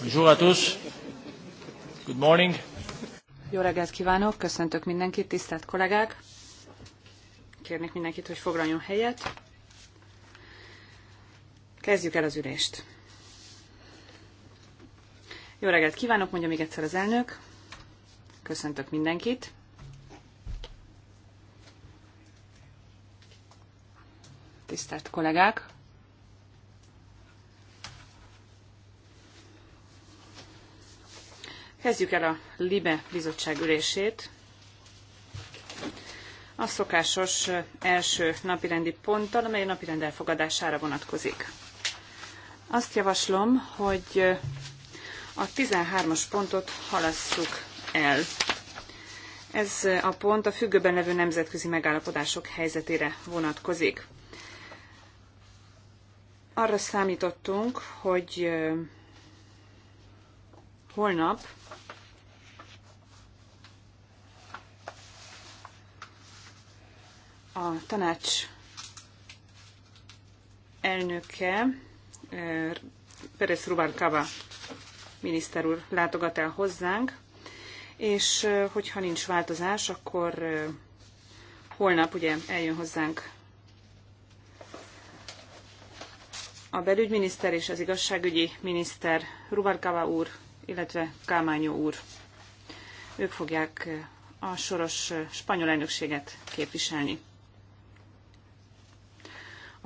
Bonjour à tous. Good morning. Jó reggelt kívánok, köszöntök mindenkit, tisztelt kollégák. Kérnék mindenkit, hogy foglaljon helyet. Kezdjük el az ülést. Jó reggelt kívánok, mondja még egyszer az elnök. Köszöntök mindenkit. Tisztelt kollégák, Kezdjük el a LIBE bizottság ülését. A szokásos első napirendi ponttal, amely a napirend elfogadására vonatkozik. Azt javaslom, hogy a 13-as pontot halasszuk el. Ez a pont a függőben levő nemzetközi megállapodások helyzetére vonatkozik. Arra számítottunk, hogy holnap a tanács elnöke, eh, Perez Rubalcaba miniszter úr látogat el hozzánk, és eh, hogyha nincs változás, akkor eh, holnap ugye eljön hozzánk a belügyminiszter és az igazságügyi miniszter Rubalcaba úr, illetve Kámányó úr. Ők fogják a soros spanyol elnökséget képviselni.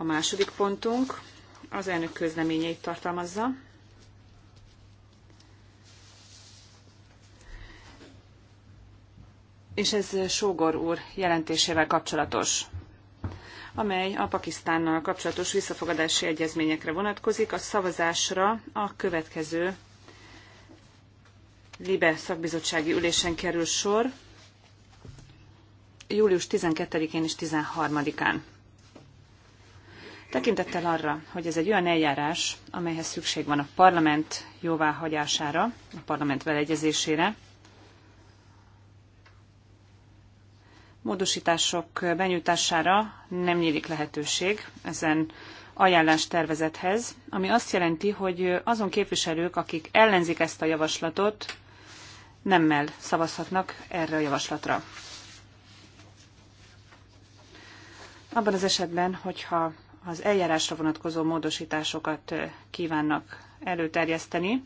A második pontunk az elnök közleményeit tartalmazza. És ez Sógor úr jelentésével kapcsolatos amely a Pakisztánnal kapcsolatos visszafogadási egyezményekre vonatkozik. A szavazásra a következő Libe szakbizottsági ülésen kerül sor július 12-én és 13-án. Tekintettel arra, hogy ez egy olyan eljárás, amelyhez szükség van a parlament jóváhagyására, a parlament beleegyezésére, módosítások benyújtására nem nyílik lehetőség ezen ajánlás tervezethez, ami azt jelenti, hogy azon képviselők, akik ellenzik ezt a javaslatot, nemmel szavazhatnak erre a javaslatra. Abban az esetben, hogyha az eljárásra vonatkozó módosításokat kívánnak előterjeszteni.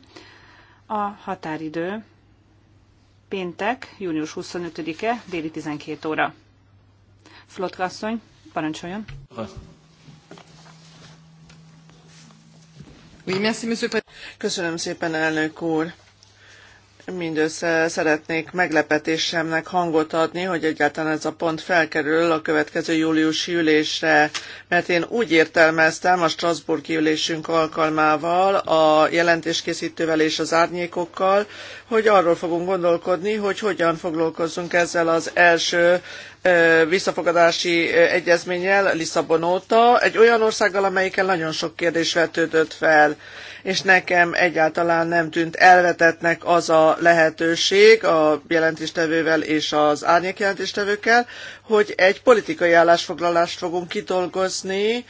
A határidő péntek, június 25-e, déli 12 óra. Flotka asszony, parancsoljon. Köszönöm szépen, elnök úr mindössze szeretnék meglepetésemnek hangot adni, hogy egyáltalán ez a pont felkerül a következő júliusi ülésre, mert én úgy értelmeztem a Strasburgi ülésünk alkalmával, a jelentéskészítővel és az árnyékokkal, hogy arról fogunk gondolkodni, hogy hogyan foglalkozzunk ezzel az első visszafogadási egyezménnyel, Lisszabon óta, egy olyan országgal, amelyikkel nagyon sok kérdés vetődött fel, és nekem egyáltalán nem tűnt elvetetnek az a lehetőség a jelentéstevővel és az árnyék jelentéstevőkkel, hogy egy politikai állásfoglalást fogunk kidolgozni,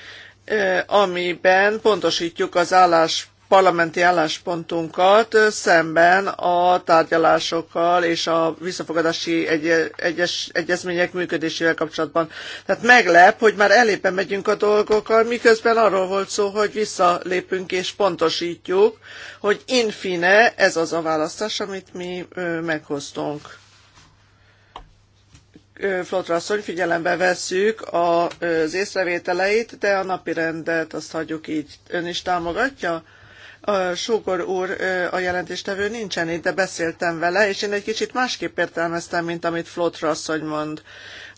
amiben pontosítjuk az állás parlamenti álláspontunkat szemben a tárgyalásokkal és a visszafogadási egy- egyes egyezmények működésével kapcsolatban. Tehát meglep, hogy már elébe megyünk a dolgokkal, miközben arról volt szó, hogy visszalépünk és pontosítjuk, hogy infine ez az a választás, amit mi meghoztunk. Flotra asszony, figyelembe vesszük az észrevételeit, de a napi rendet azt hagyjuk így. Ön is támogatja? Sógor úr, a jelentéstevő nincsen itt, de beszéltem vele, és én egy kicsit másképp értelmeztem, mint amit Flotra asszony mond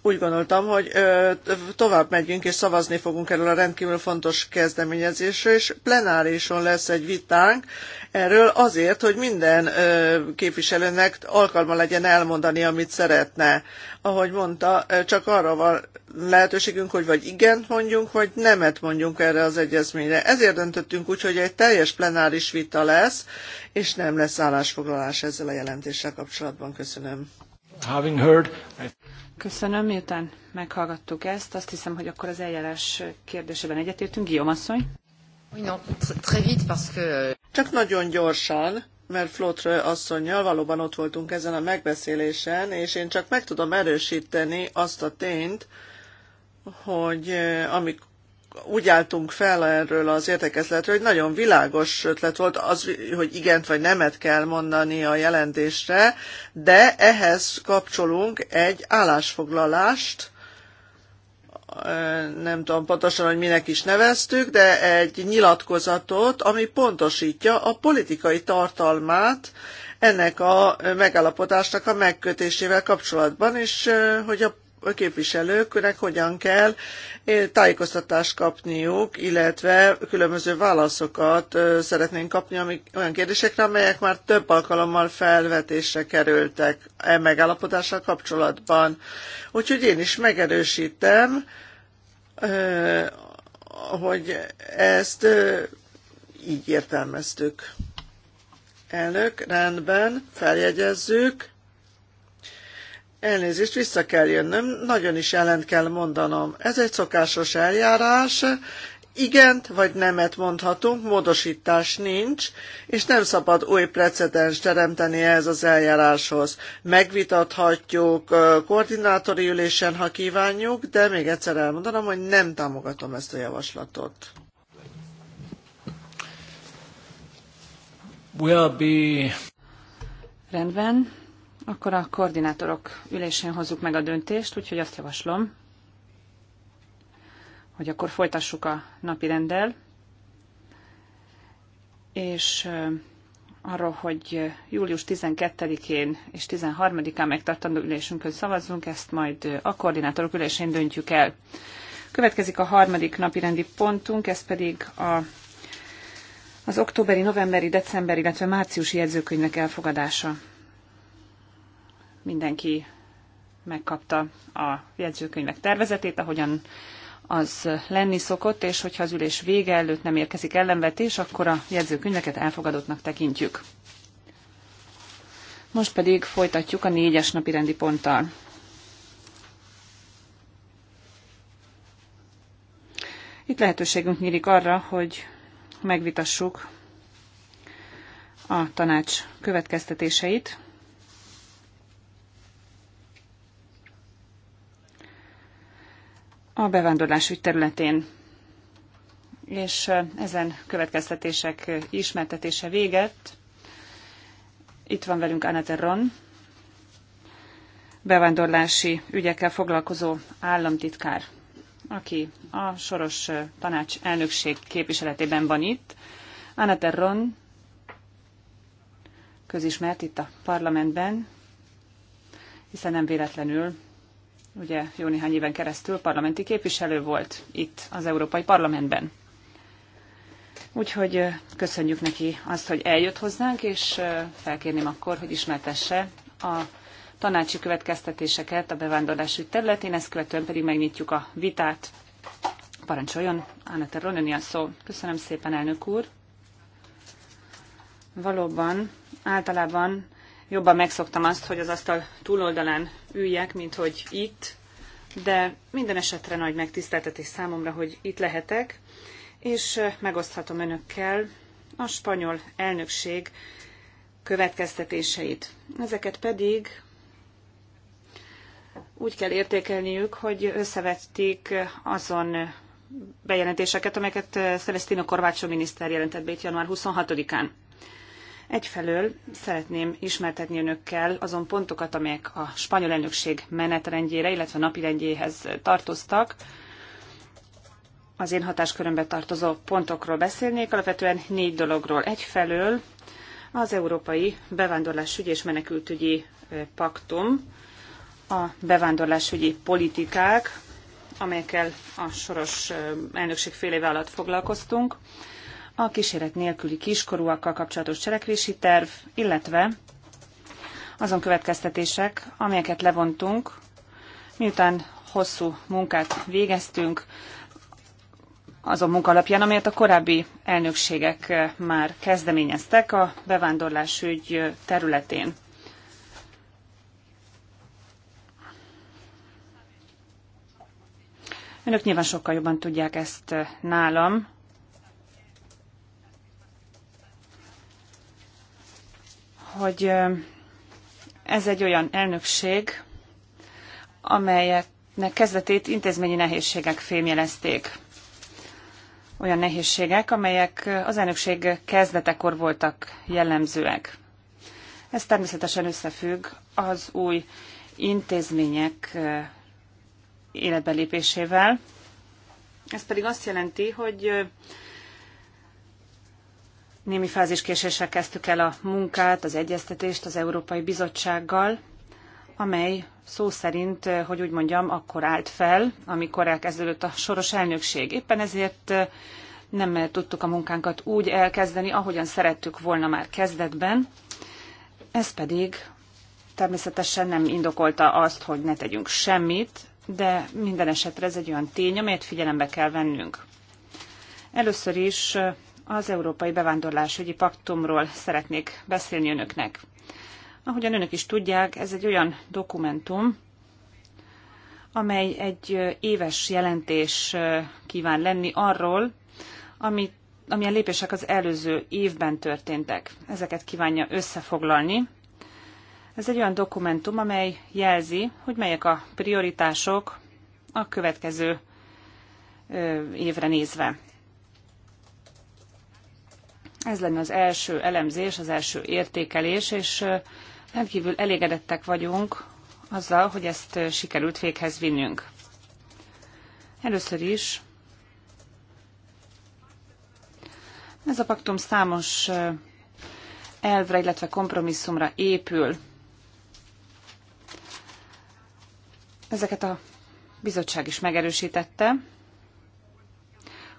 úgy gondoltam, hogy ö, tovább megyünk, és szavazni fogunk erről a rendkívül fontos kezdeményezésről, és plenárison lesz egy vitánk erről azért, hogy minden ö, képviselőnek alkalma legyen elmondani, amit szeretne. Ahogy mondta, csak arra van lehetőségünk, hogy vagy igen mondjunk, vagy nemet mondjunk erre az egyezményre. Ezért döntöttünk úgy, hogy egy teljes plenáris vita lesz, és nem lesz állásfoglalás ezzel a jelentéssel kapcsolatban. Köszönöm. Having heard... Köszönöm, miután meghallgattuk ezt, azt hiszem, hogy akkor az eljárás kérdésében egyetértünk. Guillaume asszony? Euh, csak nagyon gyorsan, mert Flotre asszonynal valóban ott voltunk ezen a megbeszélésen, és én csak meg tudom erősíteni azt a tényt, hogy eh, amikor úgy álltunk fel erről az értekezletről, hogy nagyon világos ötlet volt az, hogy igent vagy nemet kell mondani a jelentésre, de ehhez kapcsolunk egy állásfoglalást, nem tudom pontosan, hogy minek is neveztük, de egy nyilatkozatot, ami pontosítja a politikai tartalmát ennek a megállapodásnak a megkötésével kapcsolatban, és hogy a képviselőknek hogyan kell eh, tájékoztatást kapniuk, illetve különböző válaszokat eh, szeretnénk kapni amik, olyan kérdésekre, amelyek már több alkalommal felvetésre kerültek e megállapodással kapcsolatban. Úgyhogy én is megerősítem, eh, hogy ezt így értelmeztük. Elnök, rendben, feljegyezzük. Elnézést, vissza kell jönnöm, nagyon is ellent kell mondanom. Ez egy szokásos eljárás, igent vagy nemet mondhatunk, módosítás nincs, és nem szabad új precedens teremteni ehhez az eljáráshoz. Megvitathatjuk koordinátori ülésen, ha kívánjuk, de még egyszer elmondanom, hogy nem támogatom ezt a javaslatot. We'll be... Rendben akkor a koordinátorok ülésén hozzuk meg a döntést, úgyhogy azt javaslom, hogy akkor folytassuk a napi rendel, és arról, hogy július 12-én és 13-án megtartandó ülésünkön szavazzunk, ezt majd a koordinátorok ülésén döntjük el. Következik a harmadik napi rendi pontunk, ez pedig a, az októberi, novemberi, decemberi, illetve márciusi jegyzőkönyvnek elfogadása. Mindenki megkapta a jegyzőkönyvek tervezetét, ahogyan az lenni szokott, és hogyha az ülés vége előtt nem érkezik ellenvetés, akkor a jegyzőkönyveket elfogadottnak tekintjük. Most pedig folytatjuk a négyes napi rendi ponttal. Itt lehetőségünk nyílik arra, hogy megvitassuk a tanács következtetéseit a bevándorlásügy területén. És ezen következtetések ismertetése véget. Itt van velünk Anette Ron, bevándorlási ügyekkel foglalkozó államtitkár, aki a soros tanács elnökség képviseletében van itt. Anette Ron közismert itt a parlamentben, hiszen nem véletlenül ugye jó néhány éven keresztül parlamenti képviselő volt itt az Európai Parlamentben. Úgyhogy köszönjük neki azt, hogy eljött hozzánk, és felkérném akkor, hogy ismertesse a tanácsi következtetéseket a bevándorlási területén, ezt követően pedig megnyitjuk a vitát. Parancsoljon, Anna Terron, a szó. Köszönöm szépen, elnök úr. Valóban általában jobban megszoktam azt, hogy az asztal túloldalán üljek, mint hogy itt, de minden esetre nagy megtiszteltetés számomra, hogy itt lehetek, és eh, megoszthatom önökkel a spanyol elnökség következtetéseit. Ezeket pedig úgy kell értékelniük, hogy összevették azon bejelentéseket, amelyeket Celestino eh, Corvácsó miniszter jelentett be itt január 26-án. Egyfelől szeretném ismertetni önökkel azon pontokat, amelyek a spanyol elnökség menetrendjére, illetve napirendjéhez tartoztak. Az én hatáskörömbe tartozó pontokról beszélnék, alapvetően négy dologról. Egyfelől az Európai Bevándorlásügyi és Menekültügyi Paktum, a bevándorlásügyi politikák, amelyekkel a soros elnökség fél éve alatt foglalkoztunk, a kíséret nélküli kiskorúakkal kapcsolatos cselekvési terv, illetve azon következtetések, amelyeket levontunk, miután hosszú munkát végeztünk, azon munka alapján, amelyet a korábbi elnökségek eh, már kezdeményeztek a bevándorlásügy eh, területén. Önök nyilván sokkal jobban tudják ezt eh, nálam, hogy ez egy olyan elnökség, amelyeknek kezdetét intézményi nehézségek fémjelezték. Olyan nehézségek, amelyek az elnökség kezdetekor voltak jellemzőek. Ez természetesen összefügg az új intézmények életbelépésével. Ez pedig azt jelenti, hogy Némi fáziskéséssel kezdtük el a munkát, az egyeztetést az Európai Bizottsággal, amely szó szerint, eh, hogy úgy mondjam, akkor állt fel, amikor elkezdődött a soros elnökség. Éppen ezért eh, nem eh, tudtuk a munkánkat úgy elkezdeni, ahogyan szerettük volna már kezdetben. Ez pedig természetesen nem indokolta azt, hogy ne tegyünk semmit, de minden esetre ez egy olyan tény, amelyet figyelembe kell vennünk. Először is az Európai Bevándorlásügyi Paktumról szeretnék beszélni önöknek. Ahogyan önök is tudják, ez egy olyan dokumentum, amely egy éves jelentés kíván lenni arról, amit amilyen lépések az előző évben történtek. Ezeket kívánja összefoglalni. Ez egy olyan dokumentum, amely jelzi, hogy melyek a prioritások a következő évre nézve. Ez lenne az első elemzés, az első értékelés, és rendkívül elégedettek vagyunk azzal, hogy ezt sikerült véghez vinnünk. Először is ez a paktum számos elvre, illetve kompromisszumra épül. Ezeket a bizottság is megerősítette,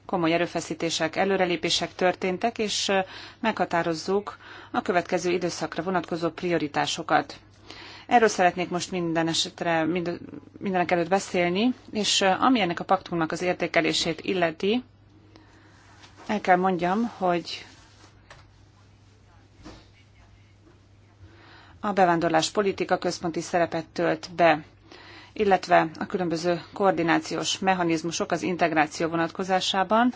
komoly erőfeszítések, előrelépések történtek, és meghatározzuk a következő időszakra vonatkozó prioritásokat. Erről szeretnék most minden esetre, mind, mindenek előtt beszélni, és ami ennek a paktumnak az értékelését illeti, el kell mondjam, hogy a bevándorlás politika központi szerepet tölt be illetve a különböző koordinációs mechanizmusok az integráció vonatkozásában,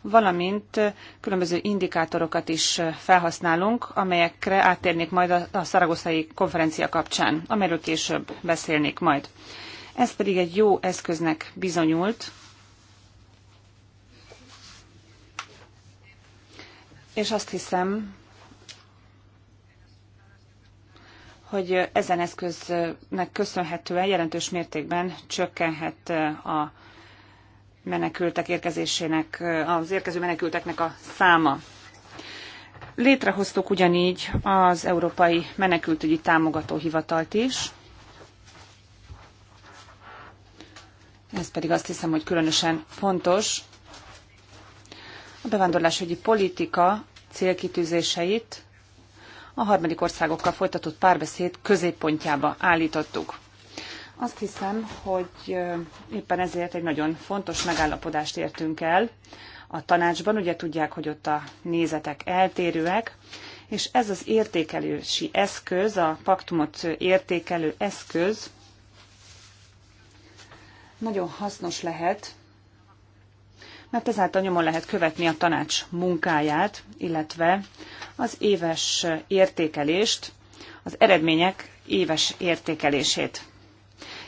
valamint különböző indikátorokat is felhasználunk, amelyekre áttérnék majd a szaragoszai konferencia kapcsán, amelyről később beszélnék majd. Ez pedig egy jó eszköznek bizonyult, és azt hiszem, hogy ezen eszköznek köszönhetően jelentős mértékben csökkenhet a menekültek érkezésének, az érkező menekülteknek a száma. Létrehoztuk ugyanígy az Európai Menekültügyi Támogató Hivatalt is. Ez pedig azt hiszem, hogy különösen fontos. A bevándorlásügyi politika célkitűzéseit a harmadik országokkal folytatott párbeszéd középpontjába állítottuk. Azt hiszem, hogy éppen ezért egy nagyon fontos megállapodást értünk el a tanácsban. Ugye tudják, hogy ott a nézetek eltérőek, és ez az értékelési eszköz, a paktumot értékelő eszköz nagyon hasznos lehet mert ezáltal nyomon lehet követni a tanács munkáját, illetve az éves értékelést, az eredmények éves értékelését.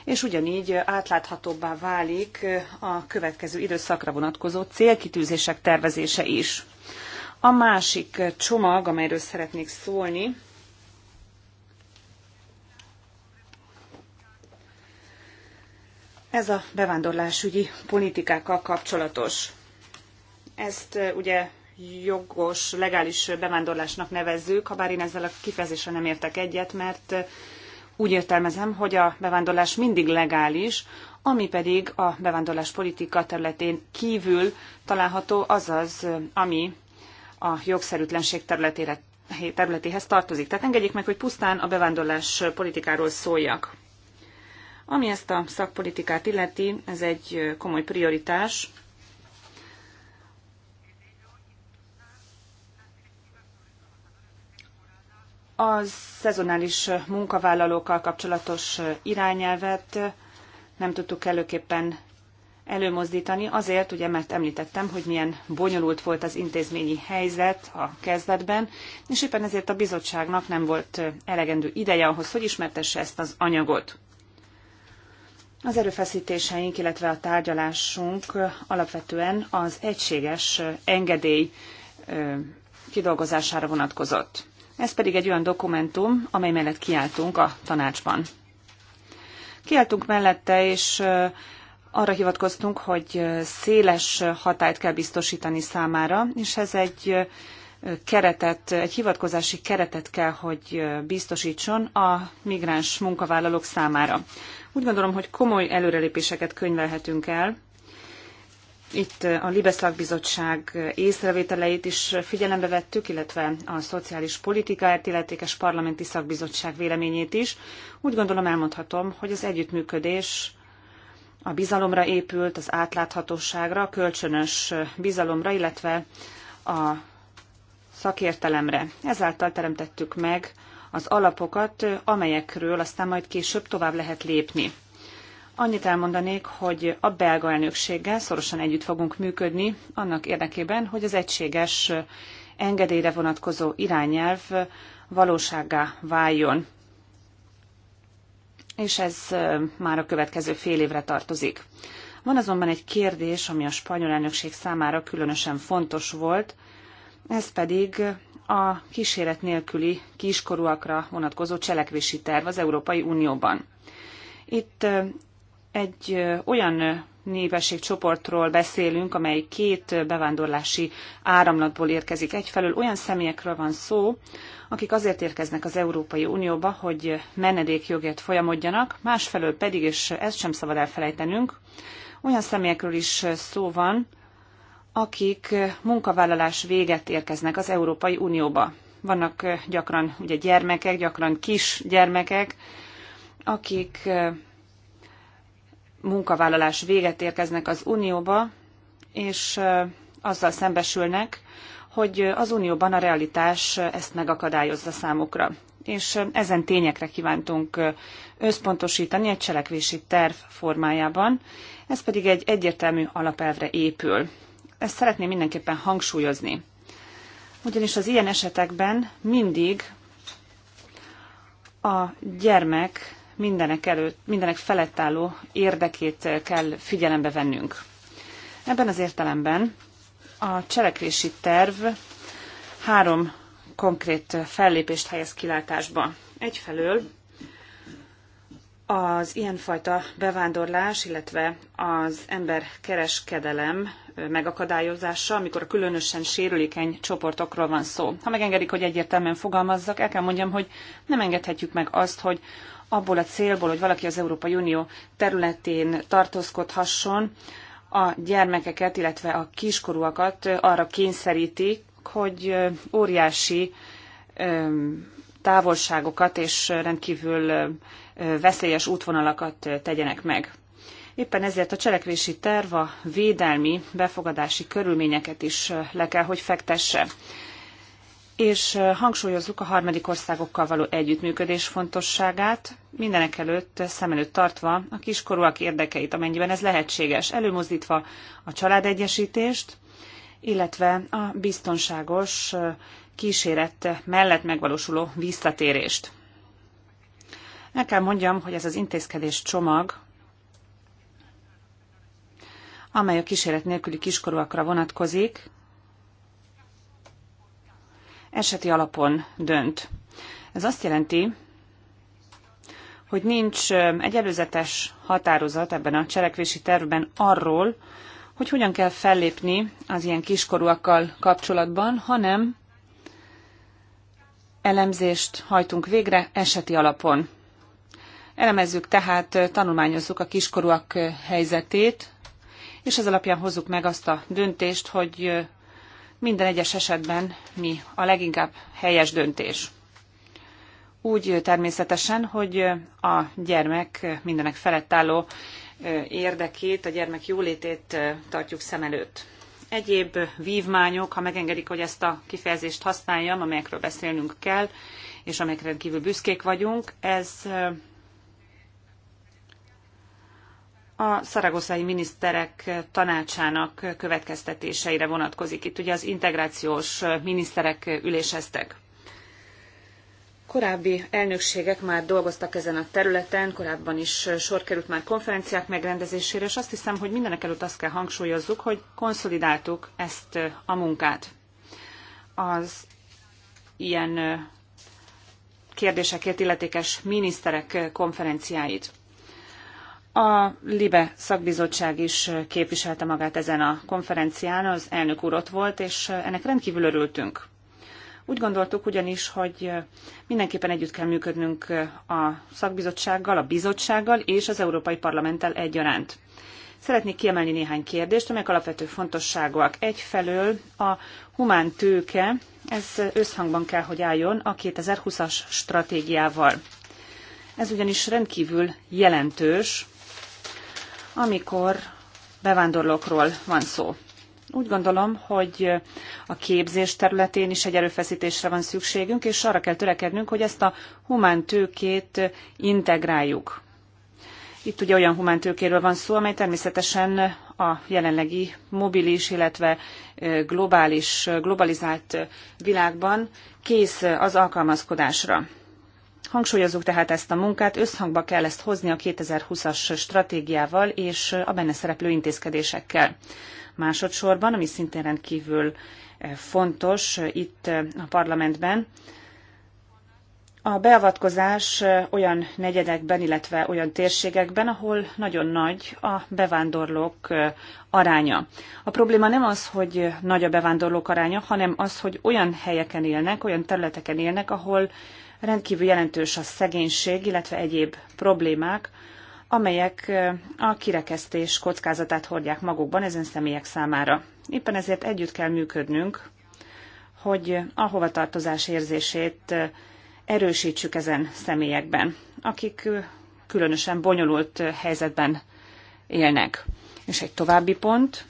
És ugyanígy átláthatóbbá válik a következő időszakra vonatkozó célkitűzések tervezése is. A másik csomag, amelyről szeretnék szólni, Ez a bevándorlásügyi politikákkal kapcsolatos. Ezt e, ugye jogos, legális bevándorlásnak nevezzük, ha bár én ezzel a kifejezéssel nem értek egyet, mert e, úgy értelmezem, hogy a bevándorlás mindig legális, ami pedig a bevándorlás politika területén kívül található, azaz, e, ami a jogszerűtlenség területére, területéhez tartozik. Tehát engedjék meg, hogy pusztán a bevándorlás politikáról szóljak. Ami ezt a szakpolitikát illeti, ez egy komoly prioritás. A szezonális munkavállalókkal kapcsolatos irányelvet nem tudtuk előképpen előmozdítani, azért ugye, mert említettem, hogy milyen bonyolult volt az intézményi helyzet a kezdetben, és éppen ezért a bizottságnak nem volt elegendő ideje ahhoz, hogy ismertesse ezt az anyagot. Az erőfeszítéseink, illetve a tárgyalásunk alapvetően az egységes engedély kidolgozására vonatkozott. Ez pedig egy olyan dokumentum, amely mellett kiálltunk a tanácsban. Kiálltunk mellette, és arra hivatkoztunk, hogy széles hatályt kell biztosítani számára, és ez egy keretet, egy hivatkozási keretet kell, hogy biztosítson a migráns munkavállalók számára. Úgy gondolom, hogy komoly előrelépéseket könyvelhetünk el. Itt a Libeszak Bizottság észrevételeit is figyelembe vettük, illetve a Szociális Politikáért Illetékes Parlamenti Szakbizottság véleményét is. Úgy gondolom elmondhatom, hogy az együttműködés a bizalomra épült, az átláthatóságra, a kölcsönös bizalomra, illetve a szakértelemre. Ezáltal teremtettük meg az alapokat, amelyekről aztán majd később tovább lehet lépni. Annyit elmondanék, hogy a belga elnökséggel szorosan együtt fogunk működni annak érdekében, hogy az egységes engedélyre vonatkozó irányelv valósággá váljon. És ez már a következő fél évre tartozik. Van azonban egy kérdés, ami a spanyol elnökség számára különösen fontos volt, ez pedig a kíséret nélküli kiskorúakra vonatkozó cselekvési terv az Európai Unióban. Itt egy olyan népességcsoportról beszélünk, amely két bevándorlási áramlatból érkezik. Egyfelől olyan személyekről van szó, akik azért érkeznek az Európai Unióba, hogy menedékjogért folyamodjanak, másfelől pedig, és ezt sem szabad elfelejtenünk, olyan személyekről is szó van, akik munkavállalás véget érkeznek az Európai Unióba. Vannak gyakran ugye gyermekek, gyakran kis gyermekek, akik munkavállalás véget érkeznek az Unióba, és azzal szembesülnek, hogy az Unióban a realitás ezt megakadályozza számukra. És ezen tényekre kívántunk összpontosítani egy cselekvési terv formájában, ez pedig egy egyértelmű alapelvre épül. Ezt szeretném mindenképpen hangsúlyozni. Ugyanis az ilyen esetekben mindig a gyermek mindenek előtt, mindenek felett álló érdekét kell figyelembe vennünk. Ebben az értelemben a cselekvési terv három konkrét fellépést helyez kilátásba. Egyfelől az ilyenfajta bevándorlás, illetve az emberkereskedelem megakadályozása, amikor a különösen sérülékeny csoportokról van szó. Ha megengedik, hogy egyértelműen fogalmazzak, el kell mondjam, hogy nem engedhetjük meg azt, hogy abból a célból, hogy valaki az Európai Unió területén tartózkodhasson, a gyermekeket, illetve a kiskorúakat arra kényszerítik, hogy óriási távolságokat és rendkívül veszélyes útvonalakat tegyenek meg. Éppen ezért a cselekvési terv a védelmi befogadási körülményeket is le kell, hogy fektesse. És hangsúlyozzuk a harmadik országokkal való együttműködés fontosságát, mindenek előtt szem előtt tartva a kiskorúak érdekeit, amennyiben ez lehetséges, előmozdítva a családegyesítést, illetve a biztonságos kíséret mellett megvalósuló visszatérést. El kell mondjam, hogy ez az intézkedés csomag, amely a kíséret nélküli kiskorúakra vonatkozik, eseti alapon dönt. Ez azt jelenti, hogy nincs egy előzetes határozat ebben a cselekvési tervben arról, hogy hogyan kell fellépni az ilyen kiskorúakkal kapcsolatban, hanem elemzést hajtunk végre eseti alapon. Elemezzük tehát, tanulmányozzuk a kiskorúak helyzetét, és ez alapján hozzuk meg azt a döntést, hogy minden egyes esetben mi a leginkább helyes döntés. Úgy természetesen, hogy a gyermek mindenek felett álló érdekét, a gyermek jólétét tartjuk szem előtt. Egyéb vívmányok, ha megengedik, hogy ezt a kifejezést használjam, amelyekről beszélnünk kell, és amelyekre rendkívül büszkék vagyunk, ez a szaragoszai miniszterek tanácsának következtetéseire vonatkozik. Itt ugye az integrációs miniszterek üléseztek. Korábbi elnökségek már dolgoztak ezen a területen, korábban is sor került már konferenciák megrendezésére, és azt hiszem, hogy mindenek előtt azt kell hangsúlyozzuk, hogy konszolidáltuk ezt a munkát. Az ilyen kérdésekért illetékes miniszterek konferenciáit. A LIBE szakbizottság is képviselte magát ezen a konferencián, az elnök úr ott volt, és ennek rendkívül örültünk. Úgy gondoltuk ugyanis, hogy mindenképpen együtt kell működnünk a szakbizottsággal, a bizottsággal és az Európai Parlamenttel egyaránt. Szeretnék kiemelni néhány kérdést, amelyek alapvető fontosságúak. Egyfelől a humán tőke, ez összhangban kell, hogy álljon a 2020-as stratégiával. Ez ugyanis rendkívül jelentős amikor bevándorlókról van szó. Úgy gondolom, hogy a képzés területén is egy erőfeszítésre van szükségünk, és arra kell törekednünk, hogy ezt a humán tőkét integráljuk. Itt ugye olyan humántőkéről van szó, amely természetesen a jelenlegi mobilis, illetve globális, globalizált világban kész az alkalmazkodásra. Hangsúlyozzuk tehát ezt a munkát, összhangba kell ezt hozni a 2020-as stratégiával és a benne szereplő intézkedésekkel. Másodszorban, ami szintén rendkívül eh, fontos eh, itt eh, a parlamentben, a beavatkozás olyan negyedekben, illetve olyan térségekben, ahol nagyon nagy a bevándorlók aránya. A probléma nem az, hogy nagy a bevándorlók aránya, hanem az, hogy olyan helyeken élnek, olyan területeken élnek, ahol rendkívül jelentős a szegénység, illetve egyéb problémák, amelyek a kirekesztés kockázatát hordják magukban ezen személyek számára. Éppen ezért együtt kell működnünk, hogy a hovatartozás érzését erősítsük ezen személyekben, akik különösen bonyolult helyzetben élnek. És egy további pont,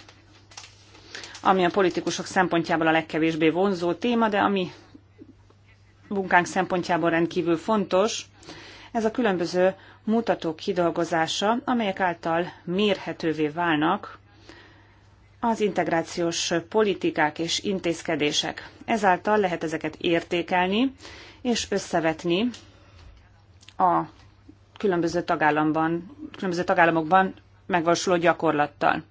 ami a politikusok szempontjából a legkevésbé vonzó téma, de ami munkánk szempontjából rendkívül fontos, ez a különböző mutatók kidolgozása, amelyek által mérhetővé válnak az integrációs politikák és intézkedések. Ezáltal lehet ezeket értékelni és összevetni a különböző, tagállamban, különböző tagállamokban megvalósuló gyakorlattal.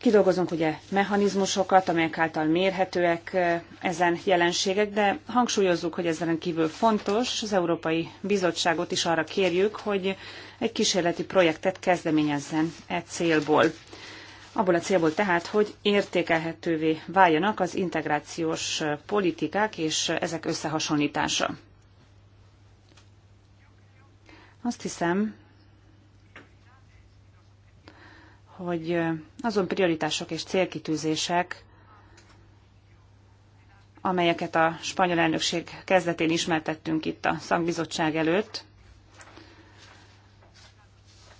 Kidolgozunk ugye mechanizmusokat, amelyek által mérhetőek ezen jelenségek, de hangsúlyozzuk, hogy ez kívül fontos. Az Európai Bizottságot is arra kérjük, hogy egy kísérleti projektet kezdeményezzen e célból. Abból a célból tehát, hogy értékelhetővé váljanak az integrációs politikák és ezek összehasonlítása. Azt hiszem, hogy azon prioritások és célkitűzések, amelyeket a spanyol elnökség kezdetén ismertettünk itt a szakbizottság előtt,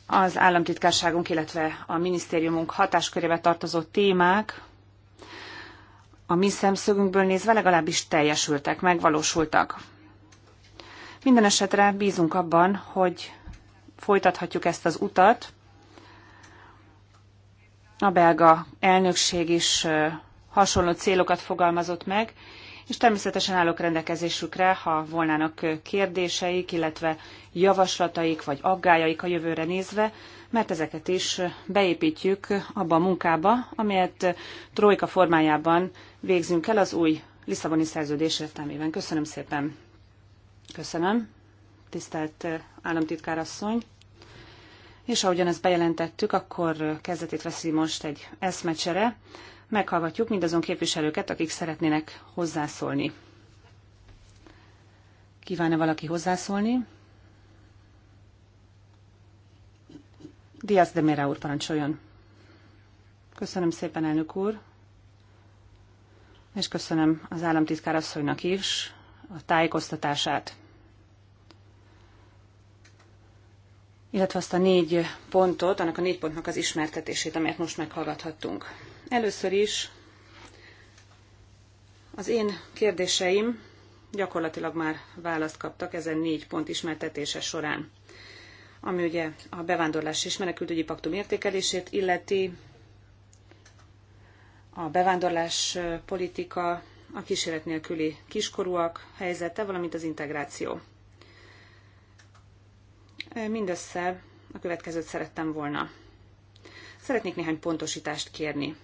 az államtitkárságunk, illetve a minisztériumunk hatáskörébe tartozó témák a mi szemszögünkből nézve legalábbis teljesültek, megvalósultak. Minden esetre bízunk abban, hogy folytathatjuk ezt az utat, a belga elnökség is hasonló célokat fogalmazott meg, és természetesen állok rendelkezésükre, ha volnának kérdéseik, illetve javaslataik vagy aggájaik a jövőre nézve, mert ezeket is beépítjük abba a munkába, amelyet Trojka formájában végzünk el az új Lisszaboni szerződés értelmében. Köszönöm szépen. Köszönöm, tisztelt államtitkár asszony és ahogyan ezt bejelentettük, akkor kezdetét veszi most egy eszmecsere. Meghallgatjuk mindazon képviselőket, akik szeretnének hozzászólni. Kívánna -e valaki hozzászólni? Diaz de Mera úr parancsoljon. Köszönöm szépen, elnök úr, és köszönöm az államtitkár asszonynak is a tájékoztatását. illetve azt a négy pontot, annak a négy pontnak az ismertetését, amelyet most meghallgathattunk. Először is az én kérdéseim gyakorlatilag már választ kaptak ezen négy pont ismertetése során, ami ugye a bevándorlás és menekültügyi paktum értékelését illeti, a bevándorlás politika, a kísérlet nélküli kiskorúak helyzete, valamint az integráció. Mindössze a következőt szerettem volna. Szeretnék néhány pontosítást kérni.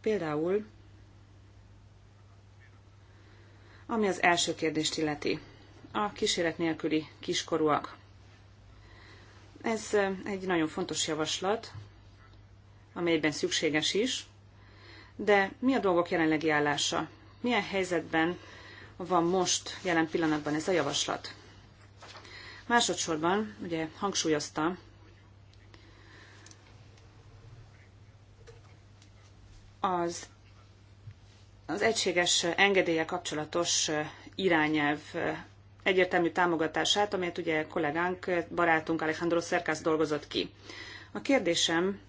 Például, ami az első kérdést illeti, a kíséret nélküli kiskorúak. Ez egy nagyon fontos javaslat, amelyben szükséges is, de mi a dolgok jelenlegi állása? Milyen helyzetben van most, jelen pillanatban ez a javaslat? Másodszorban ugye hangsúlyozta, az, az egységes engedélye kapcsolatos irányelv egyértelmű támogatását, amelyet ugye kollégánk, barátunk Alejandro Szerkász dolgozott ki. A kérdésem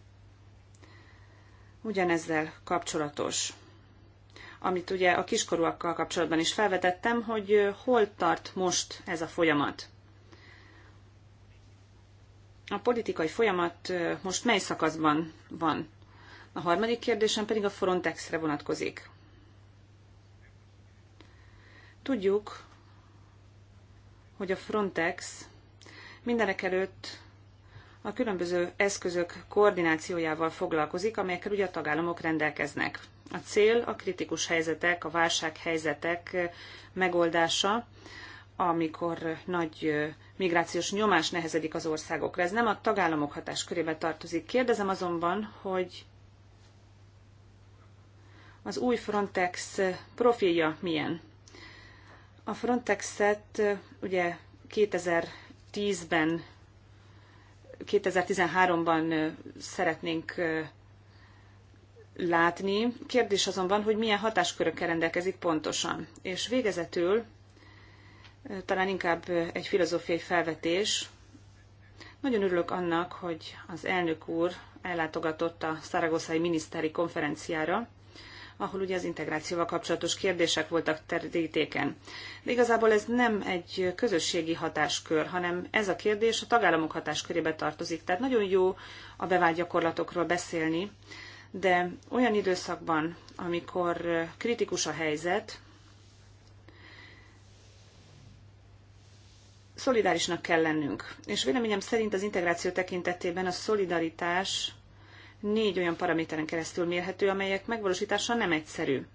ugyanezzel kapcsolatos, amit ugye a kiskorúakkal kapcsolatban is felvetettem, hogy hol tart most ez a folyamat a politikai folyamat most mely szakaszban van? A harmadik kérdésem pedig a Frontexre vonatkozik. Tudjuk, hogy a Frontex mindenek előtt a különböző eszközök koordinációjával foglalkozik, amelyekkel ugye a tagállamok rendelkeznek. A cél a kritikus helyzetek, a válsághelyzetek megoldása, amikor nagy migrációs nyomás nehezedik az országokra. Ez nem a tagállamok hatáskörébe tartozik. Kérdezem azonban, hogy az új Frontex profilja milyen? A Frontexet ugye 2010-ben, 2013-ban szeretnénk látni. Kérdés azonban, hogy milyen hatáskörökkel rendelkezik pontosan. És végezetül talán inkább egy filozófiai felvetés. Nagyon örülök annak, hogy az elnök úr ellátogatott a szaragoszai miniszteri konferenciára, ahol ugye az integrációval kapcsolatos kérdések voltak terítéken. De igazából ez nem egy közösségi hatáskör, hanem ez a kérdés a tagállamok hatáskörébe tartozik. Tehát nagyon jó a bevált gyakorlatokról beszélni, de olyan időszakban, amikor kritikus a helyzet, szolidárisnak kell lennünk. És véleményem szerint az integráció tekintetében a szolidaritás négy olyan paraméteren keresztül mérhető, amelyek megvalósítása nem egyszerű.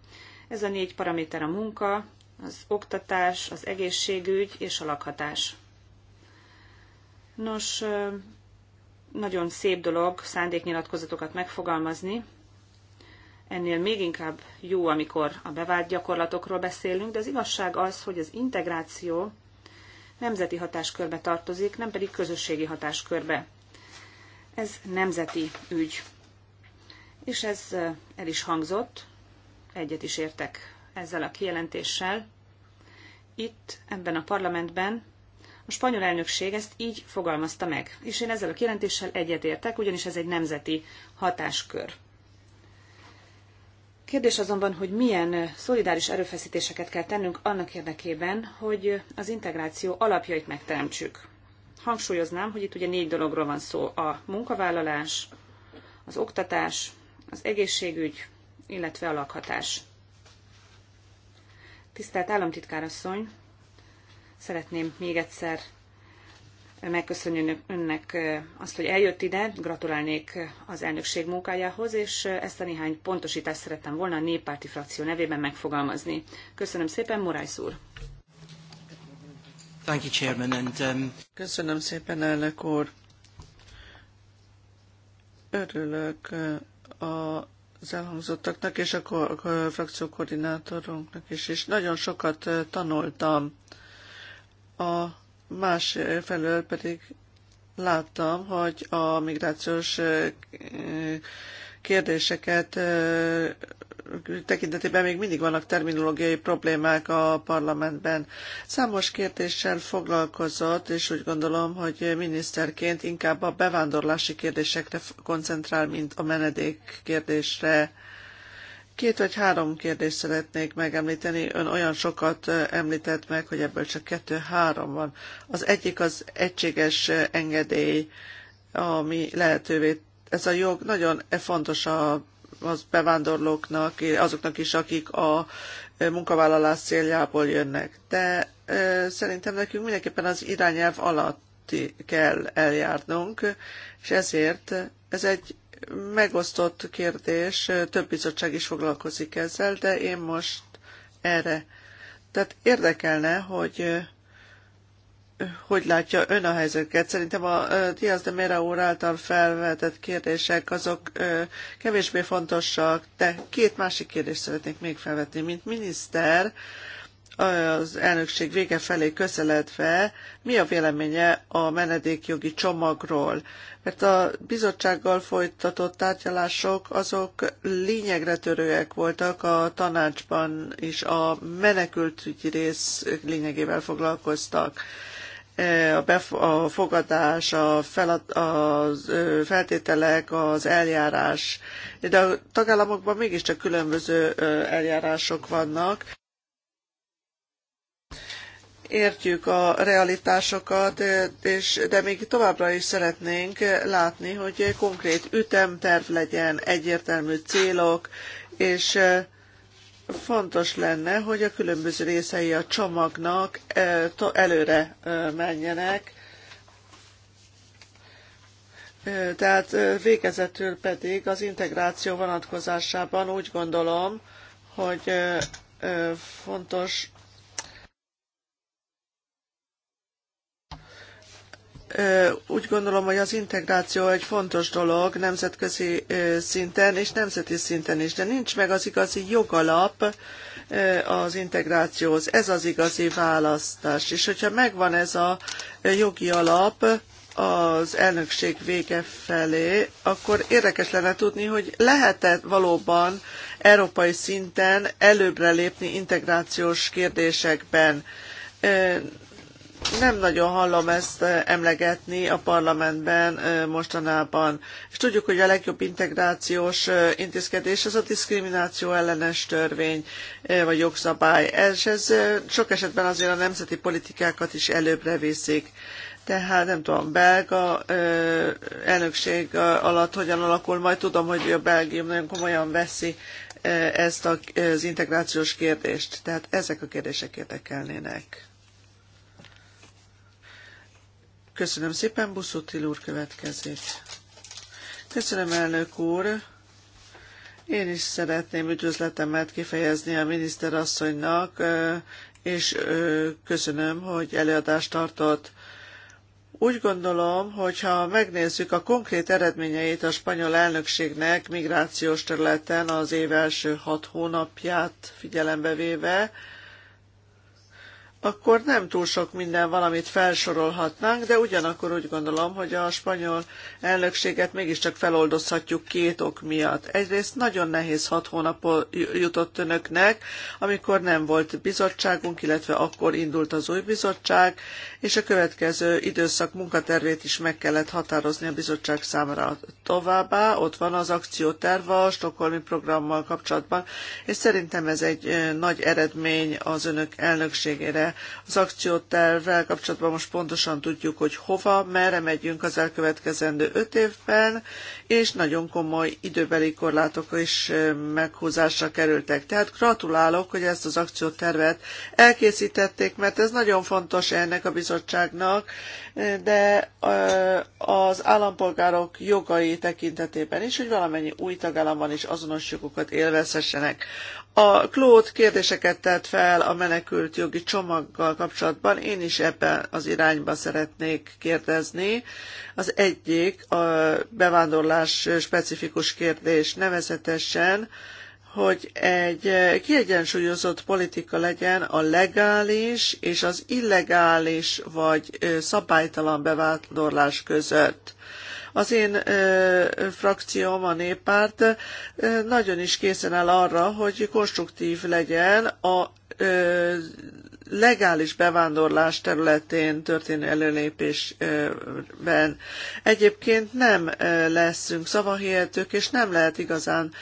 Ez a négy paraméter a munka, az oktatás, az egészségügy és a lakhatás. Nos, nagyon szép dolog szándéknyilatkozatokat megfogalmazni. Ennél még inkább jó, amikor a bevált gyakorlatokról beszélünk, de az igazság az, hogy az integráció nemzeti hatáskörbe tartozik, nem pedig közösségi hatáskörbe. Ez nemzeti ügy. És ez el is hangzott, egyet is értek ezzel a kijelentéssel. Itt, ebben a parlamentben a spanyol elnökség ezt így fogalmazta meg, és én ezzel a kijelentéssel értek, ugyanis ez egy nemzeti hatáskör. Kérdés azonban, hogy milyen szolidáris erőfeszítéseket kell tennünk annak érdekében, hogy az integráció alapjait megteremtsük. Hangsúlyoznám, hogy itt ugye négy dologról van szó. A munkavállalás, az oktatás, az egészségügy, illetve a lakhatás. Tisztelt asszony, szeretném még egyszer megköszönni önnek azt, hogy eljött ide, gratulálnék az elnökség munkájához, és ezt a néhány pontosítást szerettem volna a néppárti frakció nevében megfogalmazni. Köszönöm szépen, Morájsz úr! Thank you, Chairman, and, um... Köszönöm szépen, elnök úr! Örülök a az elhangzottaknak és a, frakció a frakciókoordinátorunknak is, és nagyon sokat tanultam a más felől pedig láttam, hogy a migrációs kérdéseket tekintetében még mindig vannak terminológiai problémák a parlamentben. Számos kérdéssel foglalkozott, és úgy gondolom, hogy miniszterként inkább a bevándorlási kérdésekre koncentrál, mint a menedék kérdésre. Két vagy három kérdést szeretnék megemlíteni. Ön olyan sokat eh, említett meg, hogy ebből csak kettő-három van. Az egyik az egységes engedély, ami lehetővé. Ez a jog nagyon e fontos a az bevándorlóknak, eh, azoknak is, akik a eh, munkavállalás céljából jönnek. De szerintem nekünk mindenképpen az irányelv alatt kell eljárnunk, és ezért ez egy megosztott kérdés, több bizottság is foglalkozik ezzel, de én most erre. Tehát érdekelne, hogy hogy látja ön a helyzetet? Szerintem a Diaz de Mera úr által felvetett kérdések azok kevésbé fontosak, de két másik kérdést szeretnék még felvetni. Mint miniszter, az elnökség vége felé közeledve, mi a véleménye a menedékjogi csomagról? Mert a bizottsággal folytatott tárgyalások azok lényegre törőek voltak a tanácsban, és a menekültügyi rész lényegével foglalkoztak e, a, bef- a fogadás, a, felad- a feltételek, az eljárás. De a tagállamokban mégiscsak különböző eljárások vannak, értjük a realitásokat, és, de még továbbra is szeretnénk látni, hogy konkrét ütemterv legyen, egyértelmű célok, és fontos lenne, hogy a különböző részei a csomagnak eh, előre eh, menjenek. Eh, tehát végezetül pedig az integráció vonatkozásában úgy gondolom, hogy fontos úgy gondolom, hogy az integráció egy fontos dolog nemzetközi szinten és nemzeti szinten is, de nincs meg az igazi jogalap az integrációhoz. Ez az igazi választás. És hogyha megvan ez a jogi alap, az elnökség vége felé, akkor érdekes lenne tudni, hogy lehet-e valóban európai szinten előbbre lépni integrációs kérdésekben nem nagyon hallom ezt emlegetni a parlamentben mostanában. És tudjuk, hogy a legjobb integrációs intézkedés az a diszkrimináció ellenes törvény vagy jogszabály. És ez sok esetben azért a nemzeti politikákat is előbbre viszik tehát nem tudom, belga ö, elnökség alatt hogyan alakul, majd tudom, hogy a Belgium nagyon komolyan veszi ezt a, az integrációs kérdést. Tehát ezek a kérdések érdekelnének. Köszönöm szépen, Buszutil úr következik. Köszönöm, elnök úr. Én is szeretném üdvözletemet kifejezni a miniszterasszonynak, és köszönöm, hogy előadást tartott. Úgy gondolom, hogy ha megnézzük a konkrét eredményeit a spanyol elnökségnek migrációs területen az év első hat hónapját figyelembe véve, akkor nem túl sok minden valamit felsorolhatnánk, de ugyanakkor úgy gondolom, hogy a spanyol elnökséget mégiscsak feloldozhatjuk két ok miatt. Egyrészt nagyon nehéz hat hónap jutott önöknek, amikor nem volt bizottságunk, illetve akkor indult az új bizottság, és a következő időszak munkatervét is meg kellett határozni a bizottság számára továbbá. Ott van az akcióterv a stokholmi programmal kapcsolatban, és szerintem ez egy nagy eredmény az önök elnökségére az akciótervvel kapcsolatban most pontosan tudjuk, hogy hova, merre megyünk az elkövetkezendő öt évben, és nagyon komoly időbeli korlátok is meghúzásra kerültek. Tehát gratulálok, hogy ezt az akciótervet elkészítették, mert ez nagyon fontos ennek a bizottságnak, de az állampolgárok jogai tekintetében is, hogy valamennyi új tagállamban is azonos jogokat élvezhessenek. A Klót kérdéseket tett fel a menekült jogi csomaggal kapcsolatban, én is ebben az irányba szeretnék kérdezni. Az egyik a bevándorlás specifikus kérdés nevezetesen, hogy egy kiegyensúlyozott politika legyen a legális és az illegális vagy szabálytalan bevándorlás között az én ö, frakcióm, a néppárt ö, nagyon is készen áll arra, hogy konstruktív legyen a ö, legális bevándorlás területén történő előlépésben. Egyébként nem leszünk szavahihetők, és nem lehet igazán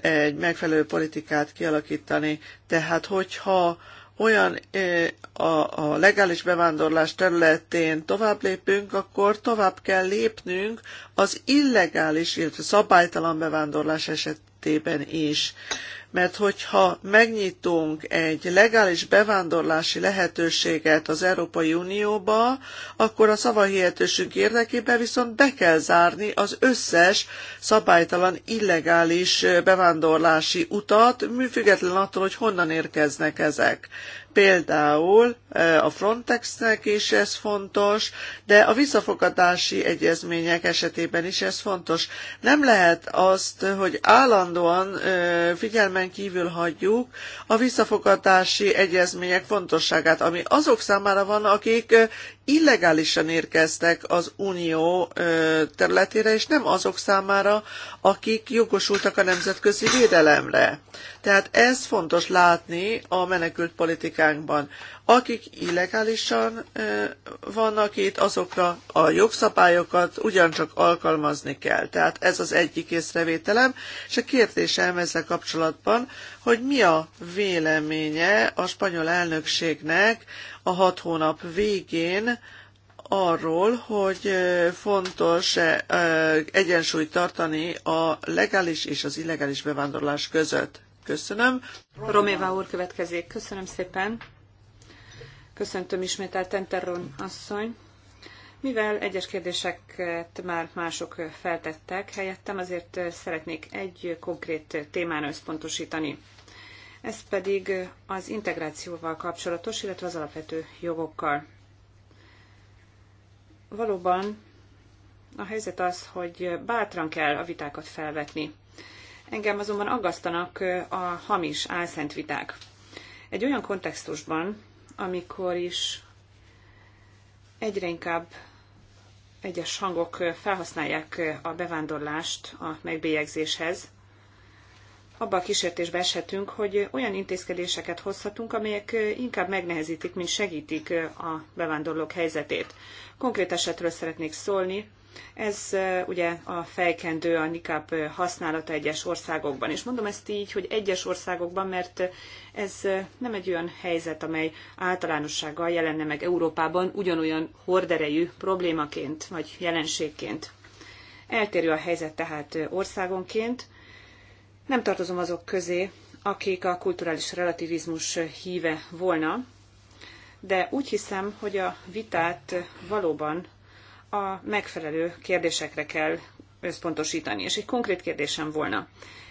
egy megfelelő politikát kialakítani. Tehát, hogyha olyan a, a legális bevándorlás területén tovább lépünk, akkor tovább kell lépnünk az illegális, illetve szabálytalan bevándorlás esetében is. Mert hogyha megnyitunk egy legális bevándorlási lehetőséget az Európai Unióba, akkor a szavahihetősünk érdekében viszont be kell zárni az összes szabálytalan illegális bevándorlási utat, független attól, hogy honnan érkeznek ezek. Például e, a Frontexnek is ez fontos, de a visszafogadási egyezmények esetében is ez fontos. Nem lehet azt, hogy állandóan e, figyelmen kívül hagyjuk a visszafogadási egyezmények fontosságát, ami azok számára van, akik e, illegálisan érkeztek az unió területére, és nem azok számára, akik jogosultak a nemzetközi védelemre. Tehát ez fontos látni a menekült politikánkban. Akik illegálisan vannak itt, azokra a jogszabályokat ugyancsak alkalmazni kell. Tehát ez az egyik észrevételem, és a kérdésem ezzel kapcsolatban, hogy mi a véleménye a spanyol elnökségnek a hat hónap végén, arról, hogy fontos egyensúlyt tartani a legális és az illegális bevándorlás között. Köszönöm. Roméva úr következik. Köszönöm szépen. Köszöntöm ismételten Terron asszony. Mivel egyes kérdéseket már mások feltettek helyettem, azért szeretnék egy konkrét témán összpontosítani. Ez pedig az integrációval kapcsolatos, illetve az alapvető jogokkal. Valóban a helyzet az, hogy bátran kell a vitákat felvetni. Engem azonban aggasztanak a hamis álszent viták. Egy olyan kontextusban, amikor is egyre inkább egyes hangok felhasználják a bevándorlást a megbélyegzéshez, abba a kísértésbe eshetünk, hogy olyan intézkedéseket hozhatunk, amelyek inkább megnehezítik, mint segítik a bevándorlók helyzetét. Konkrét esetről szeretnék szólni, ez ugye a fejkendő, a nikáb használata egyes országokban. És mondom ezt így, hogy egyes országokban, mert ez nem egy olyan helyzet, amely általánossággal jelenne meg Európában ugyanolyan horderejű problémaként vagy jelenségként. Eltérő a helyzet tehát országonként. Nem tartozom azok közé, akik a kulturális relativizmus híve volna, de úgy hiszem, hogy a vitát valóban a megfelelő kérdésekre kell összpontosítani. És egy konkrét kérdésem volna.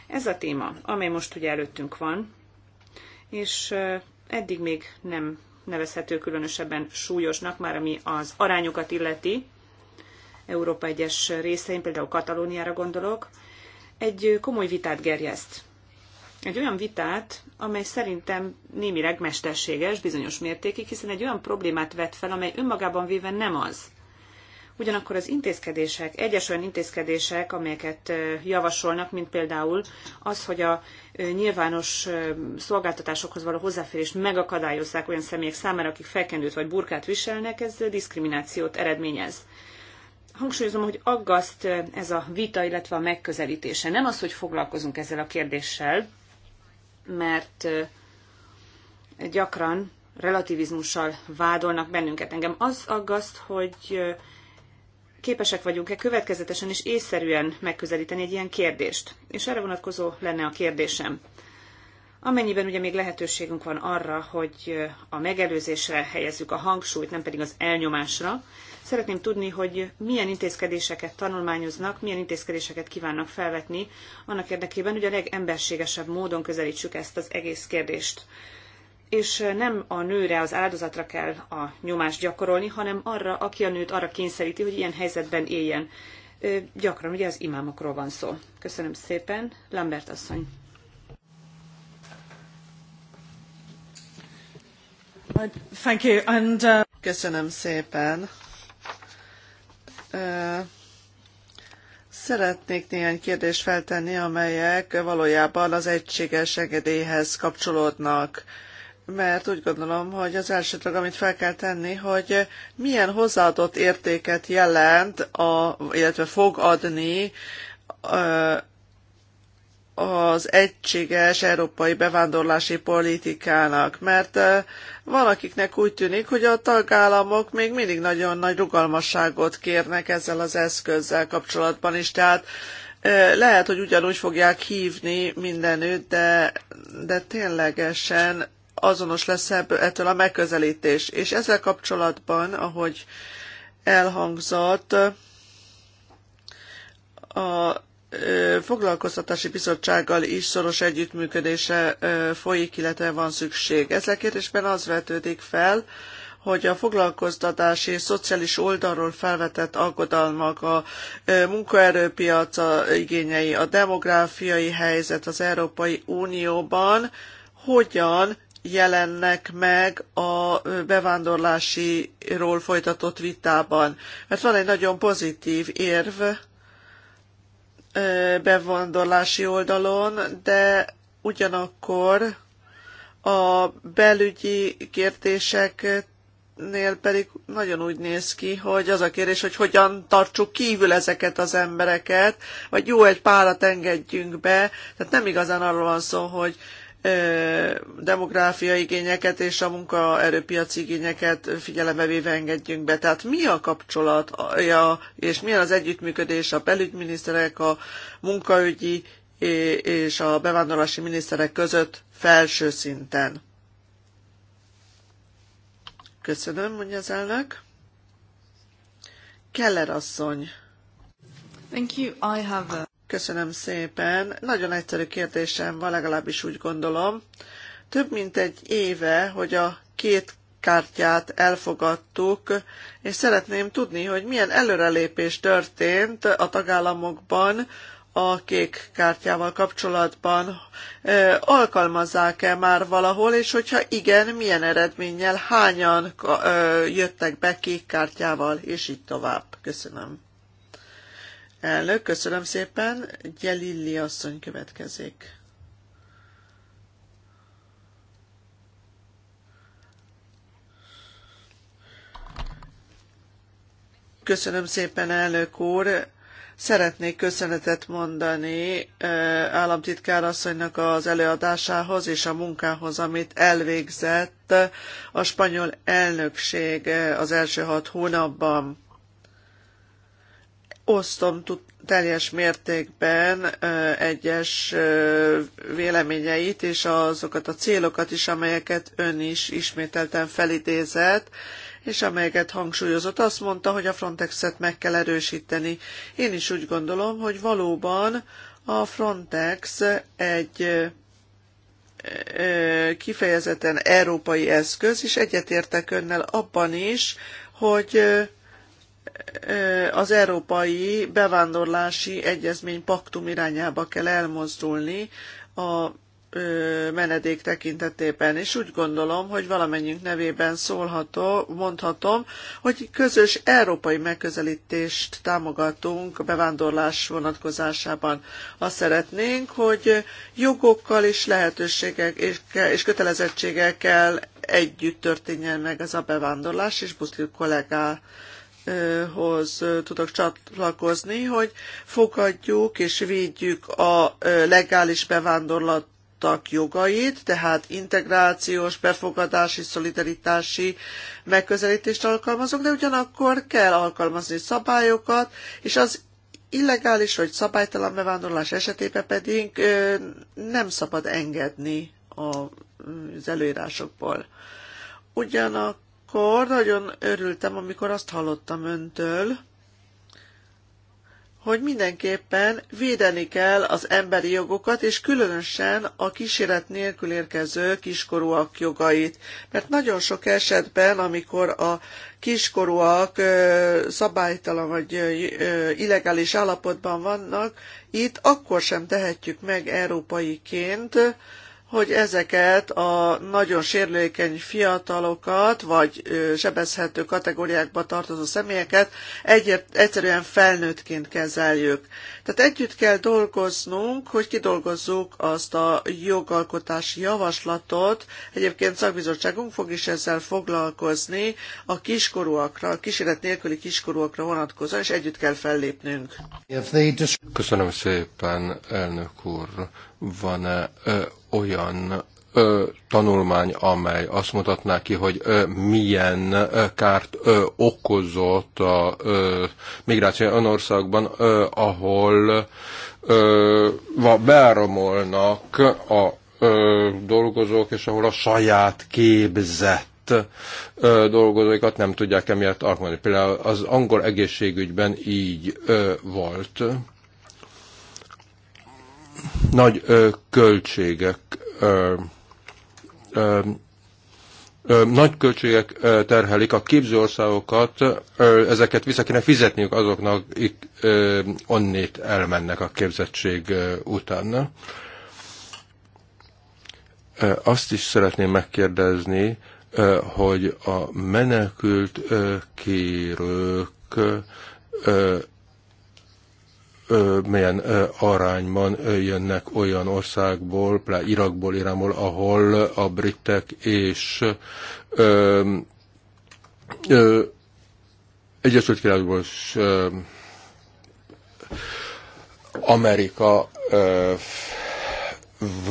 Ez a téma, amely most ugye előttünk van, és eddig még nem nevezhető különösebben súlyosnak, már ami az arányokat illeti, Európa egyes részein, például Katalóniára gondolok, egy komoly vitát gerjeszt. Egy olyan vitát, amely szerintem némileg mesterséges bizonyos mértékig, hiszen egy olyan problémát vet fel, amely önmagában véve nem az. Ugyanakkor az intézkedések, egyes olyan intézkedések, amelyeket javasolnak, mint például az, hogy a nyilvános szolgáltatásokhoz való hozzáférést megakadályozzák olyan személyek számára, akik felkendőt vagy burkát viselnek, ez diszkriminációt eredményez hangsúlyozom, hogy aggaszt ez a vita, illetve a megközelítése. Nem az, hogy foglalkozunk ezzel a kérdéssel, mert gyakran relativizmussal vádolnak bennünket. Engem az aggaszt, hogy képesek vagyunk-e következetesen és észszerűen megközelíteni egy ilyen kérdést. És erre vonatkozó lenne a kérdésem. Amennyiben ugye még lehetőségünk van arra, hogy a megelőzésre helyezzük a hangsúlyt, nem pedig az elnyomásra, szeretném tudni, hogy milyen intézkedéseket tanulmányoznak, milyen intézkedéseket kívánnak felvetni annak érdekében, hogy a legemberségesebb módon közelítsük ezt az egész kérdést és nem a nőre, az áldozatra kell a nyomást gyakorolni, hanem arra, aki a nőt arra kényszeríti, hogy ilyen helyzetben éljen. Gyakran ugye az imámokról van szó. Köszönöm szépen, Lambert asszony. Thank you, and, uh... Köszönöm szépen. Szeretnék néhány kérdést feltenni, amelyek valójában az egységes engedélyhez kapcsolódnak mert úgy gondolom, hogy az első dolog, amit fel kell tenni, hogy milyen hozzáadott értéket jelent, a, illetve fog adni az egységes európai bevándorlási politikának, mert van, akiknek úgy tűnik, hogy a tagállamok még mindig nagyon nagy rugalmasságot kérnek ezzel az eszközzel kapcsolatban is, tehát lehet, hogy ugyanúgy fogják hívni mindenütt, de, de ténylegesen azonos lesz ettől a megközelítés. És ezzel kapcsolatban, ahogy elhangzott, a foglalkoztatási bizottsággal is szoros együttműködése folyik, illetve van szükség. Ezzel a kérdésben az vetődik fel, hogy a foglalkoztatási és szociális oldalról felvetett aggodalmak, a munkaerőpiac a igényei, a demográfiai helyzet az Európai Unióban hogyan jelennek meg a bevándorlásiról folytatott vitában. Mert van egy nagyon pozitív érv bevándorlási oldalon, de ugyanakkor a belügyi kérdések nél pedig nagyon úgy néz ki, hogy az a kérdés, hogy hogyan tartsuk kívül ezeket az embereket, vagy jó egy párat engedjünk be. Tehát nem igazán arról van szó, hogy demográfiai igényeket és a munkaerőpiaci igényeket figyelembe véve engedjünk be. Tehát mi a kapcsolat és milyen az együttműködés a belügyminiszterek, a munkaügyi és a bevándorlási miniszterek között felső szinten? Köszönöm, mondja az elnök. Keller asszony. Thank you. I have a... Köszönöm szépen. Nagyon egyszerű kérdésem van, legalábbis úgy gondolom. Több mint egy éve, hogy a két kártyát elfogadtuk, és szeretném tudni, hogy milyen előrelépés történt a tagállamokban a kék kártyával kapcsolatban. alkalmazzák-e már valahol, és hogyha igen, milyen eredménnyel, hányan jöttek be kék kártyával, és így tovább. Köszönöm. Elnök, köszönöm szépen. Gyelilli asszony következik. Köszönöm szépen, elnök úr. Szeretnék köszönetet mondani államtitkár asszonynak az előadásához és a munkához, amit elvégzett a spanyol elnökség az első hat hónapban osztom tud teljes mértékben egyes véleményeit és azokat a célokat is, amelyeket ön is ismételten felidézett, és amelyeket hangsúlyozott. Azt mondta, hogy a Frontexet meg kell erősíteni. Én is úgy gondolom, hogy valóban a Frontex egy kifejezetten európai eszköz, és egyetértek önnel abban is, hogy az Európai Bevándorlási Egyezmény Paktum irányába kell elmozdulni a menedék tekintetében, és úgy gondolom, hogy valamennyünk nevében szólható, mondhatom, hogy közös európai megközelítést támogatunk a bevándorlás vonatkozásában. Azt szeretnénk, hogy jogokkal és lehetőségek és kötelezettségekkel együtt történjen meg ez a bevándorlás, és Buszli kollégá hoz tudok csatlakozni, hogy fogadjuk és védjük a legális bevándorlattak jogait, tehát integrációs, befogadási, szolidaritási megközelítést alkalmazunk, de ugyanakkor kell alkalmazni szabályokat, és az illegális vagy szabálytalan bevándorlás esetében pedig nem szabad engedni az előírásokból. Ugyanak akkor nagyon örültem, amikor azt hallottam öntől, hogy mindenképpen védeni kell az emberi jogokat, és különösen a kíséret nélkül érkező kiskorúak jogait. Mert nagyon sok esetben, amikor a kiskorúak szabálytalan vagy illegális állapotban vannak, itt akkor sem tehetjük meg európaiként, hogy ezeket a nagyon sérülékeny fiatalokat, vagy sebezhető kategóriákba tartozó személyeket egyért, egyszerűen felnőttként kezeljük. Tehát együtt kell dolgoznunk, hogy kidolgozzuk azt a jogalkotási javaslatot. Egyébként szakbizottságunk fog is ezzel foglalkozni a kiskorúakra, a kísérlet nélküli kiskorúakra vonatkozóan, és együtt kell fellépnünk. Köszönöm szépen, elnök úr. Van-e olyan ö, tanulmány, amely azt mutatná ki, hogy ö, milyen ö, kárt ö, okozott a ö, migráció olyan országban, ö, ahol ö, va, beáramolnak a ö, dolgozók, és ahol a saját képzett dolgozóikat nem tudják emiatt alkalmazni. Például az angol egészségügyben így ö, volt nagy ö, költségek ö, ö, nagy költségek terhelik a képzőországokat, ezeket vissza kéne fizetniük azoknak, akik onnét elmennek a képzettség után. Azt is szeretném megkérdezni, hogy a menekült kérők milyen arányban jönnek olyan országból, például Irakból, Iránból, ahol a britek és ö, ö, Egyesült Királyságból és ö, Amerika ö, v,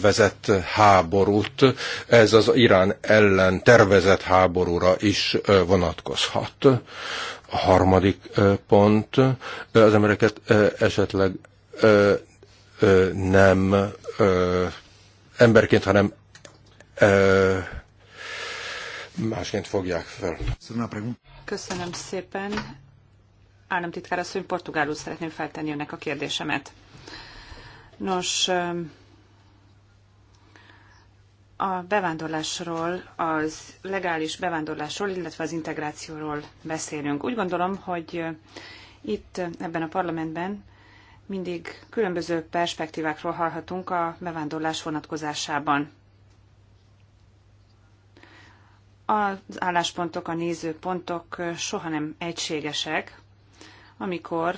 vezet háborút, ez az Irán ellen tervezett háborúra is vonatkozhat. A harmadik pont, az embereket esetleg nem emberként, hanem másként fogják fel. Köszönöm szépen. Államtitkár asszony, portugálul szeretném feltenni önnek a kérdésemet. Nos, a bevándorlásról, az legális bevándorlásról, illetve az integrációról beszélünk. Úgy gondolom, hogy itt ebben a parlamentben mindig különböző perspektívákról hallhatunk a bevándorlás vonatkozásában. Az álláspontok, a nézőpontok soha nem egységesek, amikor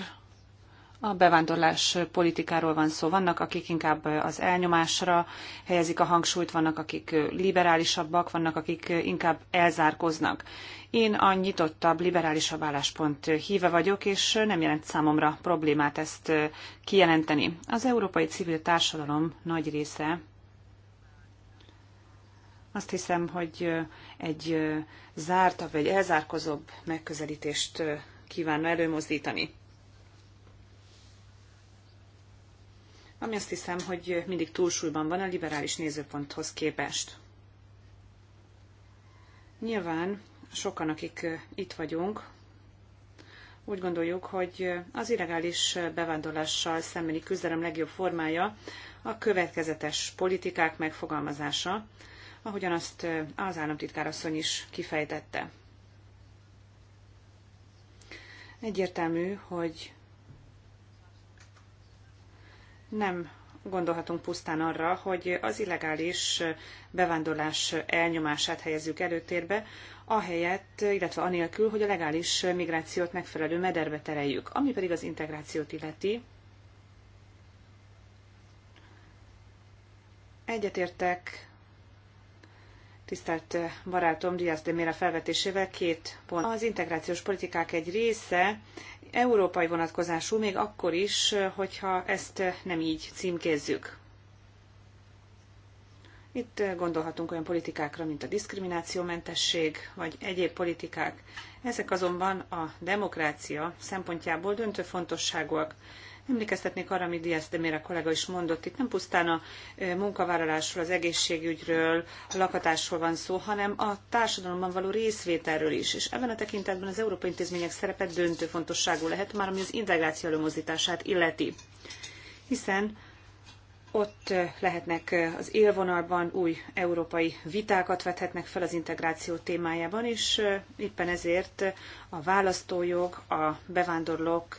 a bevándorlás politikáról van szó. Vannak, akik inkább az elnyomásra helyezik a hangsúlyt, vannak, akik liberálisabbak, vannak, akik inkább elzárkoznak. Én a nyitottabb, liberálisabb álláspont híve vagyok, és nem jelent számomra problémát ezt kijelenteni. Az európai civil társadalom nagy része azt hiszem, hogy egy zártabb vagy elzárkozóbb megközelítést kívánna előmozdítani. ami azt hiszem, hogy mindig túlsúlyban van a liberális nézőponthoz képest. Nyilván sokan, akik itt vagyunk, úgy gondoljuk, hogy az illegális bevándorlással szembeni küzdelem legjobb formája a következetes politikák megfogalmazása, ahogyan azt az államtitkárasszony is kifejtette. Egyértelmű, hogy nem gondolhatunk pusztán arra, hogy az illegális bevándorlás elnyomását helyezzük előtérbe, ahelyett, illetve anélkül, hogy a legális migrációt megfelelő mederbe tereljük. Ami pedig az integrációt illeti, egyetértek tisztelt barátom Diaz de Mera felvetésével két pont. Az integrációs politikák egy része európai vonatkozású, még akkor is, hogyha ezt nem így címkézzük. Itt gondolhatunk olyan politikákra, mint a diszkriminációmentesség, vagy egyéb politikák. Ezek azonban a demokrácia szempontjából döntő fontosságúak. Emlékeztetnék arra, amit Diaz de Mera kollega is mondott, itt nem pusztán a munkavállalásról, az egészségügyről, a lakatásról van szó, hanem a társadalomban való részvételről is. És ebben a tekintetben az európai intézmények szerepe döntő fontosságú lehet, már ami az integráció előmozdítását illeti. Hiszen ott lehetnek az élvonalban új európai vitákat vethetnek fel az integráció témájában, és éppen ezért a választójog, a bevándorlók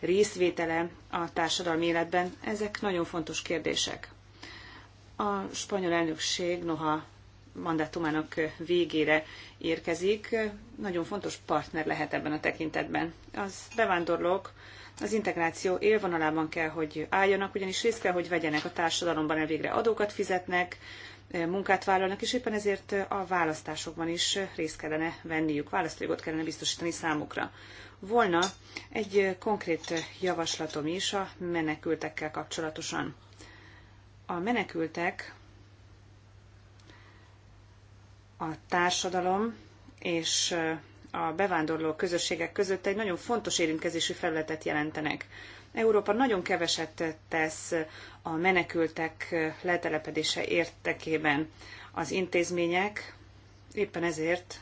részvétele a társadalmi életben, ezek nagyon fontos kérdések. A spanyol elnökség noha mandátumának végére érkezik, nagyon fontos partner lehet ebben a tekintetben. Az bevándorlók az integráció élvonalában kell, hogy álljanak, ugyanis részt kell, hogy vegyenek a társadalomban, elvégre adókat fizetnek, munkát vállalnak, és éppen ezért a választásokban is részt kellene venniük, választójogot kellene biztosítani számukra. Volna egy konkrét javaslatom is a menekültekkel kapcsolatosan. A menekültek a társadalom és a bevándorló közösségek között egy nagyon fontos érintkezési felületet jelentenek. Európa nagyon keveset tesz a menekültek letelepedése értekében. Az intézmények éppen ezért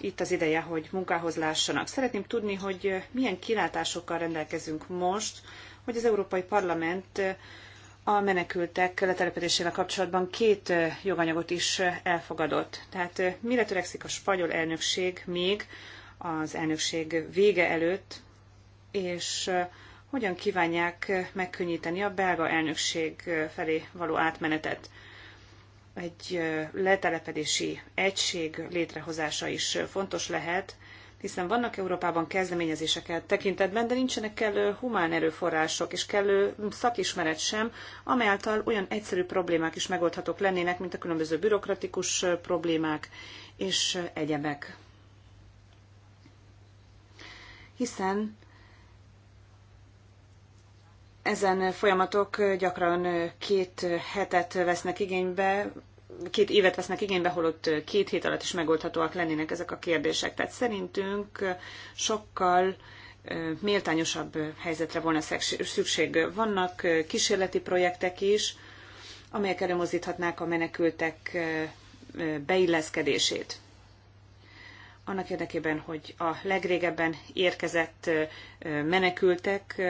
itt az ideje, hogy munkához lássanak. Szeretném tudni, hogy milyen kilátásokkal rendelkezünk most, hogy az Európai Parlament a menekültek letelepedésével kapcsolatban két joganyagot is elfogadott. Tehát mire törekszik a spanyol elnökség még az elnökség vége előtt, és hogyan kívánják megkönnyíteni a belga elnökség felé való átmenetet? Egy letelepedési egység létrehozása is fontos lehet, hiszen vannak Európában kezdeményezések e tekintetben, de nincsenek kellő humán erőforrások és kellő szakismeret sem, amelyáltal olyan egyszerű problémák is megoldhatók lennének, mint a különböző bürokratikus problémák és egyebek. Hiszen ezen folyamatok gyakran két hetet vesznek igénybe, két évet vesznek igénybe, holott két hét alatt is megoldhatóak lennének ezek a kérdések. Tehát szerintünk sokkal méltányosabb helyzetre volna szükség. Vannak kísérleti projektek is, amelyek előmozdíthatnák a menekültek beilleszkedését. Annak érdekében, hogy a legrégebben érkezett menekültek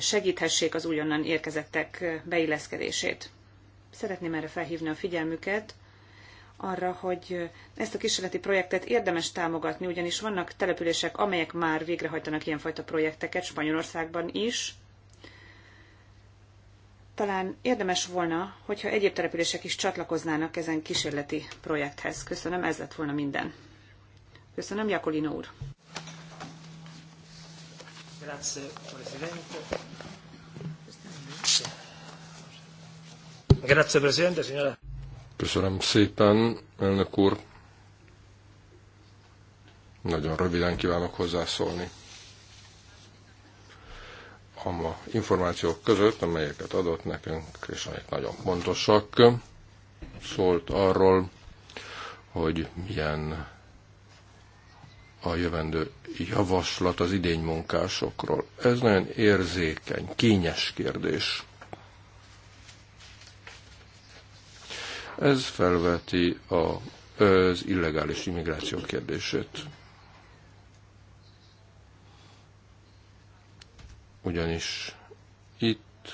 segíthessék az újonnan érkezettek beilleszkedését. Szeretném erre felhívni a figyelmüket, arra, hogy ezt a kísérleti projektet érdemes támogatni, ugyanis vannak települések, amelyek már végrehajtanak ilyenfajta projekteket, Spanyolországban is. Talán érdemes volna, hogyha egyéb települések is csatlakoznának ezen kísérleti projekthez. Köszönöm, ez lett volna minden. Köszönöm, Jakolino úr. Grazie, Presidente. Grazie, Presidente, signora. Köszönöm szépen, elnök úr. Nagyon röviden kívánok hozzászólni. A ma információk között, amelyeket adott nekünk, és amelyek nagyon fontosak, szólt arról, hogy milyen a jövendő javaslat az idénymunkásokról. Ez nagyon érzékeny, kényes kérdés. Ez felveti a, az illegális immigráció kérdését. Ugyanis itt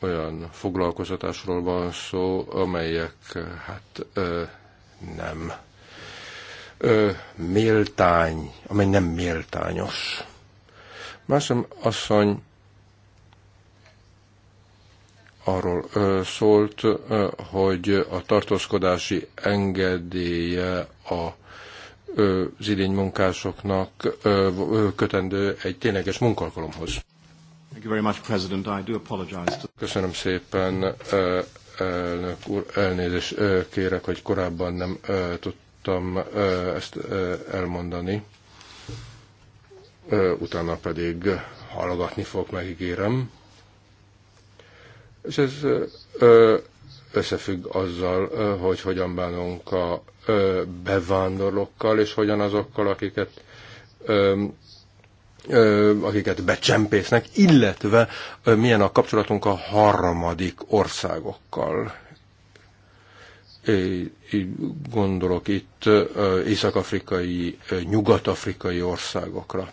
olyan foglalkoztatásról van szó, amelyek hát nem méltány, amely nem méltányos. Másom asszony arról szólt, hogy a tartózkodási engedélye a az idény munkásoknak kötendő egy tényleges munkalkalomhoz. Köszönöm szépen, elnök úr, elnézést kérek, hogy korábban nem tudtam ezt elmondani. Utána pedig hallgatni fogok, megígérem. És ez összefügg azzal, hogy hogyan bánunk a bevándorlókkal, és hogyan azokkal, akiket akiket becsempésznek, illetve milyen a kapcsolatunk a harmadik országokkal. Én gondolok itt észak-afrikai, nyugat-afrikai országokra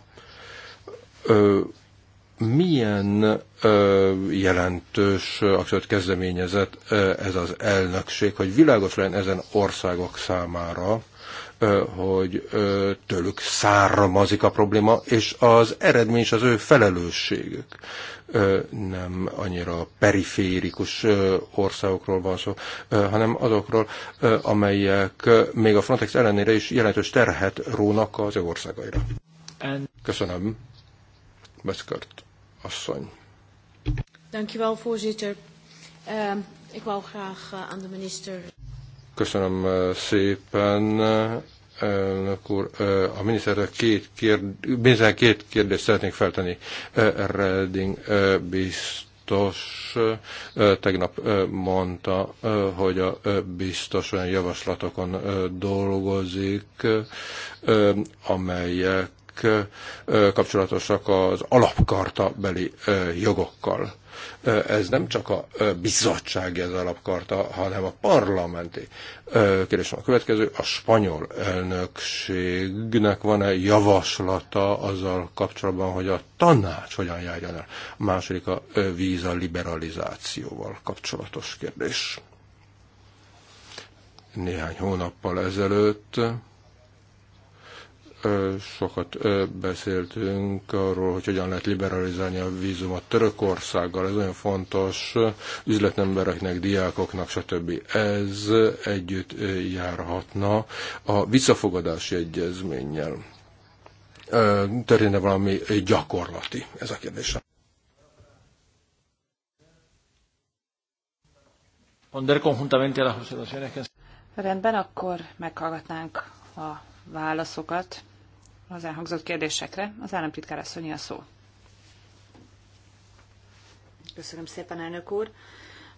milyen ö, jelentős akciót kezdeményezett ö, ez az elnökség, hogy világos legyen ezen országok számára, ö, hogy ö, tőlük származik a probléma, és az eredmény is az ő felelősségük. Ö, nem annyira periférikus ö, országokról van szó, ö, hanem azokról, ö, amelyek ö, még a Frontex ellenére is jelentős terhet rónak az országaira. Köszönöm. Beszkört asszony. Dankjewel, voorzitter. Ehm, ik wou graag eh, aan de minister... Köszönöm eh, szépen, eh, A miniszterre két, kérd... két kérdést szeretnék feltenni. Redding biztos biztos tegnap mondta, hogy a biztos olyan javaslatokon dolgozik, amelyek kapcsolatosak az alapkarta beli jogokkal. Ez nem csak a bizottság az alapkarta, hanem a parlamenti. Kérdésem a következő, a spanyol elnökségnek van-e javaslata azzal kapcsolatban, hogy a tanács hogyan járjon el? A második a víza liberalizációval kapcsolatos kérdés néhány hónappal ezelőtt sokat beszéltünk arról, hogy hogyan lehet liberalizálni a vízumot Törökországgal. Ez nagyon fontos üzletembereknek, diákoknak, stb. Ez együtt járhatna a visszafogadási egyezménnyel. Történne valami gyakorlati? Ez a kérdés. Rendben, akkor meghallgatnánk a válaszokat az elhangzott kérdésekre. Az államtitkár asszonyi a szó. Köszönöm szépen, elnök úr.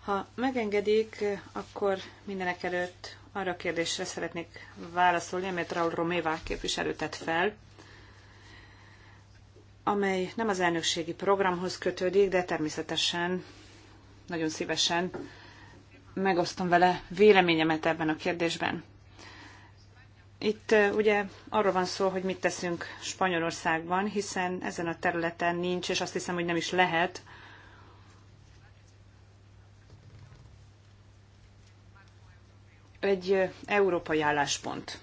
Ha megengedik, akkor mindenek előtt arra a kérdésre szeretnék válaszolni, amelyet Raul Romévá képviselő tett fel, amely nem az elnökségi programhoz kötődik, de természetesen nagyon szívesen megosztom vele véleményemet ebben a kérdésben. Itt ugye arról van szó, hogy mit teszünk Spanyolországban, hiszen ezen a területen nincs, és azt hiszem, hogy nem is lehet egy európai álláspont.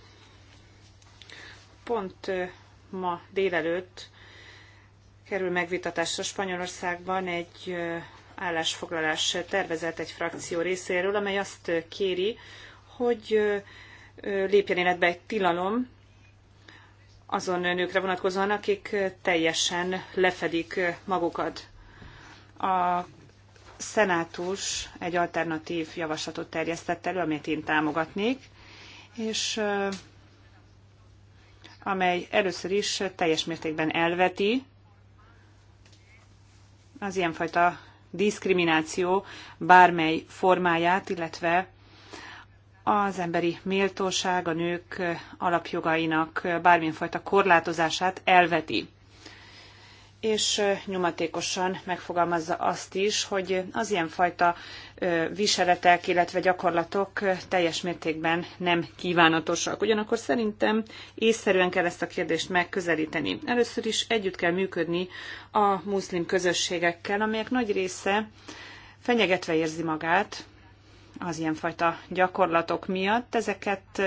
Pont ma délelőtt kerül megvitatásra Spanyolországban egy állásfoglalás tervezett egy frakció részéről, amely azt kéri, hogy lépjen életbe egy tilalom azon nőkre vonatkozóan, akik teljesen lefedik magukat. A szenátus egy alternatív javaslatot terjesztett elő, amit én támogatnék, és amely először is teljes mértékben elveti az ilyenfajta diszkrimináció bármely formáját, illetve az emberi méltóság a nők alapjogainak bármilyen fajta korlátozását elveti. És nyomatékosan megfogalmazza azt is, hogy az ilyen fajta viseletek, illetve gyakorlatok teljes mértékben nem kívánatosak. Ugyanakkor szerintem észszerűen kell ezt a kérdést megközelíteni. Először is együtt kell működni a muszlim közösségekkel, amelyek nagy része fenyegetve érzi magát, az ilyenfajta gyakorlatok miatt. Ezeket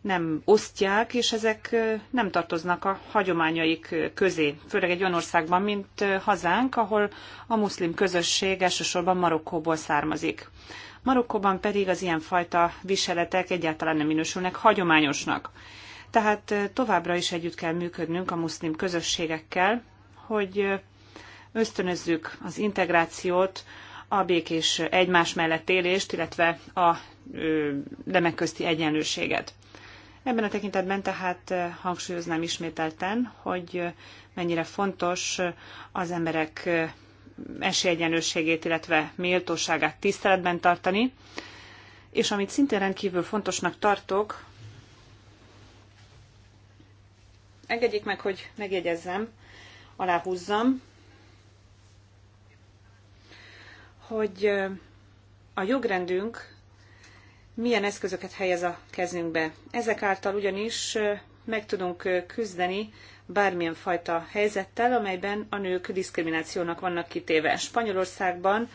nem osztják, és ezek nem tartoznak a hagyományaik közé, főleg egy olyan országban, mint hazánk, ahol a muszlim közösség elsősorban Marokkóból származik. Marokkóban pedig az ilyenfajta viseletek egyáltalán nem minősülnek hagyományosnak. Tehát továbbra is együtt kell működnünk a muszlim közösségekkel, hogy ösztönözzük az integrációt, a békés egymás mellett élést, illetve a nemek közti egyenlőséget. Ebben a tekintetben tehát hangsúlyoznám ismételten, hogy mennyire fontos az emberek esélyegyenlőségét, illetve méltóságát tiszteletben tartani, és amit szintén rendkívül fontosnak tartok, engedjék meg, hogy megjegyezzem, aláhúzzam, hogy a jogrendünk milyen eszközöket helyez a kezünkbe. Ezek által ugyanis meg tudunk küzdeni bármilyen fajta helyzettel, amelyben a nők diszkriminációnak vannak kitéve. Spanyolországban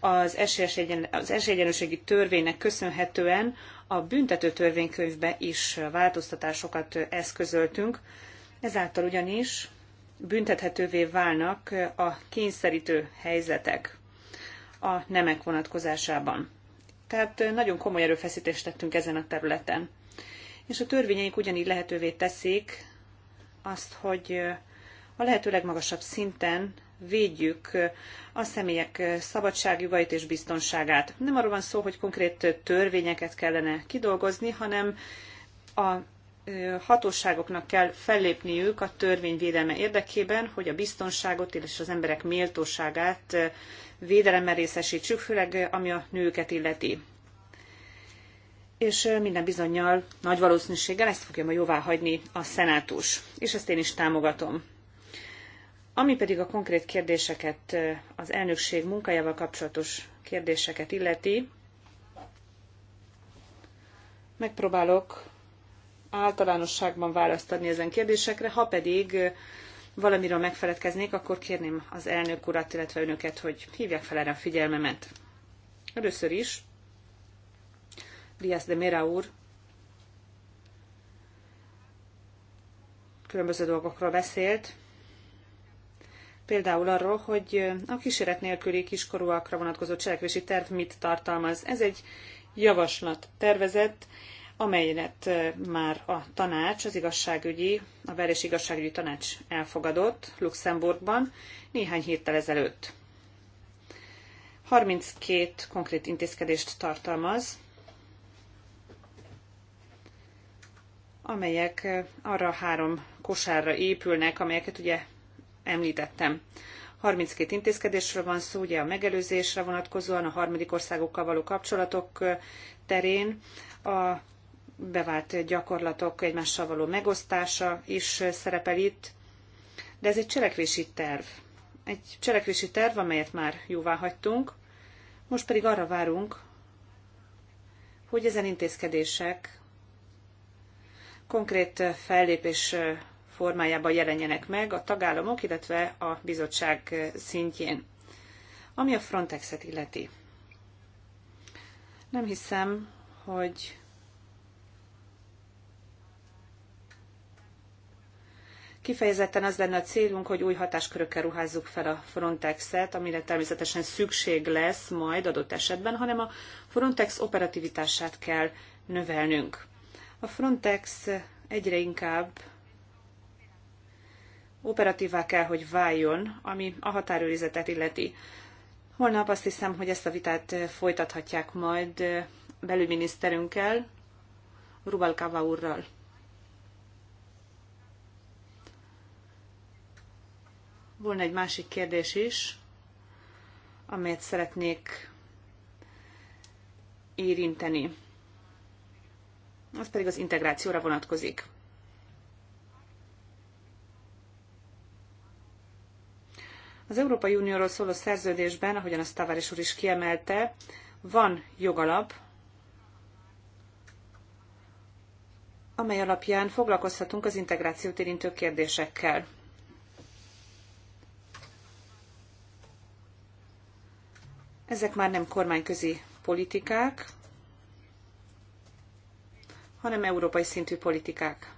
az, esélyegyen, az esélyegyenlőségi törvénynek köszönhetően a büntető törvénykönyvbe is változtatásokat eszközöltünk. Ezáltal ugyanis büntethetővé válnak a kényszerítő helyzetek a nemek vonatkozásában. Tehát nagyon komoly erőfeszítést tettünk ezen a területen. És a törvényeink ugyanígy lehetővé teszik azt, hogy a lehető legmagasabb szinten védjük a személyek szabadságjogait és biztonságát. Nem arról van szó, hogy konkrét törvényeket kellene kidolgozni, hanem a hatóságoknak kell fellépniük a törvény védelme érdekében, hogy a biztonságot, és az emberek méltóságát védelemmel részesítsük, főleg ami a nőket illeti. És minden bizonyal nagy valószínűséggel ezt fogja ma jóvá hagyni a szenátus, és ezt én is támogatom. Ami pedig a konkrét kérdéseket, az elnökség munkájával kapcsolatos kérdéseket illeti, megpróbálok általánosságban választ adni ezen kérdésekre, ha pedig valamiről megfeledkeznék, akkor kérném az elnök urat, illetve önöket, hogy hívják fel erre a figyelmemet. Először is Diaz de Mera úr különböző dolgokról beszélt, például arról, hogy a kíséret nélküli kiskorúakra vonatkozó cselekvési terv mit tartalmaz. Ez egy javaslat tervezett, amelyet már a tanács, az igazságügyi, a ver és Igazságügyi Tanács elfogadott Luxemburgban néhány héttel ezelőtt. 32 konkrét intézkedést tartalmaz, amelyek arra három kosárra épülnek, amelyeket ugye említettem. 32 intézkedésről van szó, ugye a megelőzésre vonatkozóan, a harmadik országokkal való kapcsolatok terén, a bevált gyakorlatok egymással való megosztása is szerepel itt, de ez egy cselekvési terv. Egy cselekvési terv, amelyet már jóvá hagytunk, most pedig arra várunk, hogy ezen intézkedések konkrét fellépés formájában jelenjenek meg a tagállamok, illetve a bizottság szintjén. Ami a Frontexet illeti. Nem hiszem, hogy Kifejezetten az lenne a célunk, hogy új hatáskörökkel ruházzuk fel a Frontexet, amire természetesen szükség lesz majd adott esetben, hanem a Frontex operativitását kell növelnünk. A Frontex egyre inkább operatívá kell, hogy váljon, ami a határőrizetet illeti. Holnap azt hiszem, hogy ezt a vitát folytathatják majd belügyminiszterünkkel, Rubalcava úrral. Volna egy másik kérdés is, amelyet szeretnék érinteni. Az pedig az integrációra vonatkozik. Az Európai Unióról szóló szerződésben, ahogyan azt Tavares úr is kiemelte, van jogalap, amely alapján foglalkozhatunk az integrációt érintő kérdésekkel. Ezek már nem kormányközi politikák, hanem európai szintű politikák.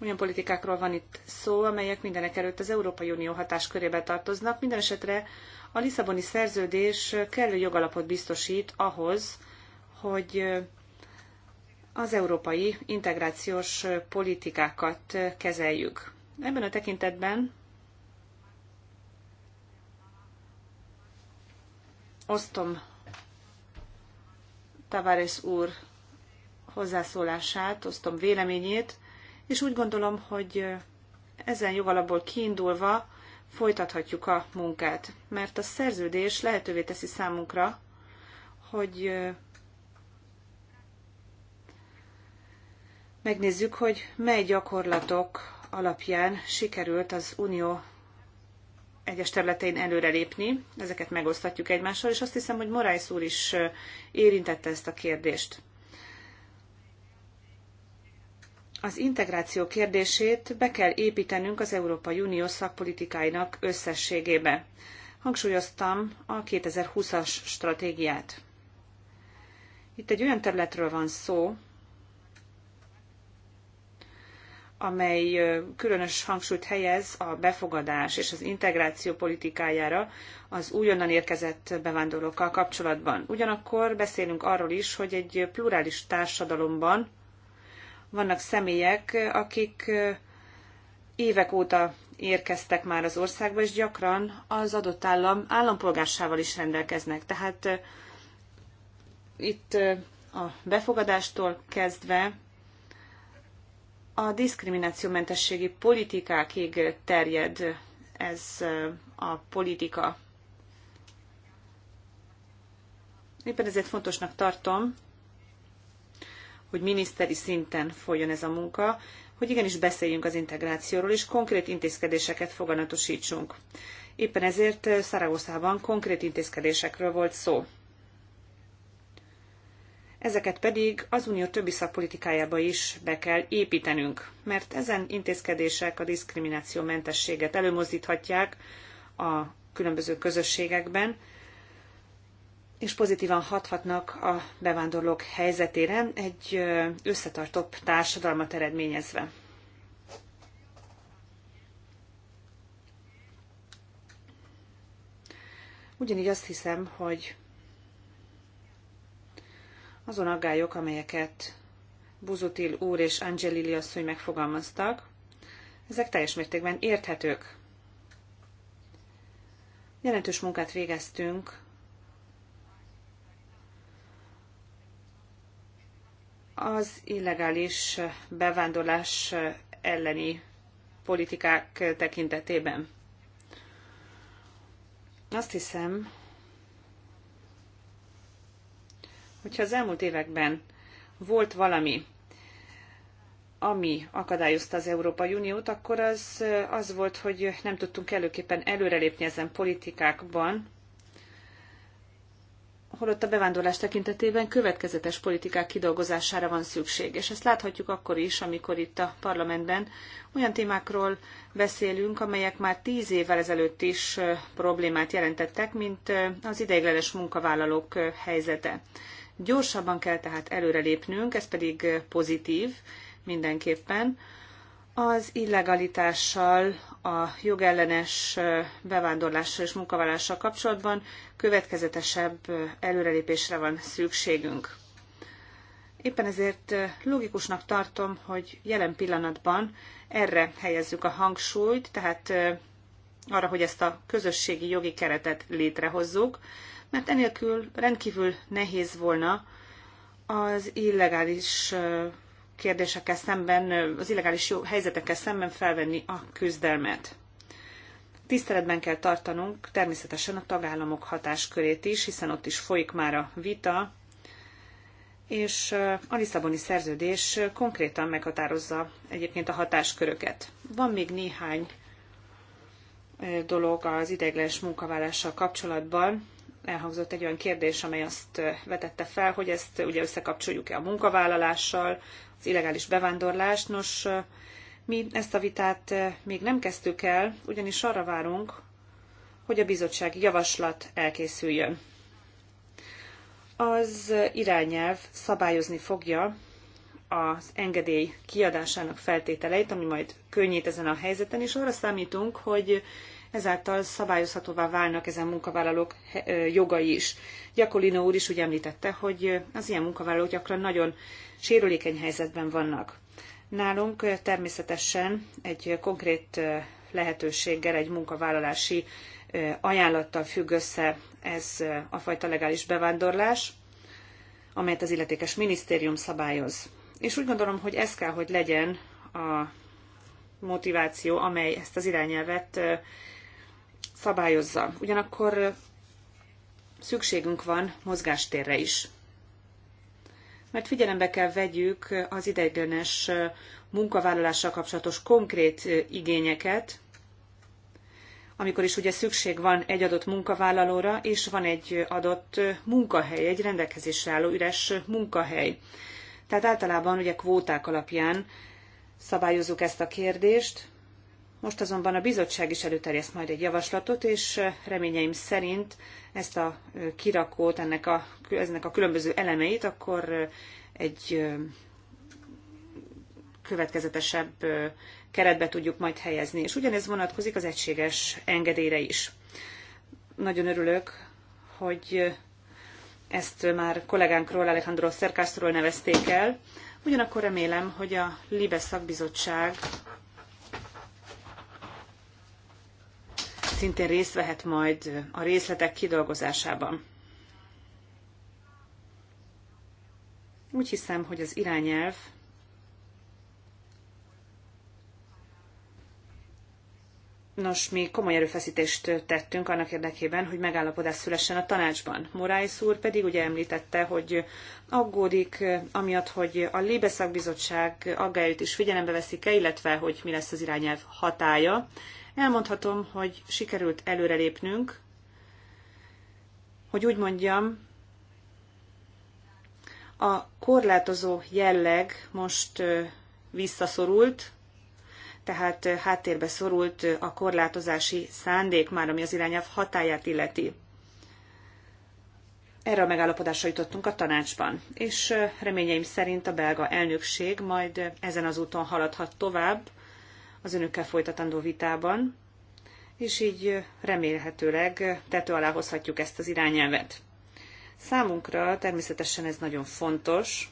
Olyan politikákról van itt szó, amelyek mindenek előtt az Európai Unió hatáskörébe tartoznak. Minden esetre a Lisszaboni szerződés kellő jogalapot biztosít ahhoz, hogy az európai integrációs politikákat kezeljük. Ebben a tekintetben osztom Tavares úr hozzászólását, osztom véleményét, és úgy gondolom, hogy ezen jogalapból kiindulva folytathatjuk a munkát, mert a szerződés lehetővé teszi számunkra, hogy megnézzük, hogy mely gyakorlatok alapján sikerült az Unió egyes területein előrelépni, ezeket megosztatjuk egymással, és azt hiszem, hogy Morais úr is érintette ezt a kérdést. Az integráció kérdését be kell építenünk az Európai Unió szakpolitikáinak összességébe. Hangsúlyoztam a 2020-as stratégiát. Itt egy olyan területről van szó, amely különös hangsúlyt helyez a befogadás és az integráció politikájára az újonnan érkezett bevándorlókkal kapcsolatban. Ugyanakkor beszélünk arról is, hogy egy plurális társadalomban vannak személyek, akik évek óta érkeztek már az országba, és gyakran az adott állam állampolgársával is rendelkeznek. Tehát itt a befogadástól kezdve a diszkriminációmentességi politikákig terjed ez a politika. Éppen ezért fontosnak tartom, hogy miniszteri szinten folyjon ez a munka, hogy igenis beszéljünk az integrációról, és konkrét intézkedéseket foganatosítsunk. Éppen ezért Szaragoszában konkrét intézkedésekről volt szó ezeket pedig az unió többi szakpolitikájába is be kell építenünk, mert ezen intézkedések a diszkrimináció mentességet előmozdíthatják a különböző közösségekben, és pozitívan hathatnak a bevándorlók helyzetére, egy összetartóbb társadalmat eredményezve. Ugyanígy azt hiszem, hogy azon aggályok, amelyeket Buzutil úr és Angelili asszony megfogalmaztak, ezek teljes mértékben érthetők. Jelentős munkát végeztünk az illegális bevándorlás elleni politikák tekintetében. Azt hiszem, Hogyha az elmúlt években volt valami, ami akadályozta az Európai Uniót, akkor az, az volt, hogy nem tudtunk előképpen előrelépni ezen politikákban, holott a bevándorlás tekintetében következetes politikák kidolgozására van szükség. És ezt láthatjuk akkor is, amikor itt a parlamentben olyan témákról beszélünk, amelyek már tíz évvel ezelőtt is problémát jelentettek, mint az ideiglenes munkavállalók helyzete. Gyorsabban kell tehát előrelépnünk, ez pedig pozitív mindenképpen. Az illegalitással, a jogellenes bevándorlással és munkavállással kapcsolatban következetesebb előrelépésre van szükségünk. Éppen ezért logikusnak tartom, hogy jelen pillanatban erre helyezzük a hangsúlyt, tehát arra, hogy ezt a közösségi jogi keretet létrehozzuk, mert enélkül rendkívül nehéz volna az illegális kérdésekkel szemben, az illegális helyzetekkel szemben felvenni a küzdelmet. Tiszteletben kell tartanunk természetesen a tagállamok hatáskörét is, hiszen ott is folyik már a vita, és a Lisszaboni szerződés konkrétan meghatározza egyébként a hatásköröket. Van még néhány dolog az ideiglenes munkavállással kapcsolatban, elhangzott egy olyan kérdés, amely azt vetette fel, hogy ezt ugye összekapcsoljuk-e a munkavállalással, az illegális bevándorlást. Nos, mi ezt a vitát még nem kezdtük el, ugyanis arra várunk, hogy a bizottság javaslat elkészüljön. Az irányelv szabályozni fogja az engedély kiadásának feltételeit, ami majd könnyít ezen a helyzeten, és arra számítunk, hogy ezáltal szabályozhatóvá válnak ezen munkavállalók eh, eh, jogai is. Gyakolino úr is úgy említette, hogy eh, az ilyen munkavállalók gyakran nagyon sérülékeny helyzetben vannak. Nálunk természetesen egy konkrét lehetőséggel, egy munkavállalási ajánlattal függ össze ez a fajta legális bevándorlás, amelyet az illetékes minisztérium szabályoz. És úgy gondolom, hogy ez kell, hogy legyen a motiváció, amely ezt az irányelvet szabályozza. Ugyanakkor szükségünk van mozgástérre is. Mert figyelembe kell vegyük az ideiglenes munkavállalással kapcsolatos konkrét igényeket, amikor is ugye szükség van egy adott munkavállalóra, és van egy adott munkahely, egy rendelkezésre álló üres munkahely. Tehát általában ugye kvóták alapján szabályozzuk ezt a kérdést, most azonban a bizottság is előterjeszt majd egy javaslatot, és reményeim szerint ezt a kirakót, ennek a, ennek a különböző elemeit akkor egy következetesebb keretbe tudjuk majd helyezni. És ugyanez vonatkozik az egységes engedélyre is. Nagyon örülök, hogy ezt már kollégánkról, Alejandro Szerkásztról nevezték el. Ugyanakkor remélem, hogy a Libe szakbizottság szintén részt vehet majd a részletek kidolgozásában. Úgy hiszem, hogy az irányelv Nos, mi komoly erőfeszítést tettünk annak érdekében, hogy megállapodás szülessen a tanácsban. Morális úr pedig ugye említette, hogy aggódik amiatt, hogy a Lébeszakbizottság szakbizottság aggályait is figyelembe veszik-e, illetve hogy mi lesz az irányelv hatája. Elmondhatom, hogy sikerült előrelépnünk, hogy úgy mondjam, a korlátozó jelleg most visszaszorult, tehát háttérbe szorult a korlátozási szándék már, ami az irányelv hatáját illeti. Erre a megállapodásra jutottunk a tanácsban, és reményeim szerint a belga elnökség majd ezen az úton haladhat tovább, az önökkel folytatandó vitában, és így remélhetőleg tető alá hozhatjuk ezt az irányelvet. Számunkra természetesen ez nagyon fontos,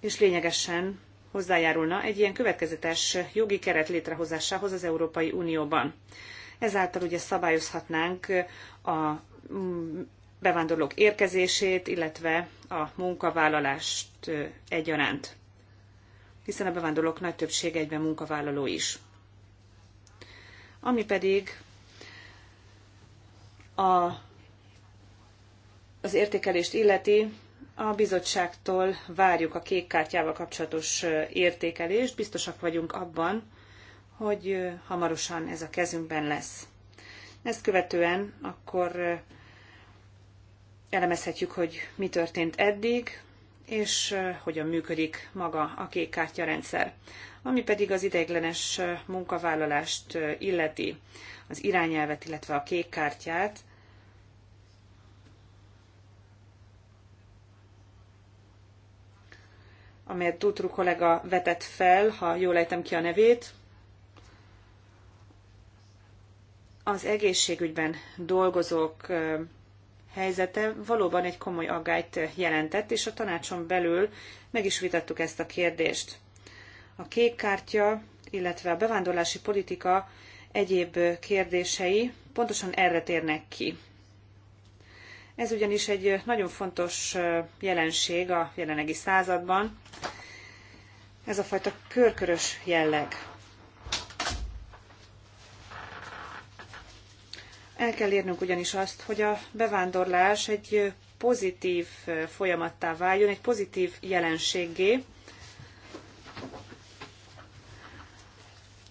és lényegesen hozzájárulna egy ilyen következetes jogi keret létrehozásához az Európai Unióban. Ezáltal ugye szabályozhatnánk a bevándorlók érkezését, illetve a munkavállalást egyaránt hiszen a bevándorlók nagy többség egyben munkavállaló is. Ami pedig a, az értékelést illeti, a bizottságtól várjuk a kék kártyával kapcsolatos értékelést. Biztosak vagyunk abban, hogy hamarosan ez a kezünkben lesz. Ezt követően akkor elemezhetjük, hogy mi történt eddig, és hogyan működik maga a kék kártyarendszer. Ami pedig az ideiglenes munkavállalást illeti, az irányelvet, illetve a kék kártyát, amelyet Dutru kollega vetett fel, ha jól ejtem ki a nevét. Az egészségügyben dolgozók helyzete valóban egy komoly aggályt jelentett, és a tanácson belül meg is vitattuk ezt a kérdést. A kék kártya, illetve a bevándorlási politika egyéb kérdései pontosan erre térnek ki. Ez ugyanis egy nagyon fontos jelenség a jelenlegi században, ez a fajta körkörös jelleg. El kell érnünk ugyanis azt, hogy a bevándorlás egy pozitív folyamattá váljon, egy pozitív jelenségé,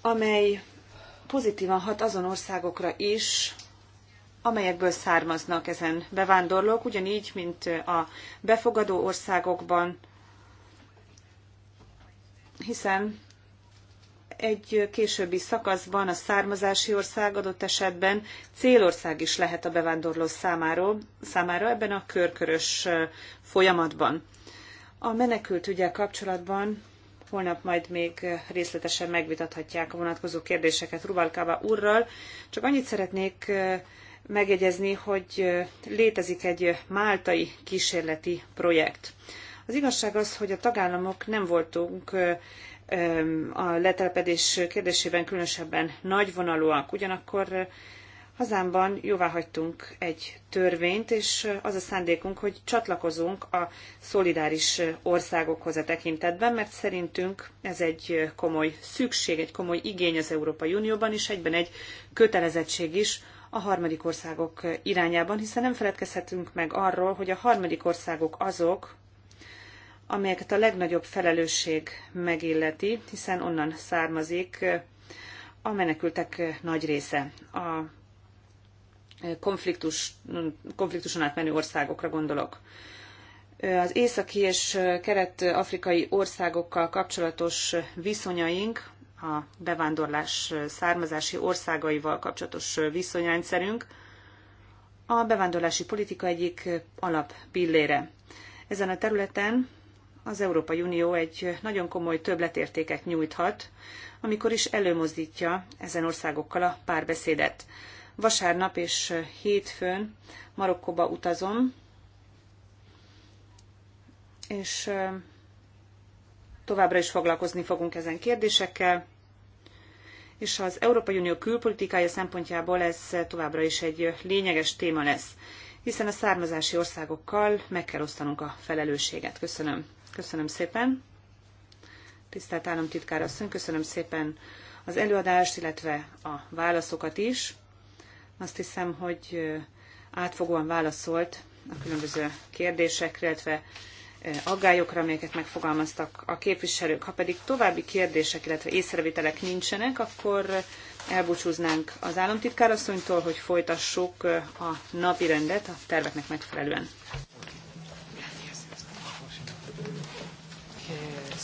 amely pozitívan hat azon országokra is, amelyekből származnak ezen bevándorlók, ugyanígy, mint a befogadó országokban, hiszen egy későbbi szakaszban a származási ország adott esetben célország is lehet a bevándorló számáról, számára ebben a körkörös folyamatban. A menekült ügyel kapcsolatban holnap majd még részletesen megvitathatják a vonatkozó kérdéseket Rubalkába úrral. Csak annyit szeretnék megjegyezni, hogy létezik egy máltai kísérleti projekt. Az igazság az, hogy a tagállamok nem voltunk a letelepedés kérdésében különösebben nagyvonalúak. Ugyanakkor eh, hazámban jóváhagytunk egy törvényt, és eh, az a szándékunk, hogy csatlakozunk a szolidáris eh, országokhoz a tekintetben, mert szerintünk ez egy komoly szükség, egy komoly igény az Európai Unióban, és egyben egy kötelezettség is a harmadik országok irányában, hiszen nem feledkezhetünk meg arról, hogy a harmadik országok azok, amelyeket a legnagyobb felelősség megilleti, hiszen onnan származik a menekültek nagy része. A konfliktus, konfliktuson átmenő országokra gondolok. Az északi és kelet-afrikai országokkal kapcsolatos viszonyaink, a bevándorlás származási országaival kapcsolatos viszonyrendszerünk a bevándorlási politika egyik alappillére. Ezen a területen az Európai Unió egy nagyon komoly többletértéket nyújthat, amikor is előmozdítja ezen országokkal a párbeszédet. Vasárnap és hétfőn Marokkóba utazom, és továbbra is foglalkozni fogunk ezen kérdésekkel, és az Európai Unió külpolitikája szempontjából ez továbbra is egy lényeges téma lesz, hiszen a származási országokkal meg kell osztanunk a felelősséget. Köszönöm. Köszönöm szépen. Tisztelt államtitkár asszony, köszönöm szépen az előadást, illetve a válaszokat is. Azt hiszem, hogy átfogóan válaszolt a különböző kérdésekre, illetve aggályokra, amelyeket megfogalmaztak a képviselők. Ha pedig további kérdések, illetve észrevételek nincsenek, akkor elbúcsúznánk az asszonytól, hogy folytassuk a napi rendet a terveknek megfelelően.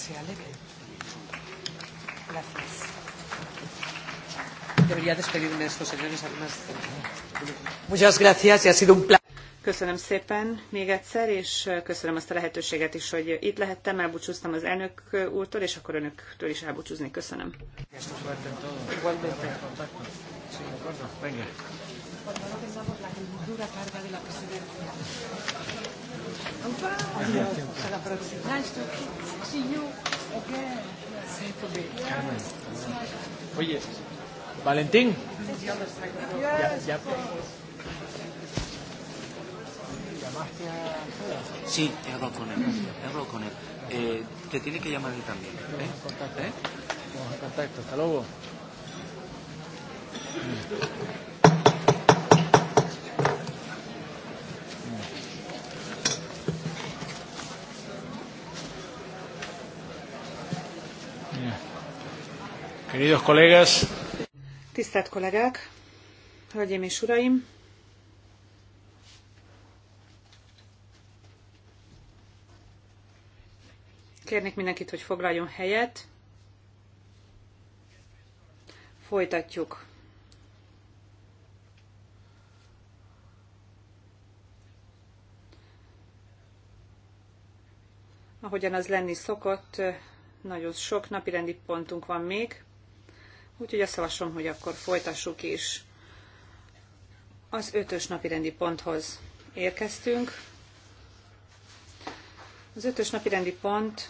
se alegre. Gracias. Debería despedirme de estos señores, además. Muchas gracias y ha sido un placer. Köszönöm szépen még egyszer, és köszönöm azt a lehetőséget is, hogy itt lehettem, elbúcsúztam az elnök úrtól, és akkor önöktől is elbúcsúzni. Köszönöm. Venga. Oye, Valentín. Sí, he hablado con él. He hablado con él. Eh, te tiene que llamar él también. ¿eh? Vamos ¿eh? a contacto. Hasta luego. Mm. Queridos kollégás! Tisztelt kollégák! Hölgyeim és uraim! Kérnék mindenkit, hogy foglaljon helyet. Folytatjuk. Ahogyan az lenni szokott, nagyon sok napirendi pontunk van még úgyhogy azt javaslom, hogy akkor folytassuk is. Az ötös napi rendi ponthoz érkeztünk. Az ötös napi rendi pont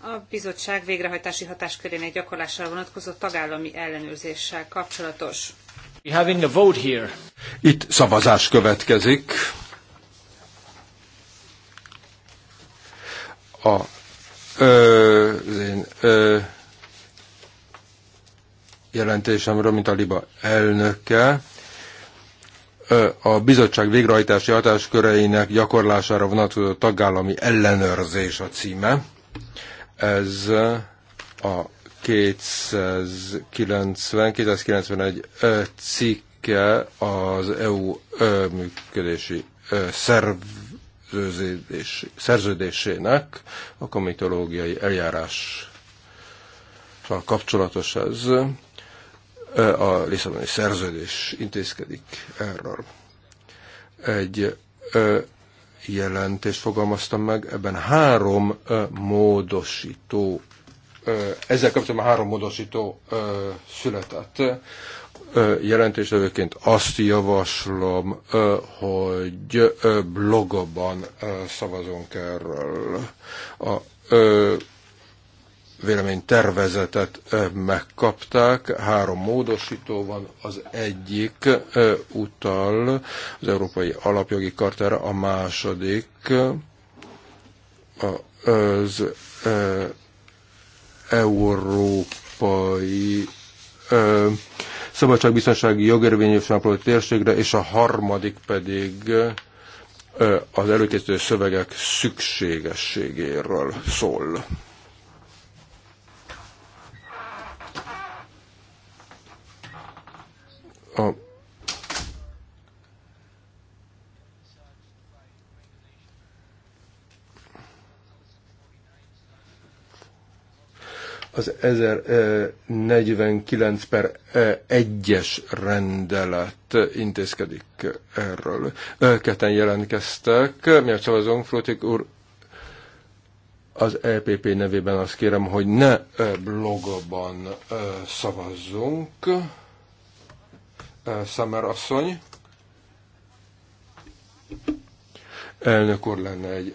a bizottság végrehajtási hatáskörének gyakorlására vonatkozó tagállami ellenőrzéssel kapcsolatos. We having a vote here. Itt szavazás következik. A ö, én, ö, jelentésemről, mint a LIBA elnöke, a bizottság végrehajtási hatásköreinek gyakorlására vonatkozó tagállami ellenőrzés a címe. Ez a 290-291 cikke az EU működési szerv szerződésének a komitológiai eljárással kapcsolatos ez. A Lisszaboni szerződés intézkedik erről. Egy jelentést fogalmaztam meg, ebben három módosító ezzel kapcsolatban három módosító született jelentéstevőként azt javaslom, hogy blogban szavazunk erről. A véleménytervezetet megkapták. Három módosító van, az egyik utal az Európai Alapjogi Kartára, a második az európai szabadságbiztonsági jogérvényes napoló térségre, és a harmadik pedig az előkészítő szövegek szükségességéről szól. A Az 1049 per 1-es rendelet intézkedik erről. Ketten jelentkeztek, miért szavazunk, Frutik úr? Az EPP nevében azt kérem, hogy ne blogban szavazzunk. Summer asszony. Elnök úr, lenne egy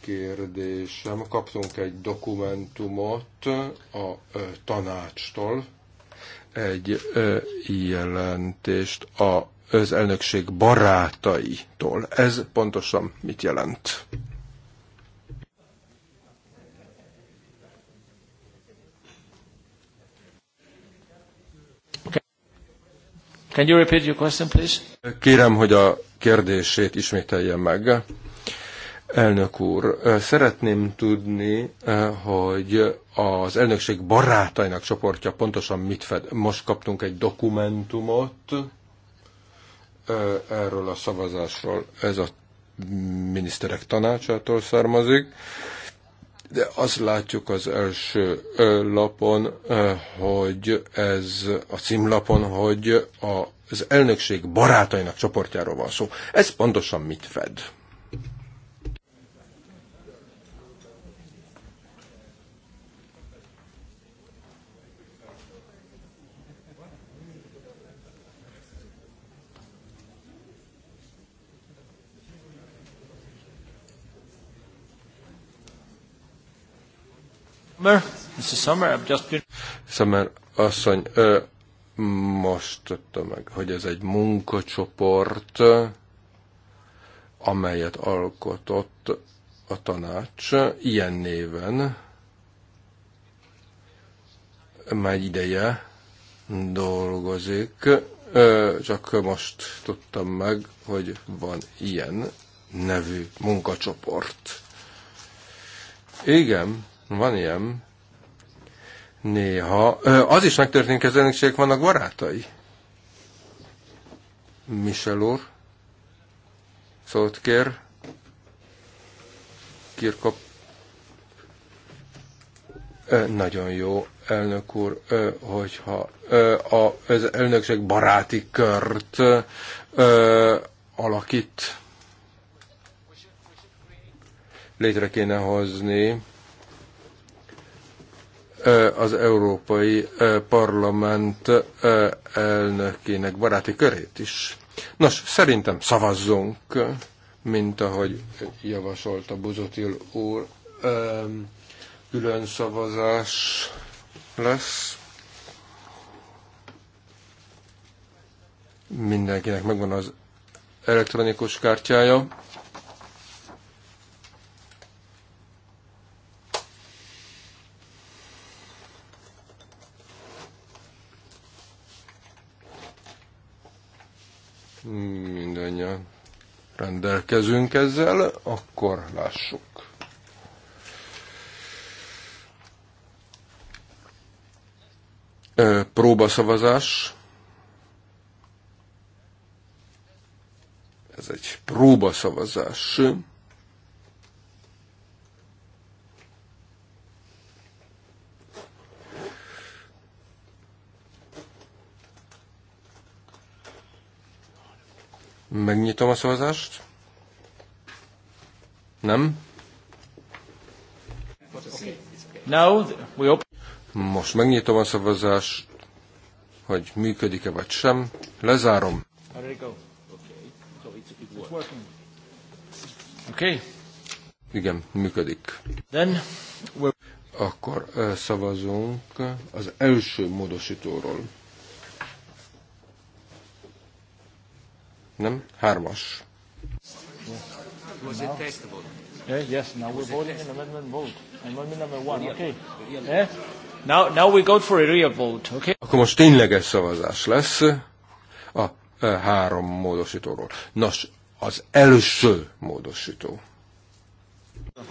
kérdésem. Kaptunk egy dokumentumot a tanácstól, egy jelentést a az elnökség barátaitól. Ez pontosan mit jelent? Can you repeat your question, please? Kérem, hogy a kérdését ismételje meg. Elnök úr, szeretném tudni, eh, hogy az elnökség barátainak csoportja pontosan mit fed. Most kaptunk egy dokumentumot eh, erről a szavazásról. Ez a miniszterek tanácsától származik. De azt látjuk az első eh, lapon, hogy ez a címlapon, hogy a az elnökség barátainak csoportjáról van szó. Ez pontosan mit fed? Summer, Mr. Summer, I've just been... Summer asszony, ö, most tette meg, hogy ez egy munkacsoport, amelyet alkotott a tanács ilyen néven már ideje dolgozik, csak most tudtam meg, hogy van ilyen nevű munkacsoport. Igen, van ilyen, Néha az is megtörténik, hogy az elnökségek vannak barátai. Michel úr, szót kér, Kirkop. Nagyon jó, elnök úr, hogyha az elnökség baráti kört alakít, létre kéne hozni az Európai Parlament elnökének baráti körét is. Nos, szerintem szavazzunk, mint ahogy javasolta Bozotil úr. Külön szavazás lesz. Mindenkinek megvan az elektronikus kártyája. mindannyian rendelkezünk ezzel, akkor lássuk. Próbaszavazás. Ez egy próbaszavazás. szavazás Megnyitom a szavazást. Nem? we open. Most megnyitom a szavazást, hogy működik-e vagy sem. Lezárom. Okay. Igen, működik. Then Akkor szavazunk az első módosítóról. Nem? Hármas. Was it testable? Yeah, yes, now we're voting an amendment vote. Amendment number one, okay. Eh? Now, now we go for a real vote, okay? Akkor most tényleges szavazás lesz a eh, három módosítóról. Nos, az első módosító. The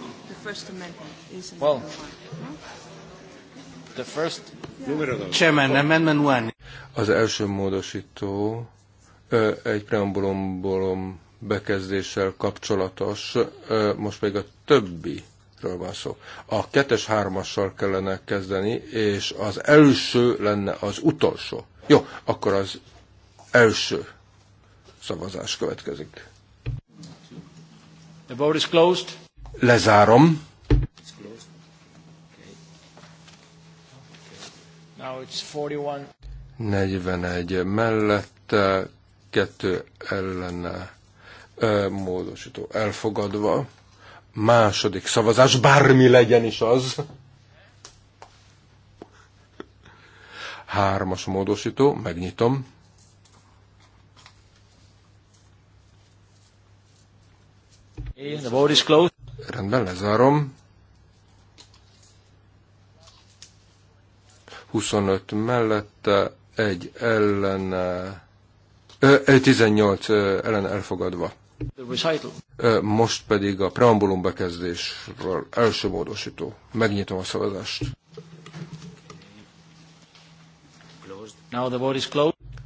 first amendment is well, the first Chairman, amendment one. Az első módosító egy preambulumból bekezdéssel kapcsolatos, most pedig a többi van szó. A kettes hármassal kellene kezdeni, és az első lenne az utolsó. Jó, akkor az első szavazás következik. The vote is closed. Lezárom. It's closed. Okay. Okay. Now it's 41. 41 mellette kettő ellene módosító elfogadva. Második szavazás, bármi legyen is az. Hármas módosító, megnyitom. is Rendben, lezárom. 25 mellette, egy ellene 18 ellen elfogadva. Most pedig a preambulum bekezdésről első módosító. Megnyitom a szavazást.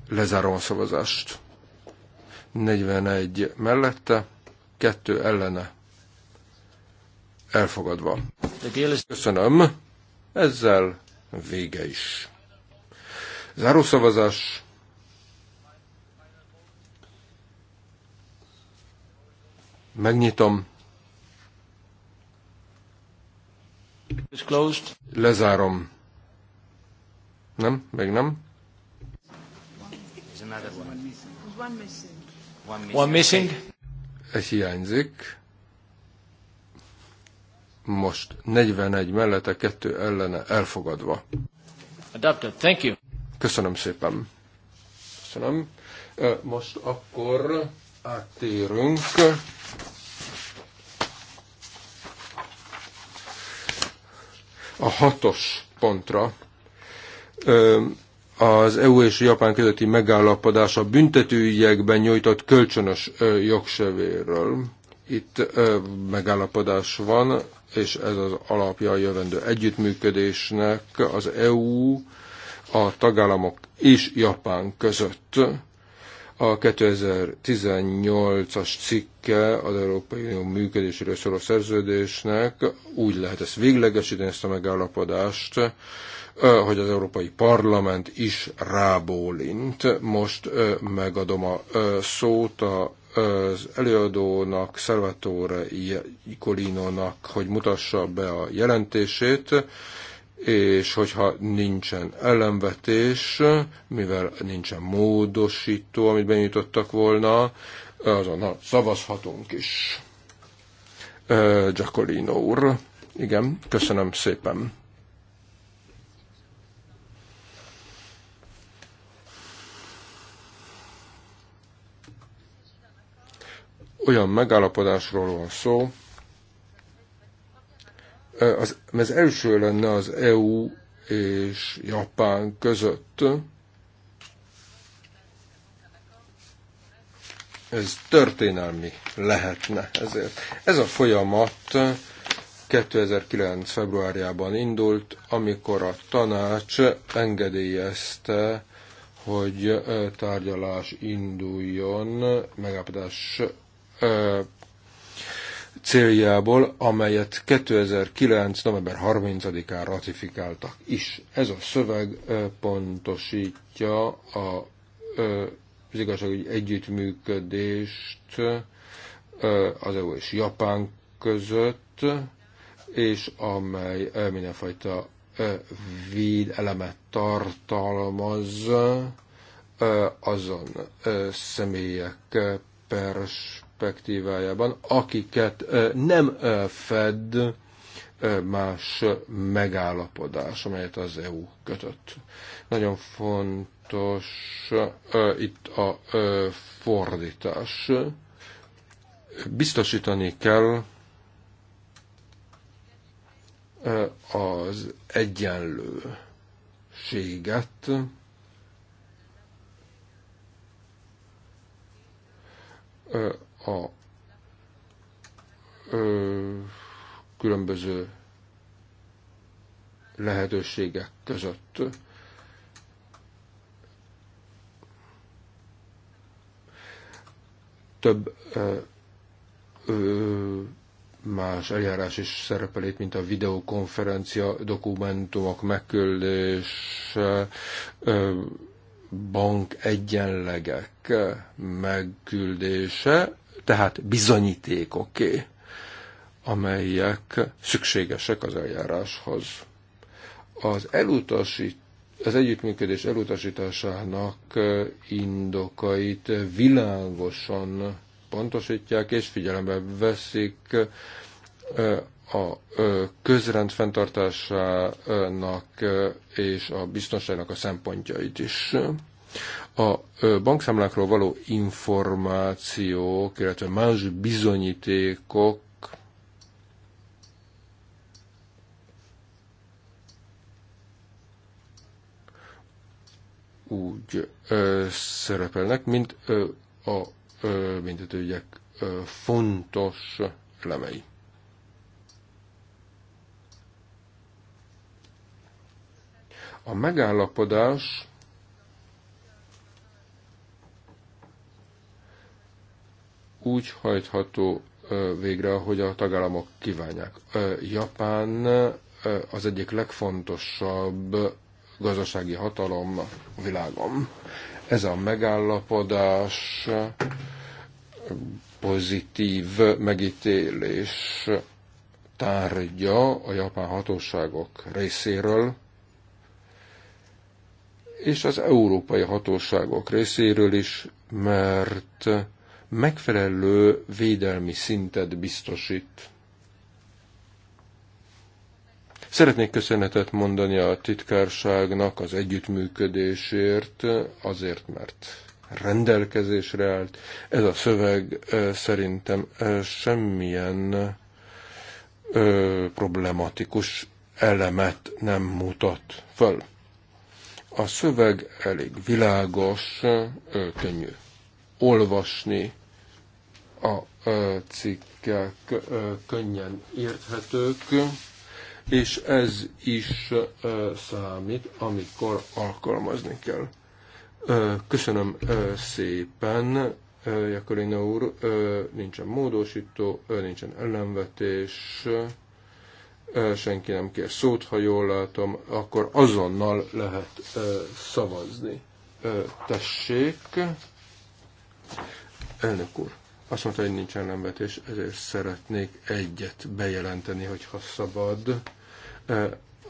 Lezárom a szavazást. 41 mellette, 2 ellene. Elfogadva. Köszönöm. Ezzel vége is. Zárószavazás. Megnyitom. Lezárom. Nem? Még nem? One missing. Egy hiányzik. Most 41 mellette, kettő ellene elfogadva. Adapted. Thank you. Köszönöm szépen. Köszönöm. Most akkor áttérünk a hatos pontra az EU és Japán közötti megállapodás a büntetőügyekben nyújtott kölcsönös jogsevéről. Itt megállapodás van, és ez az alapja a jövendő együttműködésnek az EU, a tagállamok és Japán között a 2018-as cikke az Európai Unió működéséről szóló szerződésnek úgy lehet ezt véglegesíteni, ezt a megállapodást, hogy az Európai Parlament is rábólint. Most megadom a szót a az előadónak, Salvatore Colinónak, hogy mutassa be a jelentését, és hogyha nincsen ellenvetés, mivel nincsen módosító, amit benyújtottak volna, azonnal szavazhatunk is. Giacolino úr, igen, köszönöm szépen. Olyan megállapodásról van szó, az, ez első lenne az EU és Japán között. Ez történelmi lehetne ezért. Ez a folyamat 2009. februárjában indult, amikor a tanács engedélyezte, hogy tárgyalás induljon megállapodás céljából, amelyet 2009. november 30-án ratifikáltak is. Ez a szöveg pontosítja a, az igazságügyi együttműködést az EU és Japán között, és amely mindenfajta véd elemet tartalmaz azon személyek pers perspektívájában, akiket nem fed más megállapodás, amelyet az EU kötött. Nagyon fontos itt a fordítás. Biztosítani kell az egyenlőséget, a ö, különböző lehetőségek között. Több ö, ö, más eljárás is szerepel itt, mint a videokonferencia, dokumentumok megküldése, bank egyenlegek megküldése, tehát bizonyítékoké, amelyek szükségesek az eljáráshoz. Az elutasít az együttműködés elutasításának indokait világosan pontosítják és figyelembe veszik a közrend fenntartásának és a biztonságnak a szempontjait is. A bankszámlákról való információk, illetve más bizonyítékok úgy ö, szerepelnek, mint ö, a ö, büntetőügyek ö, fontos lemei. A megállapodás úgy hajtható végre, ahogy a tagállamok kívánják. Japán az egyik legfontosabb gazdasági hatalom a világon. Ez a megállapodás pozitív megítélés tárgya a japán hatóságok részéről, és az európai hatóságok részéről is, mert megfelelő védelmi szintet biztosít. Szeretnék köszönetet mondani a titkárságnak az együttműködésért, azért, mert rendelkezésre állt. Ez a szöveg szerintem semmilyen problematikus elemet nem mutat föl. A szöveg elég világos, könnyű olvasni, a cikkek könnyen érthetők, és ez is számít, amikor alkalmazni kell. Köszönöm szépen, Jakolina úr, nincsen módosító, nincsen ellenvetés, senki nem kér szót, ha jól látom, akkor azonnal lehet szavazni. Tessék, elnök úr. Azt mondta, hogy nincs ellenvetés, ezért szeretnék egyet bejelenteni, hogyha szabad. E,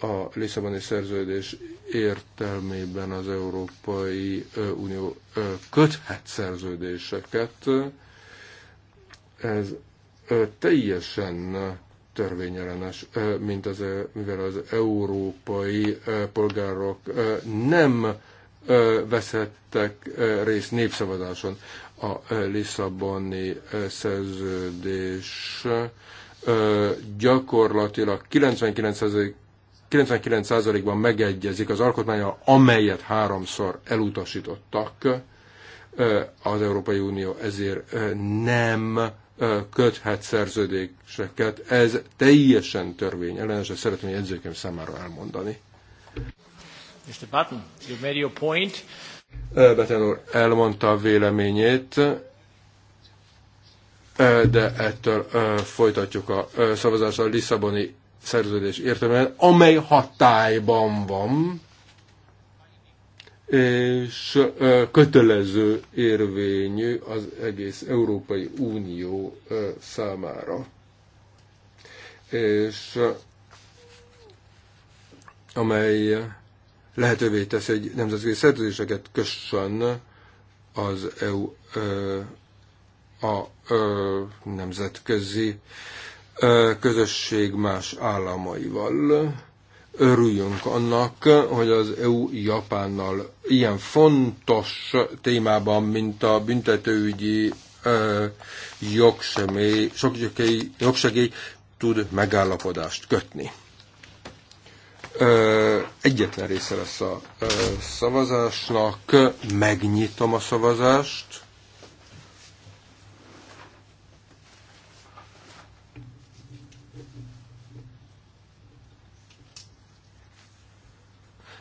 a Lisszaboni szerződés értelmében az Európai e, Unió e, köthet szerződéseket. Ez teljesen törvényellenes, mint az, mivel az európai polgárok nem veszettek részt népszavazáson a Lisszaboni szerződés gyakorlatilag 99%, 99%-ban megegyezik az alkotmánya, amelyet háromszor elutasítottak. Az Európai Unió ezért nem köthet szerződéseket. Ez teljesen törvény ellenes, ezt szeretném jegyzőkém számára elmondani. Mr. Button, you made your point. Beten úr elmondta a véleményét, de ettől folytatjuk a szavazást a Lisszaboni szerződés értelmében, amely hatályban van, és kötelező érvényű az egész Európai Unió számára. És amely lehetővé tesz, hogy nemzetközi szerződéseket kössön az EU ö, a ö, nemzetközi ö, közösség más államaival. Örüljünk annak, hogy az EU Japánnal ilyen fontos témában, mint a büntetőügyi ö, jogsemély, jogsegély, jogsegély tud megállapodást kötni egyetlen része lesz a szavazásnak. Megnyitom a szavazást.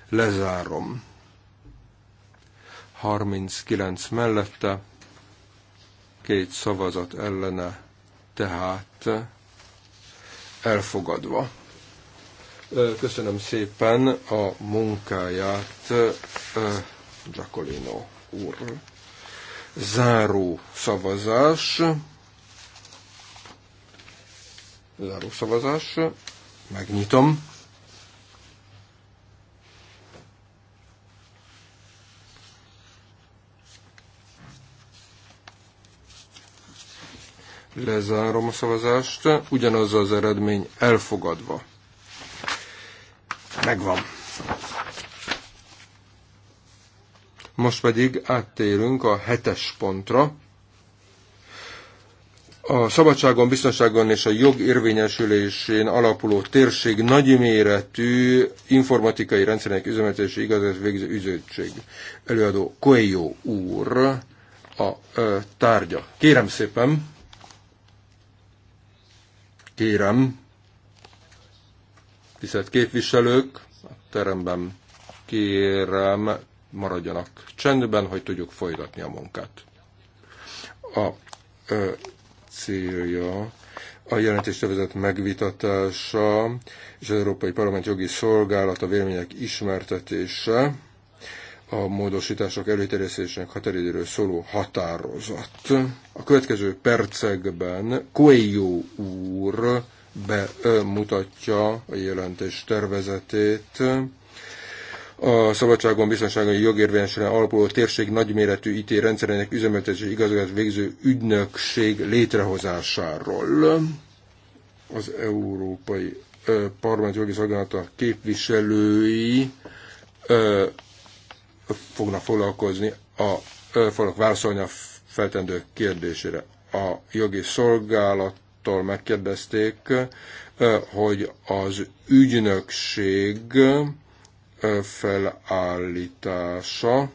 Lezárom. 39 mellette, két szavazat ellene, tehát elfogadva. Köszönöm szépen a munkáját, Giacolino úr. Záró szavazás. Záró szavazás. Megnyitom. Lezárom a szavazást. Ugyanaz az eredmény elfogadva megvan. Most pedig áttérünk a hetes pontra. A szabadságon, biztonságon és a jog érvényesülésén alapuló térség nagyméretű informatikai rendszerek üzemeltetési igazat végző üzőtség. Előadó Koejo úr a ö, tárgya. Kérem szépen, kérem, Tisztelt képviselők, a teremben kérem, maradjanak csendben, hogy tudjuk folytatni a munkát. A ö, célja a jelentéstevezet megvitatása és az Európai Parlament jogi szolgálata vélemények ismertetése a módosítások előterjesztésének határidőről szóló határozat. A következő percekben Coelho úr bemutatja a jelentés tervezetét. A szabadságon, biztonságon, jogérvényesre alapuló térség nagyméretű IT rendszerének üzemeltetési igazgatás végző ügynökség létrehozásáról. Az Európai Parlament Jogi Szolgálata képviselői fognak foglalkozni, a, fognak válaszolni a feltendő kérdésére. A jogi szolgálat úrtól megkérdezték, hogy az ügynökség felállítása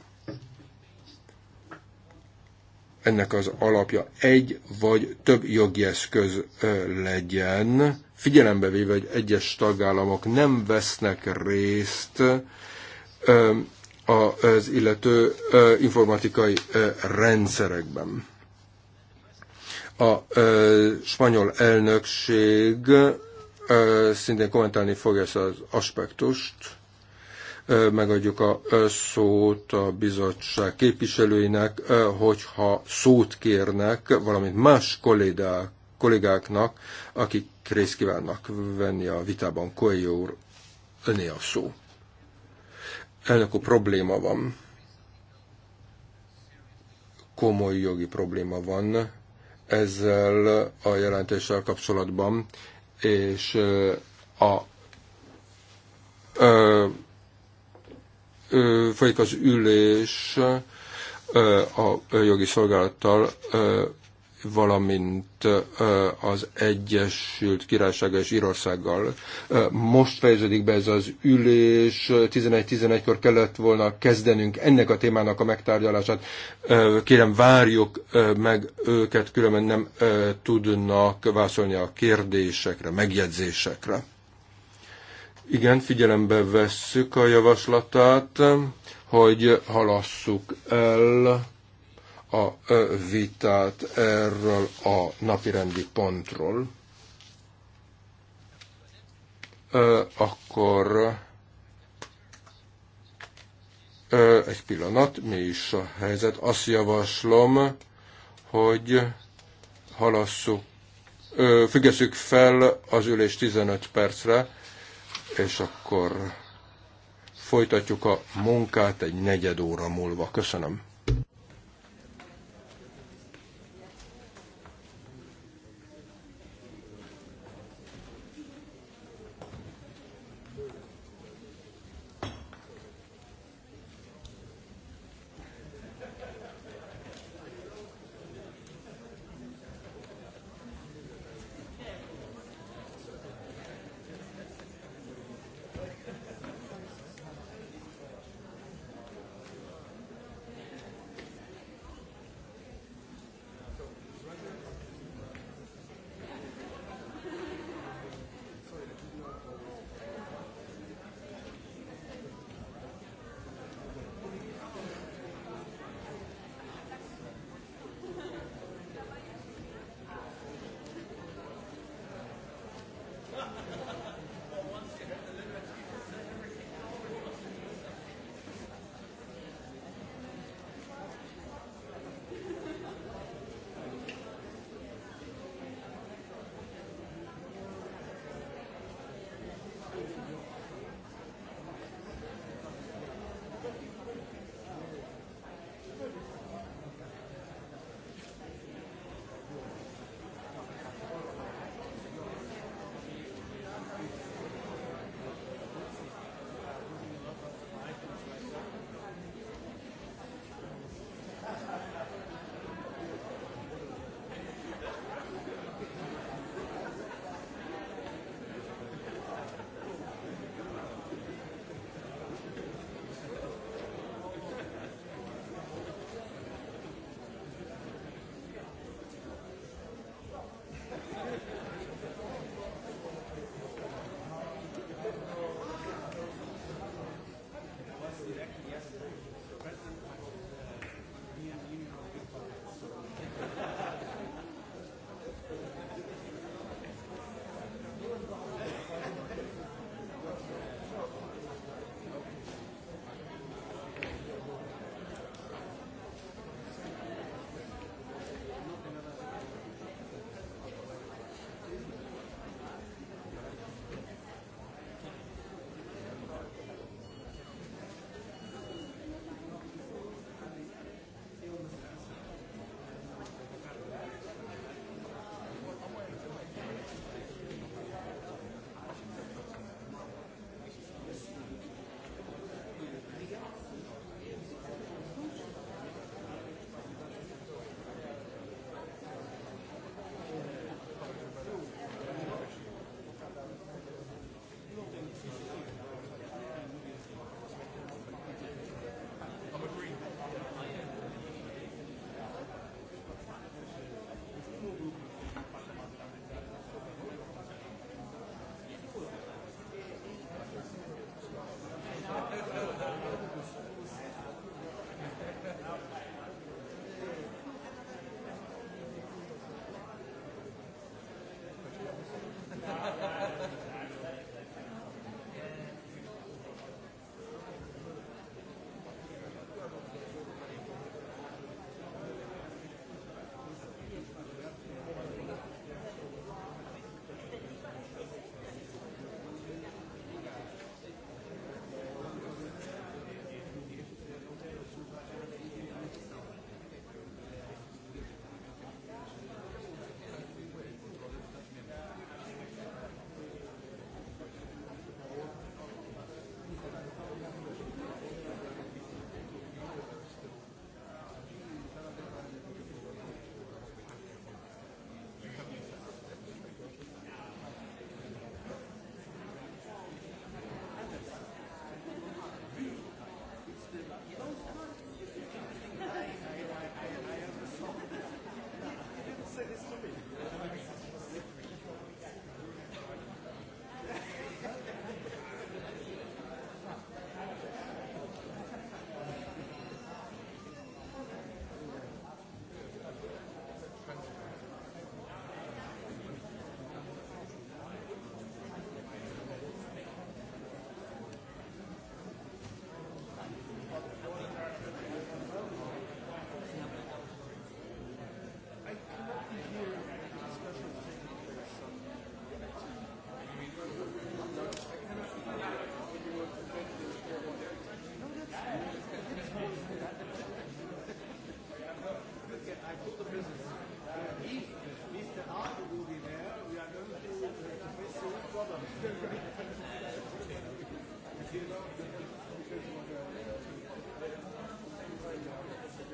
ennek az alapja egy vagy több jogi eszköz legyen, figyelembe véve, hogy egyes tagállamok nem vesznek részt az illető informatikai rendszerekben. A ö, spanyol elnökség ö, szintén kommentálni fogja ezt az aspektust. Ö, megadjuk a ö, szót a bizottság képviselőinek, ö, hogyha szót kérnek, valamint más kollégák, kollégáknak, akik részt kívánnak venni a vitában. Koelyó úr, öné a szó. Elnök úr, probléma van komoly jogi probléma van, ezzel a jelentéssel kapcsolatban, és a ö, ö, folyik az ülés ö, a jogi szolgálattal ö, valamint az Egyesült Királysággal és Írországgal. Most fejeződik be ez az ülés, 11-11-kor kellett volna kezdenünk ennek a témának a megtárgyalását. Kérem, várjuk meg őket, különben nem tudnak válaszolni a kérdésekre, megjegyzésekre. Igen, figyelembe vesszük a javaslatát, hogy halasszuk el a vitát erről a napirendi pontról, akkor egy pillanat, mi is a helyzet. Azt javaslom, hogy halasszuk, függeszük fel az ülés 15 percre, és akkor folytatjuk a munkát egy negyed óra múlva. Köszönöm.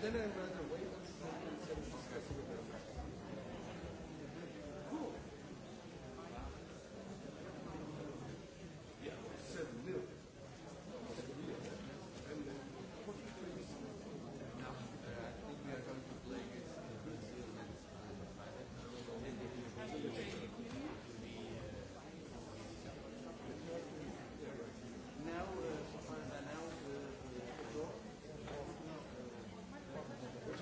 Dele,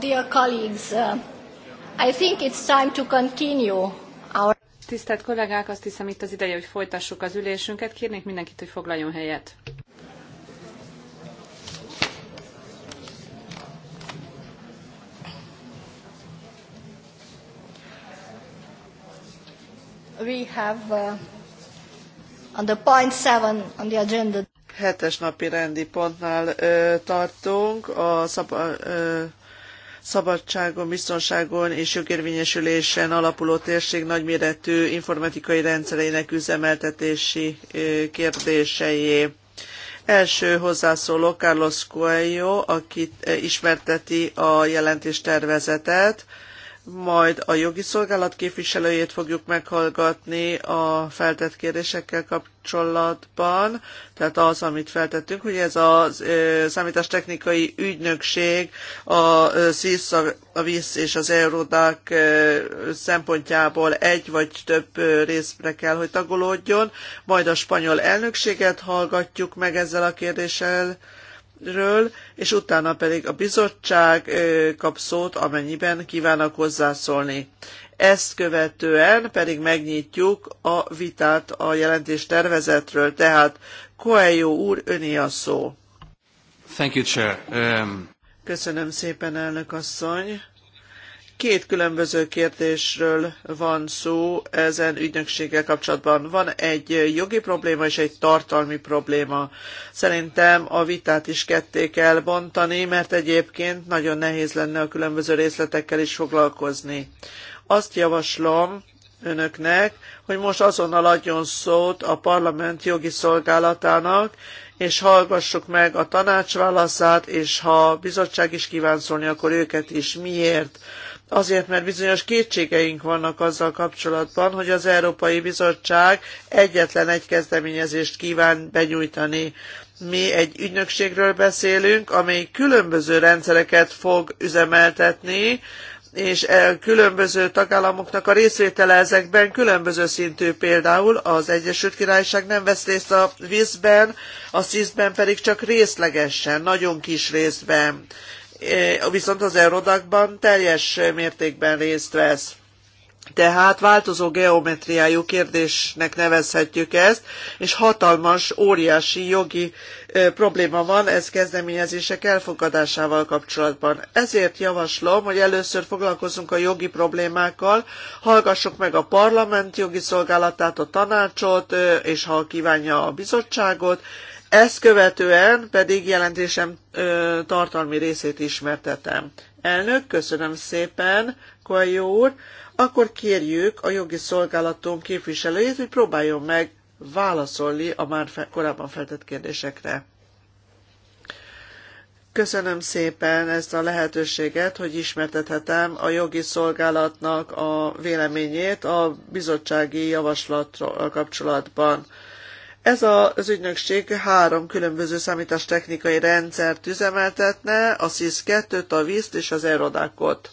Dear colleagues, uh, I think it's time to continue our... Tisztelt kollégák, azt hiszem itt az ideje, hogy folytassuk az ülésünket. Kérnék mindenkit, hogy foglaljon helyet. We have uh, on the point seven on the agenda hetes napi rendi pontnál tartunk, a szab, szabadságon, biztonságon és jogérvényesülésen alapuló térség nagyméretű informatikai rendszereinek üzemeltetési kérdéseié. Első hozzászóló Carlos Coelho, aki ismerteti a jelentéstervezetet. tervezetet majd a jogi szolgálat képviselőjét fogjuk meghallgatni a feltett kérdésekkel kapcsolatban, tehát az, amit feltettünk, hogy ez a számítástechnikai ügynökség a SZISZ, a VISZ és az Eurodák szempontjából egy vagy több részre kell, hogy tagolódjon, majd a spanyol elnökséget hallgatjuk meg ezzel a kérdéssel, ről, és utána pedig a bizottság kap szót, amennyiben kívánnak hozzászólni. Ezt követően pedig megnyitjuk a vitát a jelentés tervezetről, tehát Coelho úr, öné a szó. Thank you, Chair. Um... Köszönöm szépen, elnök asszony. Két különböző kérdésről van szó ezen ügynökséggel kapcsolatban. Van egy jogi probléma és egy tartalmi probléma. Szerintem a vitát is ketté kell bontani, mert egyébként nagyon nehéz lenne a különböző részletekkel is foglalkozni. Azt javaslom, önöknek, hogy most azonnal adjon szót a parlament jogi szolgálatának, és hallgassuk meg a tanács válaszát, és ha a bizottság is kíván szólni, akkor őket is. Miért? Azért, mert bizonyos kétségeink vannak azzal kapcsolatban, hogy az Európai Bizottság egyetlen egy kezdeményezést kíván benyújtani. Mi egy ügynökségről beszélünk, amely különböző rendszereket fog üzemeltetni, és e, különböző tagállamoknak a részvétele ezekben különböző szintű. Például az Egyesült Királyság nem vesz részt a vízben, a szízben pedig csak részlegesen, nagyon kis részben. Eh, viszont az Eurodagban teljes mértékben részt vesz. Tehát változó geometriájú kérdésnek nevezhetjük ezt, és hatalmas, óriási jogi eh, probléma van ez kezdeményezések elfogadásával kapcsolatban. Ezért javaslom, hogy először foglalkozunk a jogi problémákkal, hallgassuk meg a parlament jogi szolgálatát, a tanácsot, eh, és ha kívánja a bizottságot, ezt követően pedig jelentésem ö, tartalmi részét ismertetem. Elnök, köszönöm szépen, Kajó úr. Akkor kérjük a jogi szolgálatunk képviselőjét, hogy próbáljon meg válaszolni a már fe, korábban feltett kérdésekre. Köszönöm szépen ezt a lehetőséget, hogy ismertethetem a jogi szolgálatnak a véleményét a bizottsági javaslatról kapcsolatban. Ez az ügynökség három különböző számítástechnikai rendszert üzemeltetne, a SIS-2-t, a WISZ-t és az Erodákot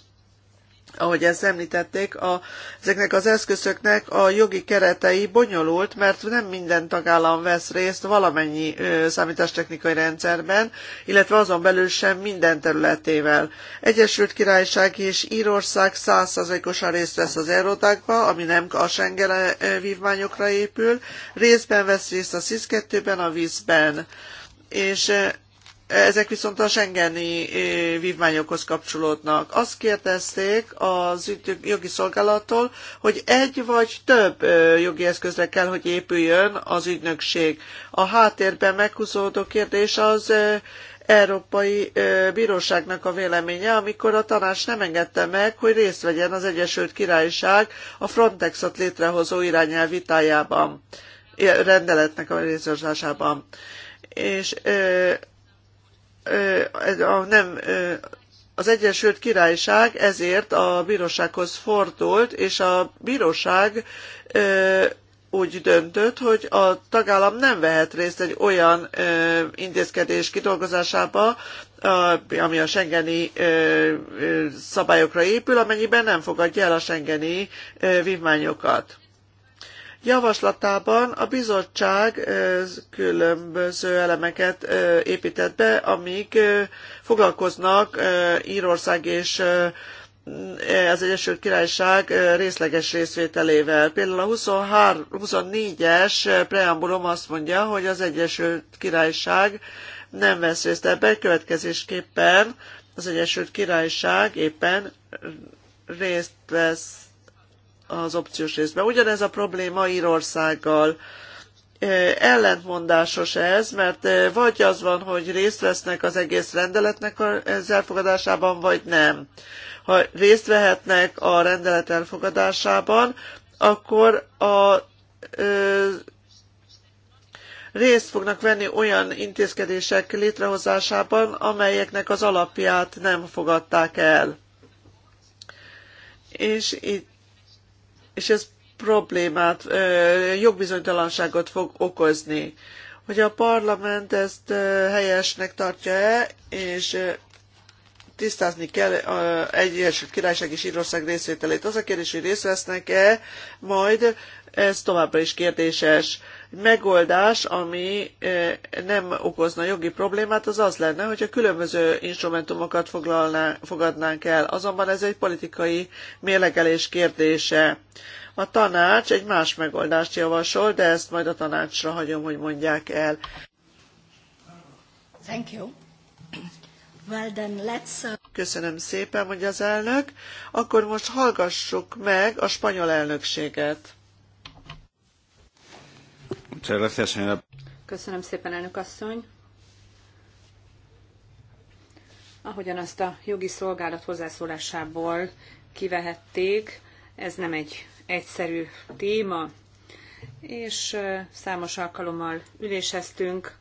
ahogy ezt említették, a, ezeknek az eszközöknek a jogi keretei bonyolult, mert nem minden tagállam vesz részt valamennyi ö, számítástechnikai rendszerben, illetve azon belül sem minden területével. Egyesült Királyság és Írország 100%-osan részt vesz az Eurodákba, ami nem a Schengen vívmányokra épül, részben vesz részt a SZIS-2-ben, a vízben és ezek viszont a Schengeni vívmányokhoz kapcsolódnak. Azt kérdezték az jogi szolgálattól, hogy egy vagy több jogi eszközre kell, hogy épüljön az ügynökség. A háttérben meghúzódó kérdés az Európai Bíróságnak a véleménye, amikor a tanács nem engedte meg, hogy részt vegyen az Egyesült Királyság a Frontexot létrehozó irányelv vitájában, rendeletnek a részvásában és a, nem, az Egyesült Királyság ezért a bírósághoz fordult, és a bíróság úgy döntött, hogy a tagállam nem vehet részt egy olyan ö, intézkedés kidolgozásába, ami a Schengeni ö, ö, szabályokra épül, amennyiben nem fogadja el a Schengeni ö, vívmányokat. Javaslatában a bizottság különböző elemeket épített be, amik foglalkoznak Írország és az Egyesült Királyság részleges részvételével. Például a 24-es preambulum azt mondja, hogy az Egyesült Királyság nem vesz részt ebbe, következésképpen az Egyesült Királyság éppen részt vesz az opciós részbe. Ugyanez a probléma Írországgal ellentmondásos ez, mert vagy az van, hogy részt vesznek az egész rendeletnek az elfogadásában, vagy nem. Ha részt vehetnek a rendelet elfogadásában, akkor a részt fognak venni olyan intézkedések létrehozásában, amelyeknek az alapját nem fogadták el. És itt és ez problémát, jogbizonytalanságot fog okozni. Hogy a parlament ezt helyesnek tartja-e, és tisztázni kell egyes királyság és Írország részvételét. Az a kérdés, hogy részt vesznek-e, majd ez továbbra is kérdéses megoldás, ami nem okozna jogi problémát, az az lenne, hogyha különböző instrumentumokat fogadnánk el. Azonban ez egy politikai mérlegelés kérdése. A tanács egy más megoldást javasol, de ezt majd a tanácsra hagyom, hogy mondják el. Thank you. Well then, let's... Uh, Köszönöm szépen, mondja az elnök. Akkor most hallgassuk meg a spanyol elnökséget. Köszönöm szépen, elnök asszony. Ahogyan azt a jogi szolgálat hozzászólásából kivehették, ez nem egy egyszerű téma, és számos alkalommal üléseztünk,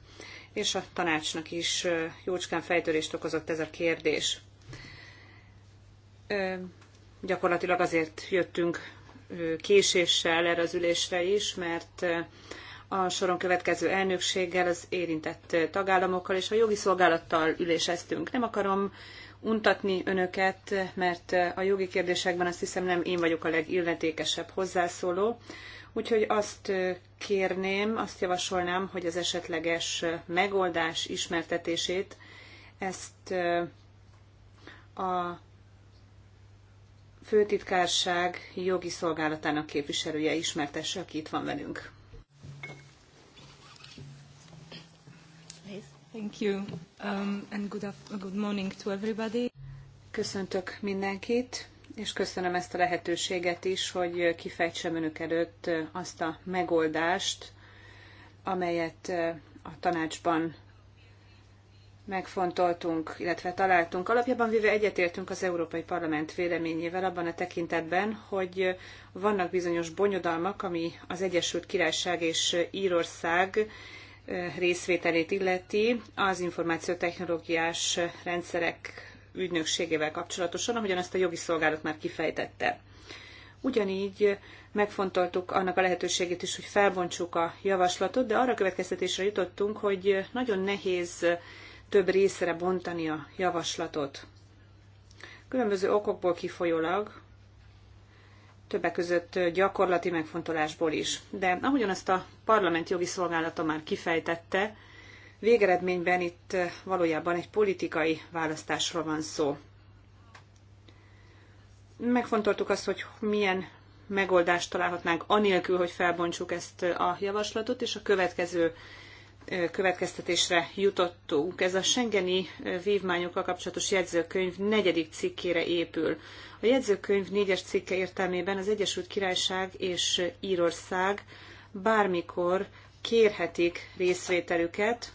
és a tanácsnak is jócskán fejtörést okozott ez a kérdés. Gyakorlatilag azért jöttünk késéssel erre az ülésre is, mert a soron következő elnökséggel, az érintett tagállamokkal és a jogi szolgálattal üléseztünk. Nem akarom untatni önöket, mert a jogi kérdésekben azt hiszem nem én vagyok a legilletékesebb hozzászóló, úgyhogy azt kérném, azt javasolnám, hogy az esetleges megoldás ismertetését ezt a főtitkárság jogi szolgálatának képviselője ismertesse, aki itt van velünk. Thank you, um, and good, good morning to everybody. Köszöntök mindenkit, és köszönöm ezt a lehetőséget is, hogy kifejtsem önök előtt azt a megoldást, amelyet a tanácsban megfontoltunk, illetve találtunk. Alapjában véve egyetértünk az Európai Parlament véleményével abban a tekintetben, hogy vannak bizonyos bonyodalmak, ami az Egyesült Királyság és Írország eh, részvételét illeti az információtechnológiás rendszerek ügynökségével kapcsolatosan, ahogyan azt a jogi szolgálat már kifejtette. Ugyanígy megfontoltuk annak a lehetőségét is, hogy felbontsuk a javaslatot, de arra következtetésre jutottunk, hogy nagyon nehéz több részre bontani a javaslatot. Különböző okokból kifolyólag, többek között gyakorlati megfontolásból is. De ahogyan ezt a parlament jogi szolgálata már kifejtette, végeredményben itt valójában egy politikai választásról van szó. Megfontoltuk azt, hogy milyen megoldást találhatnánk anélkül, hogy felbontsuk ezt a javaslatot, és a következő következtetésre jutottunk. Ez a Schengeni vívmányokkal kapcsolatos jegyzőkönyv negyedik cikkére épül. A jegyzőkönyv négyes cikke értelmében az Egyesült Királyság és Írország bármikor kérhetik részvételüket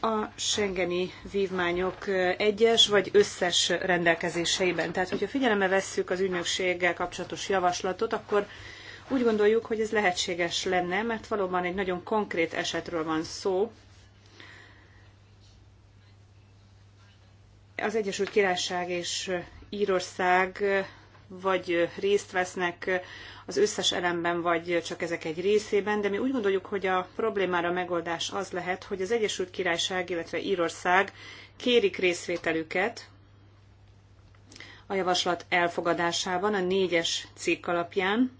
a Schengeni vívmányok egyes vagy összes rendelkezéseiben. Tehát, hogyha figyelembe vesszük az ügynökséggel kapcsolatos javaslatot, akkor úgy gondoljuk, hogy ez lehetséges lenne, mert valóban egy nagyon konkrét esetről van szó. Az Egyesült Királyság és Írország vagy részt vesznek az összes elemben, vagy csak ezek egy részében, de mi úgy gondoljuk, hogy a problémára a megoldás az lehet, hogy az Egyesült Királyság, illetve Írország kérik részvételüket a javaslat elfogadásában a négyes cikk alapján,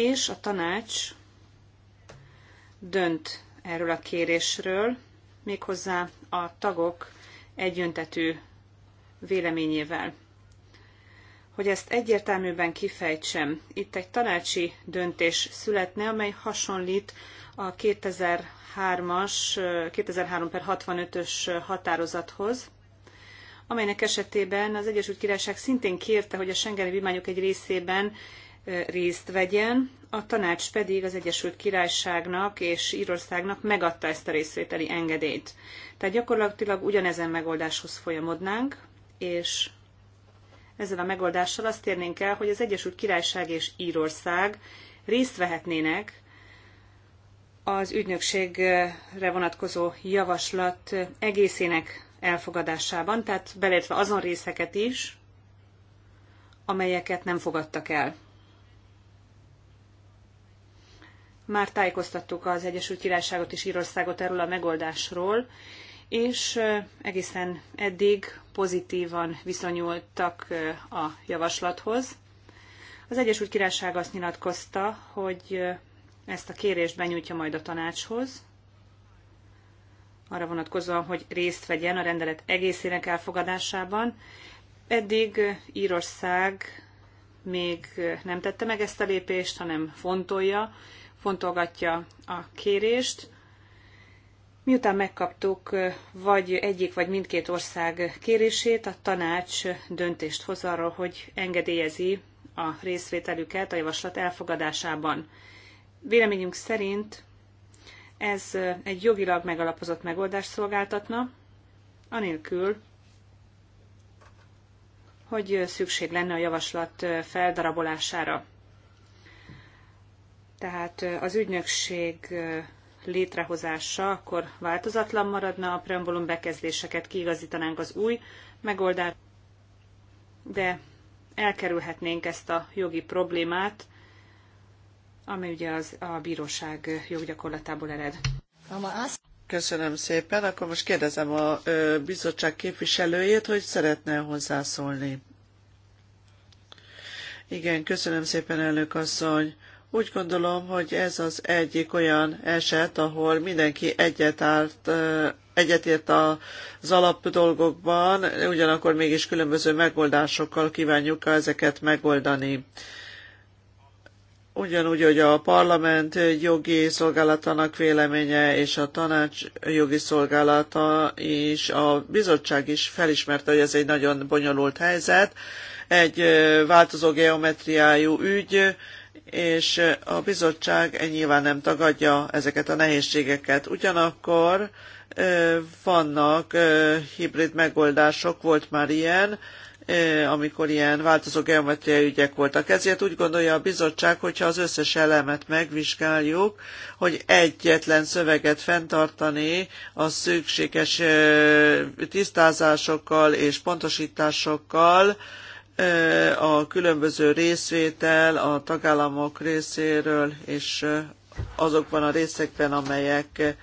és a tanács dönt erről a kérésről, méghozzá a tagok egyöntetű véleményével. Hogy ezt egyértelműben kifejtsem, itt egy tanácsi döntés születne, amely hasonlít a 2003-as, 2003 per 65-ös határozathoz, amelynek esetében az Egyesült Királyság szintén kérte, hogy a Schengeni vimányok egy részében részt vegyen, a tanács pedig az Egyesült Királyságnak és Írországnak megadta ezt a részvételi engedélyt. Tehát gyakorlatilag ugyanezen megoldáshoz folyamodnánk, és ezzel a megoldással azt érnénk el, hogy az Egyesült Királyság és Írország részt vehetnének az ügynökségre vonatkozó javaslat egészének elfogadásában, tehát beleértve azon részeket is, amelyeket nem fogadtak el. Már tájékoztattuk az Egyesült Királyságot és Írországot erről a megoldásról, és egészen eddig pozitívan viszonyultak a javaslathoz. Az Egyesült Királyság azt nyilatkozta, hogy ezt a kérést benyújtja majd a tanácshoz, arra vonatkozóan, hogy részt vegyen a rendelet egészének elfogadásában. Eddig Írország még nem tette meg ezt a lépést, hanem fontolja, fontolgatja a kérést. Miután megkaptuk vagy egyik, vagy mindkét ország kérését, a tanács döntést hoz arról, hogy engedélyezi a részvételüket a javaslat elfogadásában. Véleményünk szerint ez egy jogilag megalapozott megoldást szolgáltatna, anélkül, hogy szükség lenne a javaslat feldarabolására. Tehát az ügynökség létrehozása akkor változatlan maradna, a preambulum bekezdéseket kiigazítanánk az új megoldást, de elkerülhetnénk ezt a jogi problémát, ami ugye az, a bíróság joggyakorlatából ered. Köszönöm szépen. Akkor most kérdezem a bizottság képviselőjét, hogy szeretne hozzászólni. Igen, köszönöm szépen, elnök asszony. Úgy gondolom, hogy ez az egyik olyan eset, ahol mindenki egyetért, egyetért az alap dolgokban, ugyanakkor mégis különböző megoldásokkal kívánjuk ezeket megoldani ugyanúgy, hogy a parlament jogi szolgálatának véleménye és a tanács jogi szolgálata és a bizottság is felismerte, hogy ez egy nagyon bonyolult helyzet, egy változó geometriájú ügy, és a bizottság nyilván nem tagadja ezeket a nehézségeket. Ugyanakkor vannak hibrid megoldások, volt már ilyen, amikor ilyen változó geometriai ügyek voltak. Ezért úgy gondolja a bizottság, hogyha az összes elemet megvizsgáljuk, hogy egyetlen szöveget fenntartani a szükséges tisztázásokkal és pontosításokkal, a különböző részvétel a tagállamok részéről és azokban a részekben, amelyek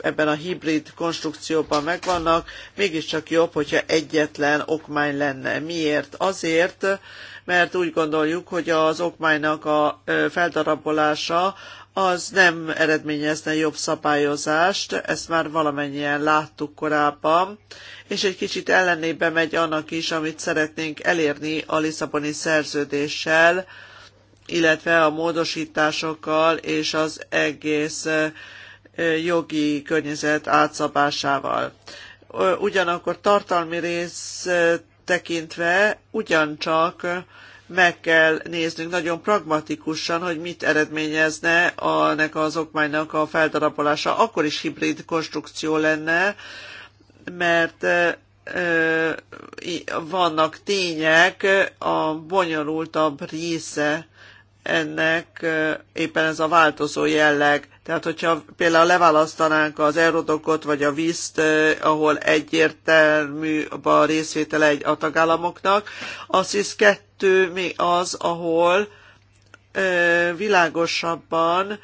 ebben a hibrid konstrukcióban megvannak, mégiscsak jobb, hogyha egyetlen okmány lenne. Miért? Azért, mert úgy gondoljuk, hogy az okmánynak a feldarabolása az nem eredményezne jobb szabályozást, ezt már valamennyien láttuk korábban, és egy kicsit ellenébe megy annak is, amit szeretnénk elérni a Lisszaboni szerződéssel, illetve a módosításokkal és az egész jogi környezet átszabásával. Ugyanakkor tartalmi rész tekintve ugyancsak meg kell néznünk nagyon pragmatikusan, hogy mit eredményezne annak az okmánynak a feldarabolása. Akkor is hibrid konstrukció lenne, mert vannak tények, a bonyolultabb része ennek éppen ez a változó jelleg. Tehát, hogyha például leválasztanánk az erodokot vagy a vízt, ahol egyértelmű a részvétele egy a tagállamoknak, a SZISZ 2 az, ahol világosabban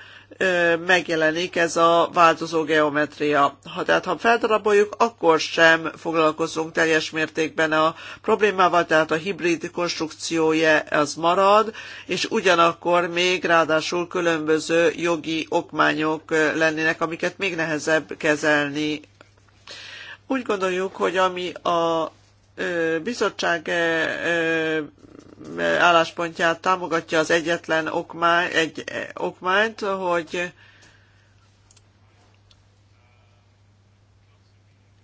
megjelenik ez a változó geometria. Ha, tehát ha feldaraboljuk, akkor sem foglalkozunk teljes mértékben a problémával, tehát a hibrid konstrukciója az marad, és ugyanakkor még ráadásul különböző jogi okmányok lennének, amiket még nehezebb kezelni. Úgy gondoljuk, hogy ami a bizottság álláspontját támogatja az egyetlen okmány, egy eh, okmányt, hogy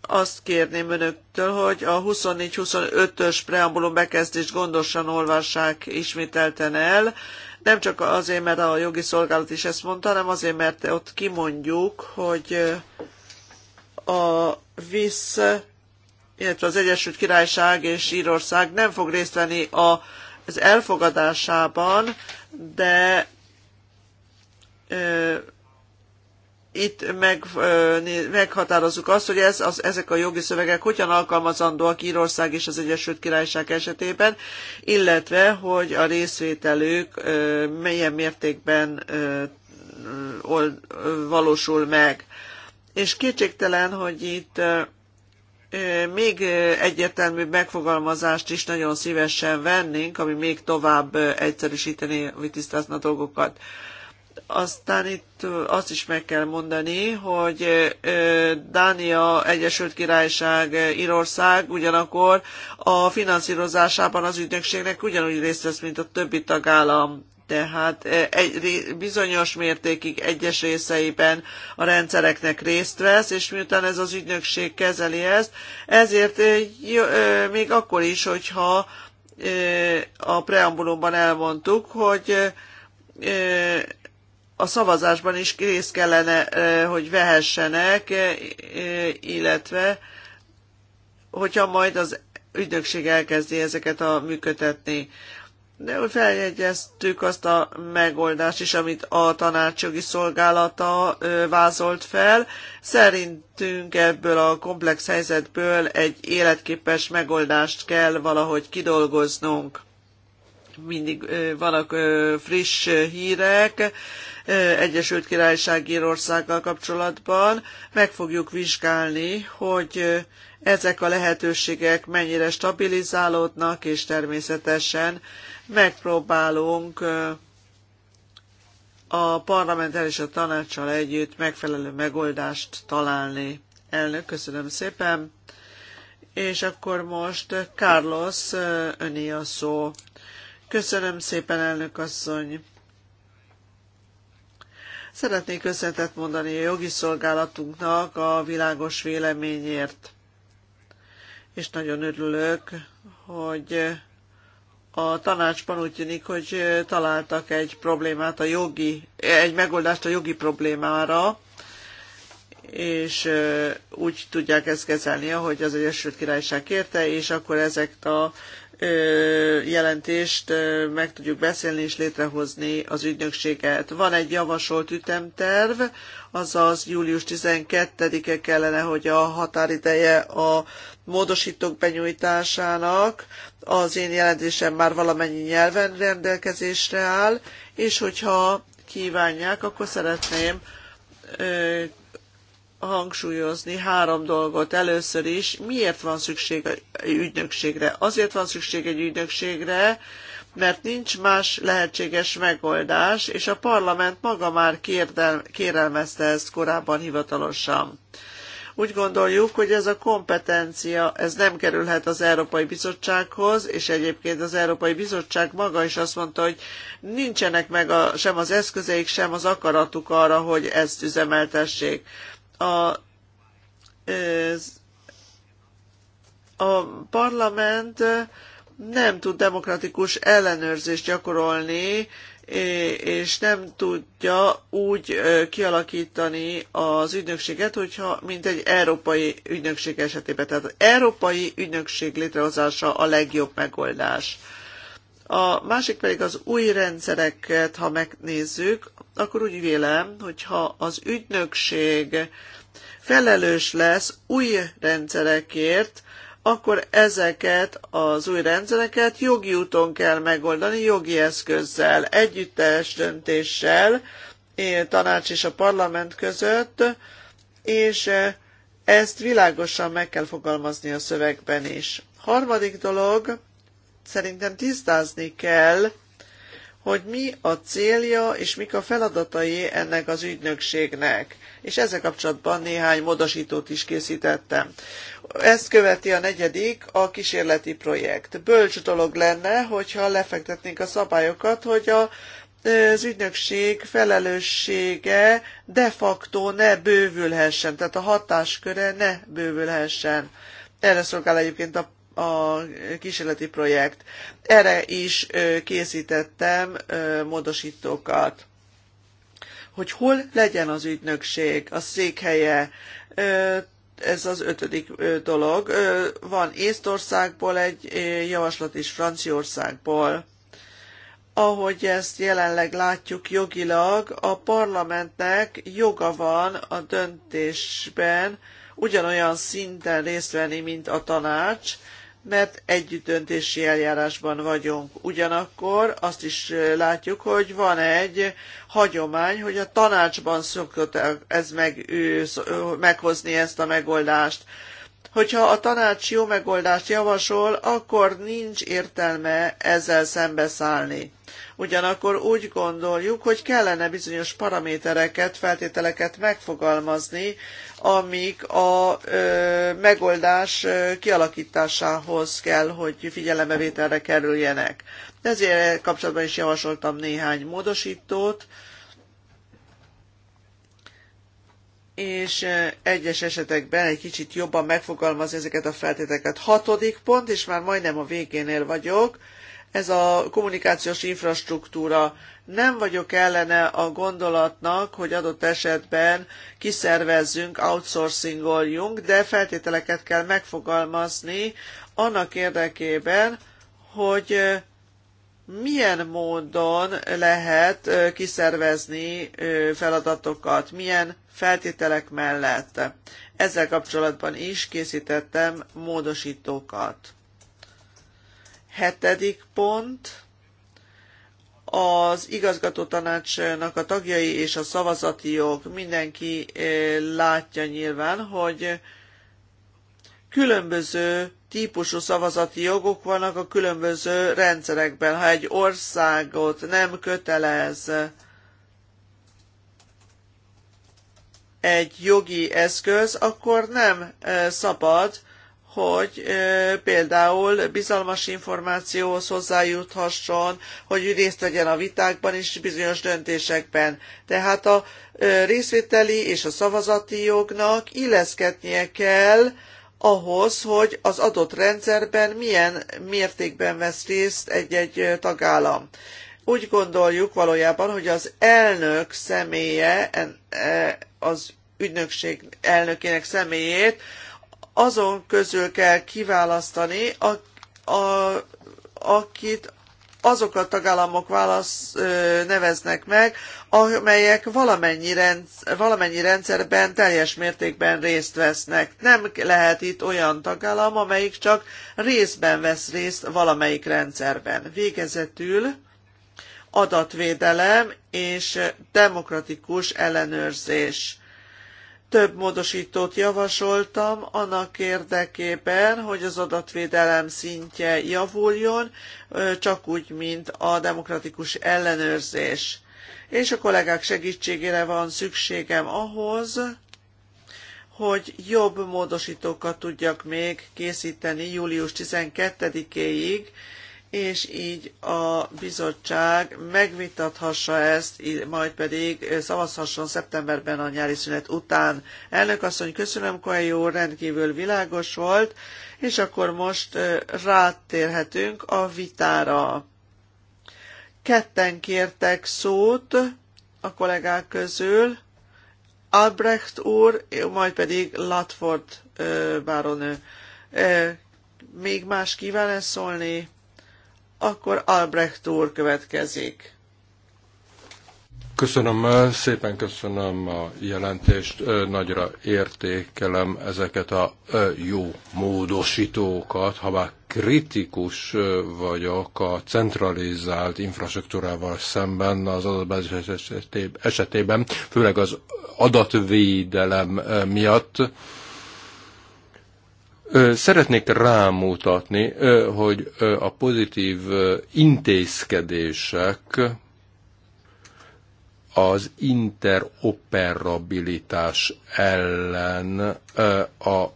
azt kérném önöktől, hogy a 24-25-ös preambulum bekezdést gondosan olvassák ismételten el, nem csak azért, mert a jogi szolgálat is ezt mondta, hanem azért, mert ott kimondjuk, hogy eh, a VISZ, illetve az Egyesült Királyság és Írország nem fog részt venni a az elfogadásában, de ö, itt meg, ö, meghatározzuk azt, hogy ez, az, ezek a jogi szövegek hogyan alkalmazandóak Írország és az Egyesült Királyság esetében, illetve hogy a részvételők ö, milyen mértékben ö, ö, valósul meg. És kétségtelen, hogy itt még egyértelmű megfogalmazást is nagyon szívesen vennénk, ami még tovább egyszerűsíteni, vagy tisztázna dolgokat. Aztán itt azt is meg kell mondani, hogy Dánia, Egyesült Királyság, Írország ugyanakkor a finanszírozásában az ügynökségnek ugyanúgy részt vesz, mint a többi tagállam tehát eh, egy, bizonyos mértékig egyes részeiben a rendszereknek részt vesz, és miután ez az ügynökség kezeli ezt, ezért eh, eh, még akkor is, hogyha a preambulumban elmondtuk, hogy a szavazásban is részt kellene, hogy vehessenek, illetve hogyha majd az ügynökség elkezdi ezeket a működtetni. De feljegyeztük azt a megoldást is, amit a tanácsjogi szolgálata vázolt fel. Szerintünk ebből a komplex helyzetből egy életképes megoldást kell valahogy kidolgoznunk. Mindig vannak friss hírek Egyesült Királyság Írországgal kapcsolatban. Meg fogjuk vizsgálni, hogy ezek a lehetőségek mennyire stabilizálódnak, és természetesen megpróbálunk a parlamenttel és a tanácssal együtt megfelelő megoldást találni. Elnök, köszönöm szépen. És akkor most Carlos, öné a szó. Köszönöm szépen, elnök asszony. Szeretnék köszönetet mondani a jogi szolgálatunknak a világos véleményért. És nagyon örülök, hogy a tanácsban úgy tűnik, hogy találtak egy problémát a jogi, egy megoldást a jogi problémára, és úgy tudják ezt kezelni, ahogy az Egyesült Királyság kérte, és akkor ezek a jelentést meg tudjuk beszélni és létrehozni az ügynökséget. Van egy javasolt ütemterv, azaz július 12-e kellene, hogy a határideje a módosítók benyújtásának, az én jelentésem már valamennyi nyelven rendelkezésre áll, és hogyha kívánják, akkor szeretném hangsúlyozni három dolgot. Először is, miért van szükség egy ügynökségre? Azért van szükség egy ügynökségre, mert nincs más lehetséges megoldás, és a parlament maga már kérdel, kérelmezte ezt korábban hivatalosan. Úgy gondoljuk, hogy ez a kompetencia, ez nem kerülhet az Európai Bizottsághoz, és egyébként az Európai Bizottság maga is azt mondta, hogy nincsenek meg a, sem az eszközeik, sem az akaratuk arra, hogy ezt üzemeltessék a, a parlament nem tud demokratikus ellenőrzést gyakorolni, és nem tudja úgy kialakítani az ügynökséget, hogyha mint egy európai ügynökség esetében. Tehát az európai ügynökség létrehozása a legjobb megoldás. A másik pedig az új rendszereket, ha megnézzük, akkor úgy vélem, hogyha az ügynökség felelős lesz új rendszerekért, akkor ezeket az új rendszereket jogi úton kell megoldani, jogi eszközzel, együttes döntéssel, tanács és a parlament között, és e, ezt világosan meg kell fogalmazni a szövegben is. Harmadik dolog, szerintem tisztázni kell hogy mi a célja és mik a feladatai ennek az ügynökségnek. És ezzel kapcsolatban néhány módosítót is készítettem. Ezt követi a negyedik, a kísérleti projekt. Bölcs dolog lenne, hogyha lefektetnénk a szabályokat, hogy a az ügynökség felelőssége de facto ne bővülhessen, tehát a hatásköre ne bővülhessen. Erre szolgál egyébként a a kísérleti projekt. Erre is készítettem módosítókat hogy hol legyen az ügynökség, a székhelye, ez az ötödik dolog. Van Észtországból egy javaslat is Franciaországból. Ahogy ezt jelenleg látjuk jogilag, a parlamentnek joga van a döntésben ugyanolyan szinten részt venni, mint a tanács, mert együtt eljárásban vagyunk. Ugyanakkor azt is látjuk, hogy van egy hagyomány, hogy a tanácsban szokott ez meg, ő, meghozni ezt a megoldást hogyha a tanács jó megoldást javasol, akkor nincs értelme ezzel szembeszállni. Ugyanakkor úgy gondoljuk, hogy kellene bizonyos paramétereket, feltételeket megfogalmazni, amik a ö, megoldás ö, kialakításához kell, hogy figyelembevételre kerüljenek. Ezért kapcsolatban is javasoltam néhány módosítót, és egyes esetekben egy kicsit jobban megfogalmazni ezeket a feltételeket. Hatodik pont, és már majdnem a végénél vagyok, ez a kommunikációs infrastruktúra. Nem vagyok ellene a gondolatnak, hogy adott esetben kiszervezzünk, outsourcingoljunk, de feltételeket kell megfogalmazni annak érdekében, hogy milyen módon lehet kiszervezni feladatokat, milyen feltételek mellett. Ezzel kapcsolatban is készítettem módosítókat. Hetedik pont az igazgató tanácsnak a tagjai és a szavazati jog mindenki eh, látja nyilván, hogy különböző típusú szavazati jogok vannak a különböző rendszerekben. Ha egy országot nem kötelez egy jogi eszköz, akkor nem szabad, hogy például bizalmas információhoz hozzájuthasson, hogy részt vegyen a vitákban és bizonyos döntésekben. Tehát a részvételi és a szavazati jognak illeszkednie kell ahhoz, hogy az adott rendszerben milyen mértékben vesz részt egy-egy tagállam. Úgy gondoljuk valójában, hogy az elnök személye, e, az ügynökség elnökének személyét azon közül kell kiválasztani, a, a, akit azok a tagállamok válasz neveznek meg, amelyek valamennyi, rendsz, valamennyi rendszerben teljes mértékben részt vesznek. Nem lehet itt olyan tagállam, amelyik csak részben vesz részt valamelyik rendszerben. Végezetül adatvédelem és demokratikus ellenőrzés. Több módosítót javasoltam annak érdekében, hogy az adatvédelem szintje javuljon, csak úgy, mint a demokratikus ellenőrzés. És a kollégák segítségére van szükségem ahhoz, hogy jobb módosítókat tudjak még készíteni július 12-éig, és így a bizottság megvitathassa ezt, majd pedig szavazhasson szeptemberben a nyári szünet után. Elnök asszony, köszönöm, jó, rendkívül világos volt, és akkor most rátérhetünk a vitára. Ketten kértek szót a kollégák közül, Albrecht úr, majd pedig Latford báronő. Még más kíván szólni? Akkor Albrecht úr következik. Köszönöm, szépen köszönöm a jelentést, nagyra értékelem ezeket a jó módosítókat, ha bár kritikus vagyok a centralizált infrastruktúrával szemben az adatbázis esetében, főleg az adatvédelem miatt, Szeretnék rámutatni, hogy a pozitív intézkedések az interoperabilitás ellen az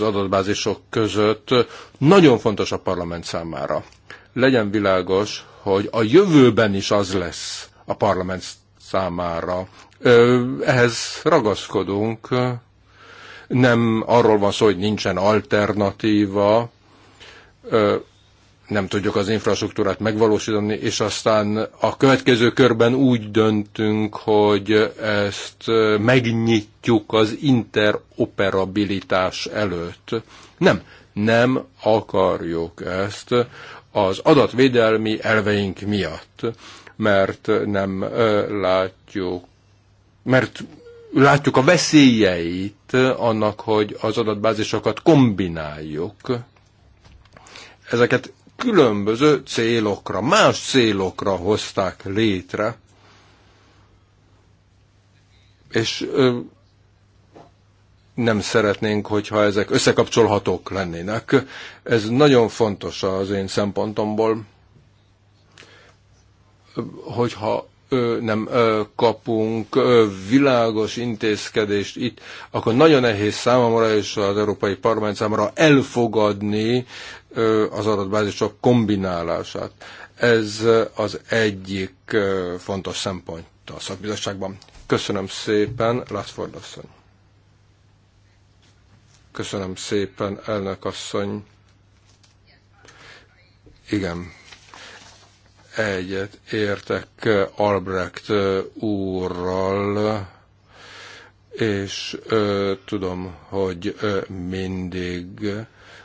adatbázisok között nagyon fontos a parlament számára. Legyen világos, hogy a jövőben is az lesz a parlament számára. Ehhez ragaszkodunk, nem arról van szó, hogy nincsen alternatíva, nem tudjuk az infrastruktúrát megvalósítani, és aztán a következő körben úgy döntünk, hogy ezt megnyitjuk az interoperabilitás előtt. Nem, nem akarjuk ezt az adatvédelmi elveink miatt, mert nem látjuk, mert látjuk a veszélyeit annak, hogy az adatbázisokat kombináljuk. Ezeket különböző célokra, más célokra hozták létre, és nem szeretnénk, hogyha ezek összekapcsolhatók lennének. Ez nagyon fontos az én szempontomból, hogyha nem kapunk világos intézkedést itt, akkor nagyon nehéz számomra és az Európai Parlament számára elfogadni az adatbázisok kombinálását. Ez az egyik fontos szempont a szakbizottságban. Köszönöm szépen, Lászford asszony. Köszönöm szépen, elnök asszony. Igen Egyet értek eh, Albrecht eh, úrral, és ö, eh, tudom, hogy ö, mindig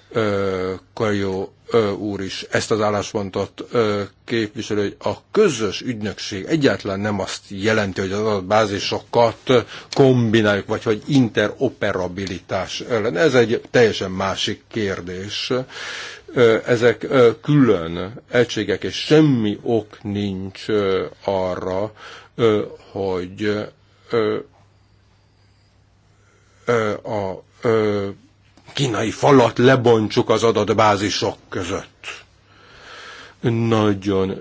ö, Kajó ö, úr is ezt az álláspontot ö, képviselő, hogy a közös ügynökség egyáltalán nem azt jelenti, hogy az adatbázisokat kombináljuk, vagy hogy interoperabilitás ellen. Ez egy teljesen másik kérdés ezek külön egységek, és semmi ok nincs arra, hogy a kínai falat lebontsuk az adatbázisok között. Nagyon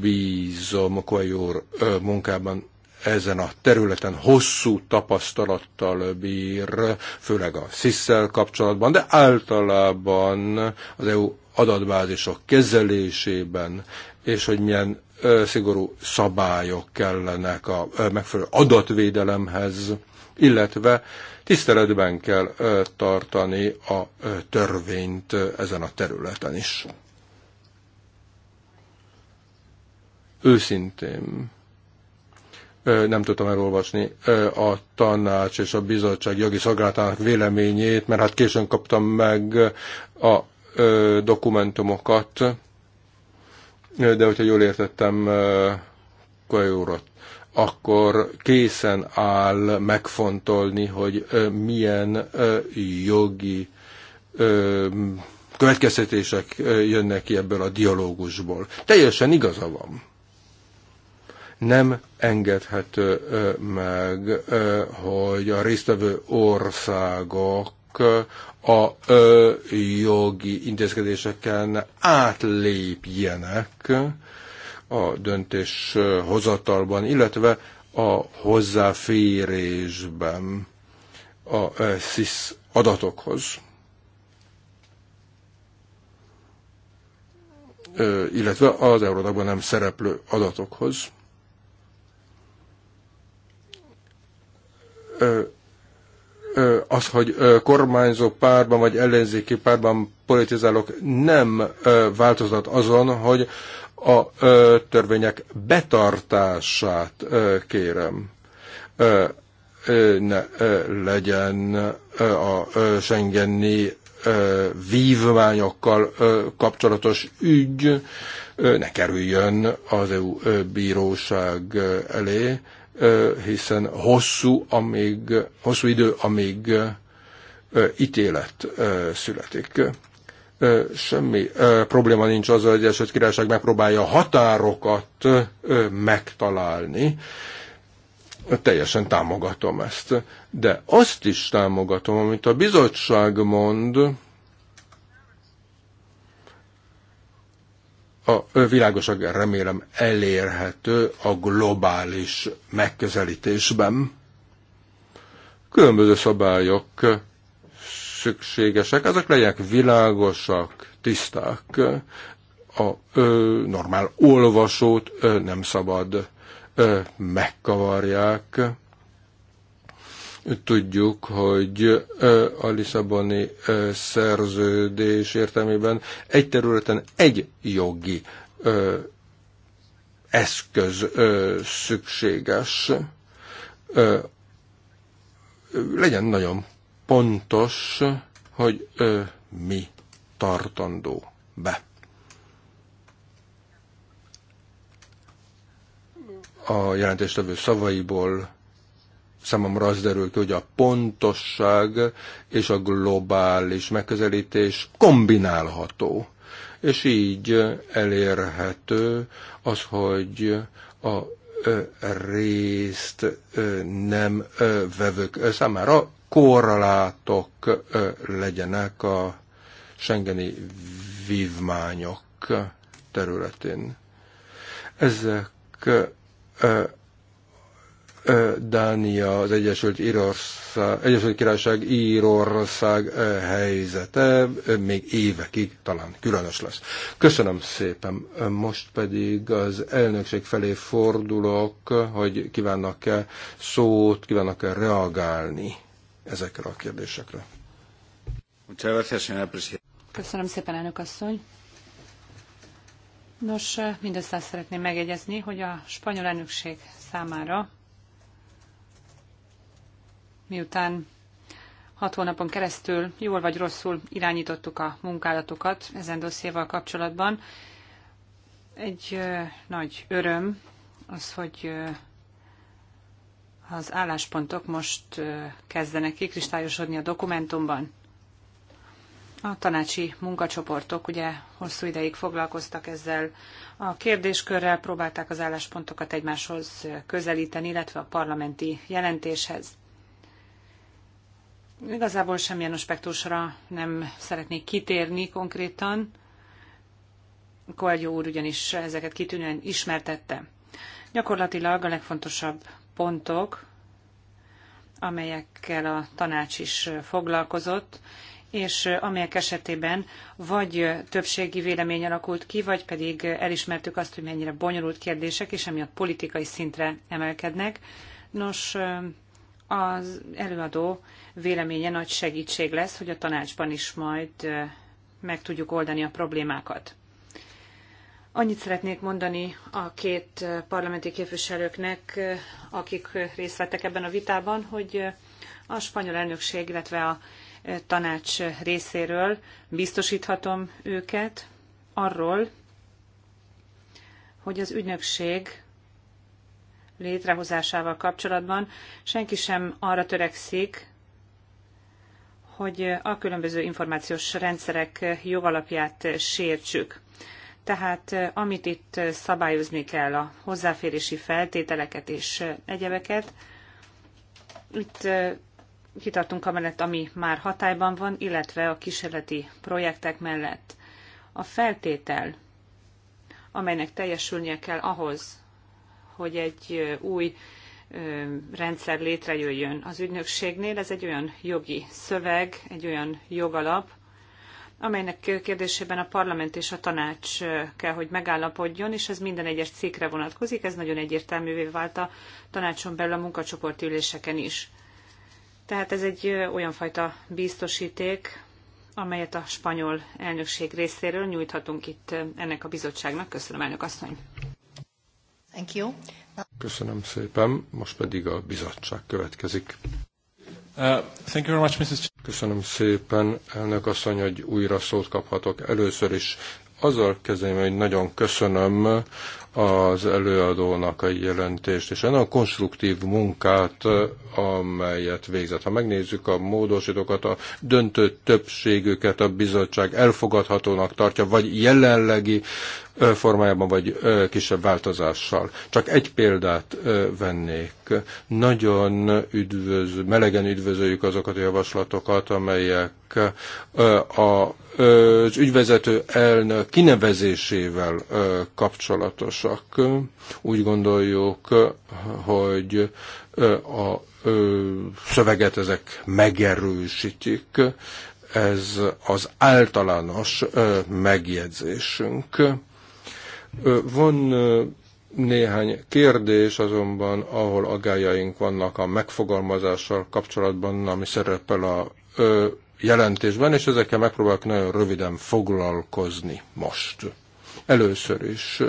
bízom a kajor munkában ezen a területen hosszú tapasztalattal bír, főleg a sziszel kapcsolatban, de általában az EU adatbázisok kezelésében, és hogy milyen szigorú szabályok kellenek a megfelelő adatvédelemhez, illetve tiszteletben kell tartani a törvényt ezen a területen is. Őszintén nem tudtam elolvasni a tanács és a bizottság jogi szolgálatának véleményét, mert hát későn kaptam meg a dokumentumokat, de hogyha jól értettem Kojórat, akkor készen áll megfontolni, hogy milyen jogi következtetések jönnek ki ebből a dialógusból. Teljesen igaza van nem engedhető meg, hogy a résztvevő országok a jogi intézkedéseken átlépjenek a döntéshozatalban, illetve a hozzáférésben a SZISZ adatokhoz. illetve az Európában nem szereplő adatokhoz. az, hogy kormányzó párban vagy ellenzéki párban politizálok, nem változtat azon, hogy a törvények betartását kérem. Ne legyen a Schengeni vívmányokkal kapcsolatos ügy, ne kerüljön az EU bíróság elé, hiszen hosszú, amíg, hosszú idő, amíg ítélet születik. Semmi probléma nincs azzal, hogy Egyesült Királyság megpróbálja a határokat megtalálni. Teljesen támogatom ezt. De azt is támogatom, amit a bizottság mond, a világosak remélem elérhető a globális megközelítésben. Különböző szabályok szükségesek, ezek legyenek világosak, tiszták. A ö, normál olvasót ö, nem szabad ö, megkavarják Tudjuk, hogy a Lisszaboni szerződés értelmében egy területen egy jogi eszköz szükséges. Legyen nagyon pontos, hogy mi tartandó be. a jelentéstevő szavaiból számomra az derül ki, hogy a pontosság és a globális megközelítés kombinálható. És így elérhető az, hogy a részt nem vevők számára korlátok legyenek a Schengeni vívmányok területén. Ezek Dánia, az Egyesült, Írország, Egyesült Királyság, Írország helyzete még évekig talán különös lesz. Köszönöm szépen. Most pedig az elnökség felé fordulok, hogy kívánnak-e szót, kívánnak-e reagálni ezekre a kérdésekre. Köszönöm szépen, elnök asszony. Nos, mindezt azt szeretném megjegyezni, hogy a spanyol elnökség számára miután hat hónapon keresztül jól vagy rosszul irányítottuk a munkálatokat ezen dossziéval kapcsolatban. Egy nagy öröm az, hogy az álláspontok most kezdenek kikristályosodni a dokumentumban. A tanácsi munkacsoportok ugye hosszú ideig foglalkoztak ezzel a kérdéskörrel, próbálták az álláspontokat egymáshoz közelíteni, illetve a parlamenti jelentéshez. Igazából semmilyen aspektusra nem szeretnék kitérni konkrétan. Koelgyó úr ugyanis ezeket kitűnően ismertette. Gyakorlatilag a legfontosabb pontok, amelyekkel a tanács is foglalkozott, és amelyek esetében vagy többségi vélemény alakult ki, vagy pedig elismertük azt, hogy mennyire bonyolult kérdések, és emiatt politikai szintre emelkednek. Nos, az előadó véleménye nagy segítség lesz, hogy a tanácsban is majd meg tudjuk oldani a problémákat. Annyit szeretnék mondani a két parlamenti képviselőknek, akik részt vettek ebben a vitában, hogy a spanyol elnökség, illetve a tanács részéről biztosíthatom őket arról, hogy az ügynökség létrehozásával kapcsolatban senki sem arra törekszik, hogy a különböző információs rendszerek jogalapját sértsük. Tehát amit itt szabályozni kell, a hozzáférési feltételeket és egyebeket, itt kitartunk amellett, ami már hatályban van, illetve a kísérleti projektek mellett. A feltétel, amelynek teljesülnie kell ahhoz, hogy egy új rendszer létrejöjjön az ügynökségnél. Ez egy olyan jogi szöveg, egy olyan jogalap, amelynek kérdésében a parlament és a tanács kell, hogy megállapodjon, és ez minden egyes cikkre vonatkozik, ez nagyon egyértelművé vált a tanácson belül a munkacsoport üléseken is. Tehát ez egy olyan fajta biztosíték, amelyet a spanyol elnökség részéről nyújthatunk itt ennek a bizottságnak. Köszönöm, elnök asszony! Thank you. Köszönöm szépen, most pedig a bizottság következik. Uh, thank you very much, Mrs. Köszönöm szépen, elnök asszony, hogy újra szót kaphatok. Először is azzal kezdeném, hogy nagyon köszönöm az előadónak a jelentést, és ennek a konstruktív munkát, amelyet végzett. Ha megnézzük a módosítókat, a döntő többségüket a bizottság elfogadhatónak tartja, vagy jelenlegi formájában, vagy kisebb változással. Csak egy példát vennék. Nagyon üdvöz, melegen üdvözöljük azokat a javaslatokat, amelyek a az ügyvezető elnök kinevezésével kapcsolatosak. Úgy gondoljuk, hogy a szöveget ezek megerősítik. Ez az általános megjegyzésünk van néhány kérdés azonban, ahol agályaink vannak a megfogalmazással kapcsolatban, ami szerepel a jelentésben, és ezekkel megpróbálok nagyon röviden foglalkozni most. Először is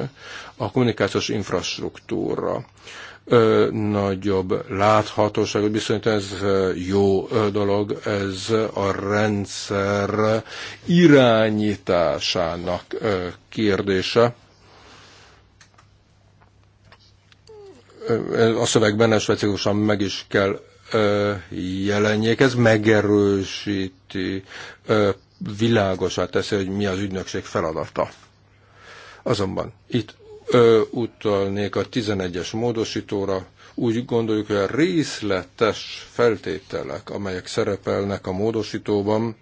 a kommunikációs infrastruktúra ö, nagyobb láthatóságot viszont ez jó dolog, ez a rendszer irányításának kérdése a szövegben ezt specifikusan meg is kell jelenjék. Ez megerősíti, világosá teszi, hogy mi az ügynökség feladata. Azonban itt utalnék a 11-es módosítóra, úgy gondoljuk, hogy a részletes feltételek, amelyek szerepelnek a módosítóban,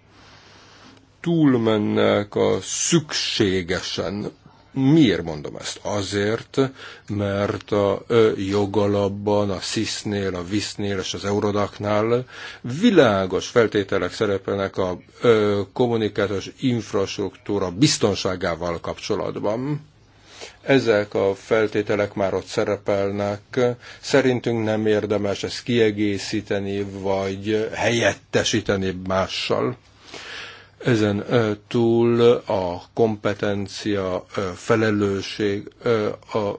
túlmennek a szükségesen Miért mondom ezt? Azért, mert a jogalapban, a SZISZ-nél, a VISZ-nél és az Eurodaknál világos feltételek szerepelnek a kommunikációs infrastruktúra biztonságával kapcsolatban. Ezek a feltételek már ott szerepelnek. Szerintünk nem érdemes ezt kiegészíteni, vagy helyettesíteni mással ezen túl a kompetencia, felelősség a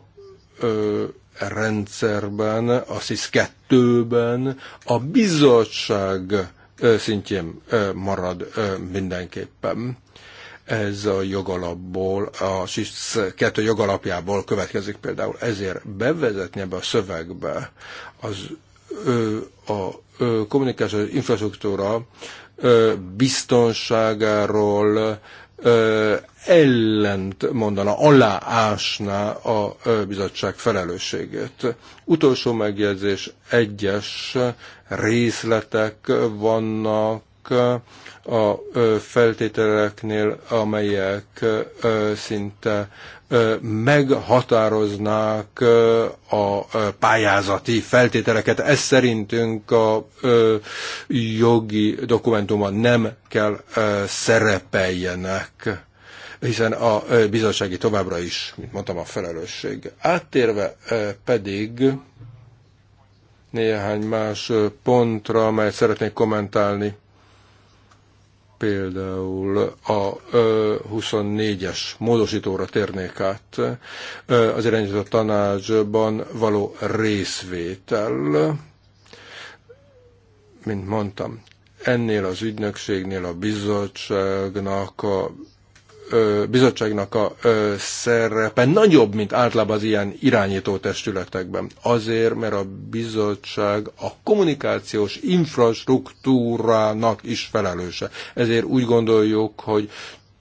rendszerben, a SZISZ 2-ben, a bizottság szintjén marad mindenképpen. Ez a jogalapból, a SZISZ 2 jogalapjából következik például. Ezért bevezetni ebbe a szövegbe az a kommunikációs infrastruktúra biztonságáról ellent mondana, aláásná a bizottság felelősségét. Utolsó megjegyzés, egyes részletek vannak a feltételeknél, amelyek szinte meghatároznák a pályázati feltételeket. Ez szerintünk a jogi dokumentumban nem kell szerepeljenek hiszen a bizottsági továbbra is, mint mondtam, a felelősség. Áttérve pedig néhány más pontra, amelyet szeretnék kommentálni. Például a 24-es módosítóra térnék át az irányított tanácsban való részvétel, mint mondtam, ennél az ügynökségnél a bizottságnak a bizottságnak a szerepe nagyobb, mint általában az ilyen irányító testületekben. Azért, mert a bizottság a kommunikációs infrastruktúrának is felelőse. Ezért úgy gondoljuk, hogy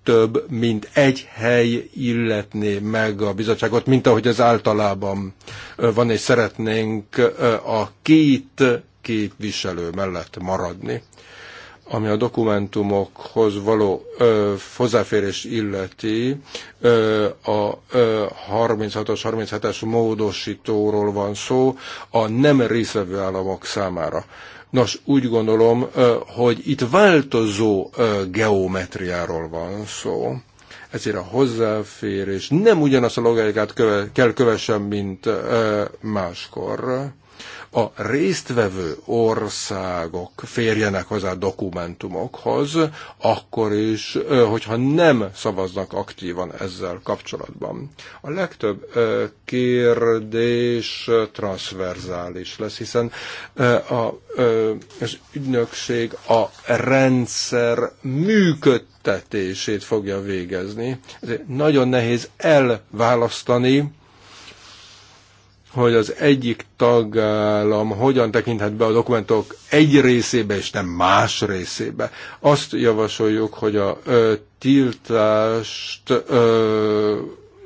több, mint egy hely illetné meg a bizottságot, mint ahogy ez általában van, és szeretnénk a két képviselő mellett maradni. Ami a dokumentumokhoz való ö, hozzáférés illeti, ö, a 36-os, 37-es módosítóról van szó a nem részvevő államok számára. Nos, úgy gondolom, ö, hogy itt változó ö, geometriáról van szó ezért a hozzáférés nem ugyanazt a logikát köve, kell kövessen, mint ö, máskor a résztvevő országok férjenek hozzá dokumentumokhoz, akkor is, hogyha nem szavaznak aktívan ezzel kapcsolatban. A legtöbb kérdés transzverzális lesz, hiszen az ügynökség a rendszer működtetését fogja végezni. Ezért nagyon nehéz elválasztani, hogy az egyik tagállam hogyan tekinthet be a dokumentok egy részébe és nem más részébe. Azt javasoljuk, hogy a ö, tiltást ö,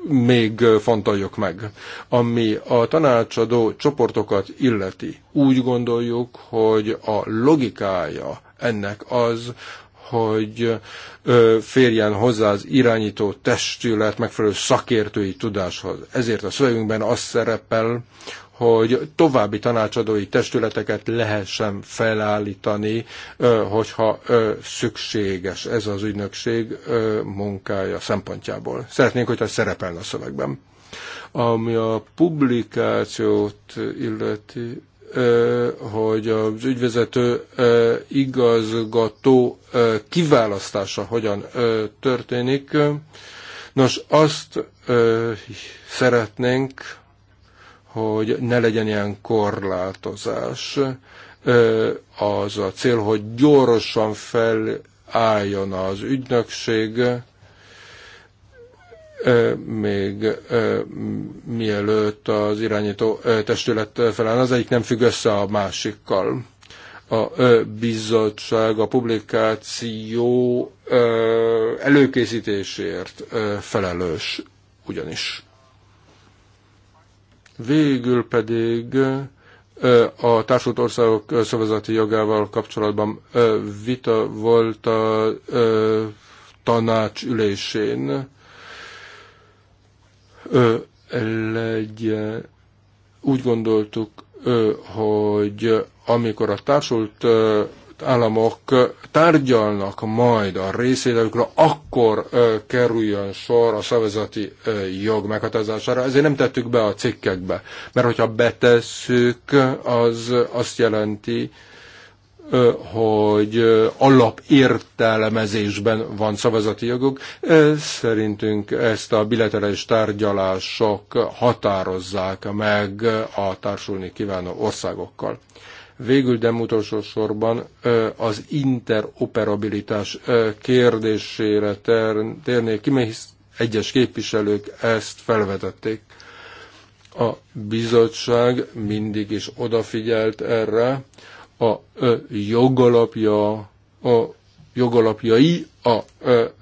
még fontoljuk meg. Ami a tanácsadó csoportokat illeti, úgy gondoljuk, hogy a logikája ennek az, hogy férjen hozzá az irányító testület megfelelő szakértői tudáshoz. Ezért a szövegünkben az szerepel, hogy további tanácsadói testületeket lehessen felállítani, hogyha szükséges ez az ügynökség munkája szempontjából. Szeretnénk, hogyha szerepelne a szövegben. Ami a publikációt illeti, hogy az ügyvezető igazgató kiválasztása hogyan történik. Nos, azt szeretnénk, hogy ne legyen ilyen korlátozás. Az a cél, hogy gyorsan felálljon az ügynökség, még mielőtt az irányító testület felállna. az egyik nem függ össze a másikkal. A bizottság a publikáció előkészítéséért felelős ugyanis. Végül pedig a társult országok szavazati jogával kapcsolatban vita volt a tanács ülésén, ö, legyen. Úgy gondoltuk, ö, hogy amikor a társult ö, államok tárgyalnak majd a részvételükről, akkor ö, kerüljön sor a szavazati ö, jog meghatározására. Ezért nem tettük be a cikkekbe, mert hogyha betesszük, az azt jelenti, hogy alapértelmezésben van szavazati joguk. Szerintünk ezt a bilaterális tárgyalások határozzák meg a társulni kívánó országokkal. Végül, de utolsó sorban az interoperabilitás kérdésére térnék ki, mert egyes képviselők ezt felvetették. A bizottság mindig is odafigyelt erre, a jogalapja, a jogalapjai a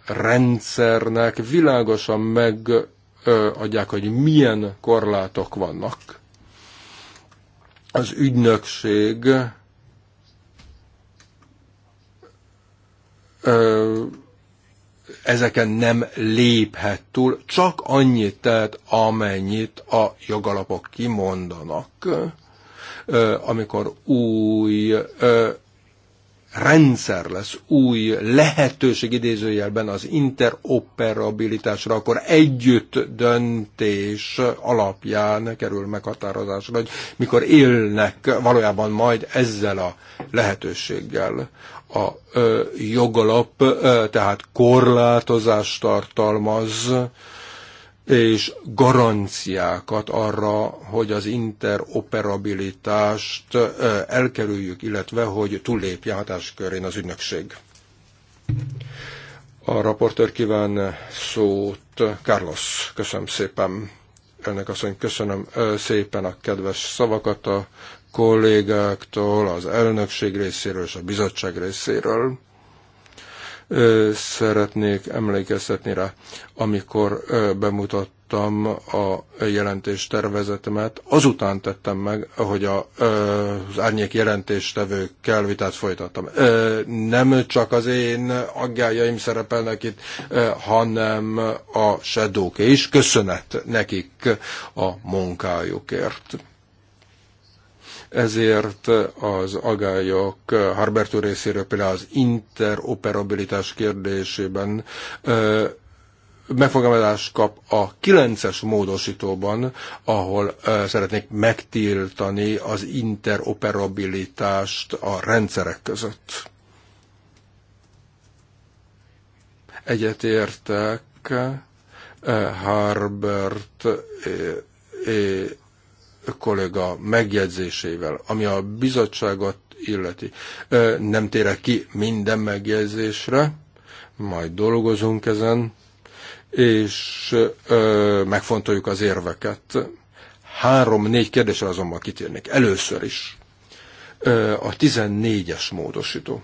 rendszernek világosan megadják, hogy milyen korlátok vannak. Az ügynökség ezeken nem léphet túl, csak annyit tehet, amennyit a jogalapok kimondanak amikor új rendszer lesz, új lehetőség idézőjelben az interoperabilitásra, akkor együtt döntés alapján kerül meghatározásra, hogy mikor élnek valójában majd ezzel a lehetőséggel. A ö, jogalap ö, tehát korlátozást tartalmaz, és garanciákat arra, hogy az interoperabilitást elkerüljük, illetve hogy túllépje hatáskörén az ügynökség. A raportőr kíván szót. Carlos, köszönöm szépen. Önnek asszony, köszönöm szépen a kedves szavakat a kollégáktól, az elnökség részéről és a bizottság részéről. Szeretnék emlékeztetni rá, amikor bemutattam a jelentés tervezetemet, azután tettem meg, hogy a, az árnyék jelentéstevőkkel vitát folytattam. Nem csak az én aggájaim szerepelnek itt, hanem a sedók is köszönet nekik a munkájukért. Ezért az agályok Harbert úr részéről például az interoperabilitás kérdésében megfogalmazást kap a 9-es módosítóban, ahol szeretnék megtiltani az interoperabilitást a rendszerek között. Egyetértek Harbert kolléga megjegyzésével, ami a bizottságot illeti. Nem térek ki minden megjegyzésre, majd dolgozunk ezen, és megfontoljuk az érveket. Három-négy kérdésre azonban kitérnék. Először is a 14-es módosító.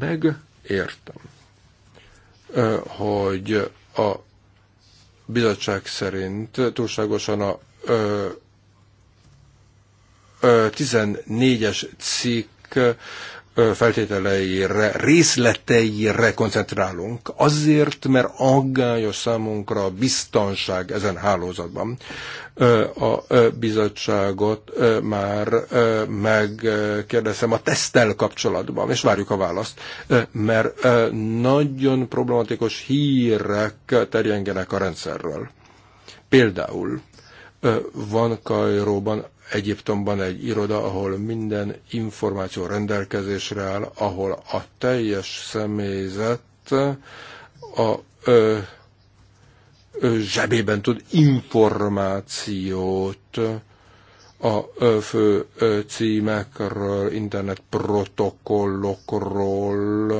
Megértem, hogy a bizottság szerint túlságosan a 14-es cikk feltételeire, részleteire koncentrálunk, azért, mert aggályos számunkra a biztonság ezen hálózatban. A bizottságot már megkérdezem a tesztel kapcsolatban, és várjuk a választ, mert nagyon problematikus hírek terjengenek a rendszerről. Például van Kajróban Egyiptomban egy iroda, ahol minden információ rendelkezésre áll, ahol a teljes személyzet a ö, ö, zsebében tud információt a ö, fő ö, címekről, internet protokollokról,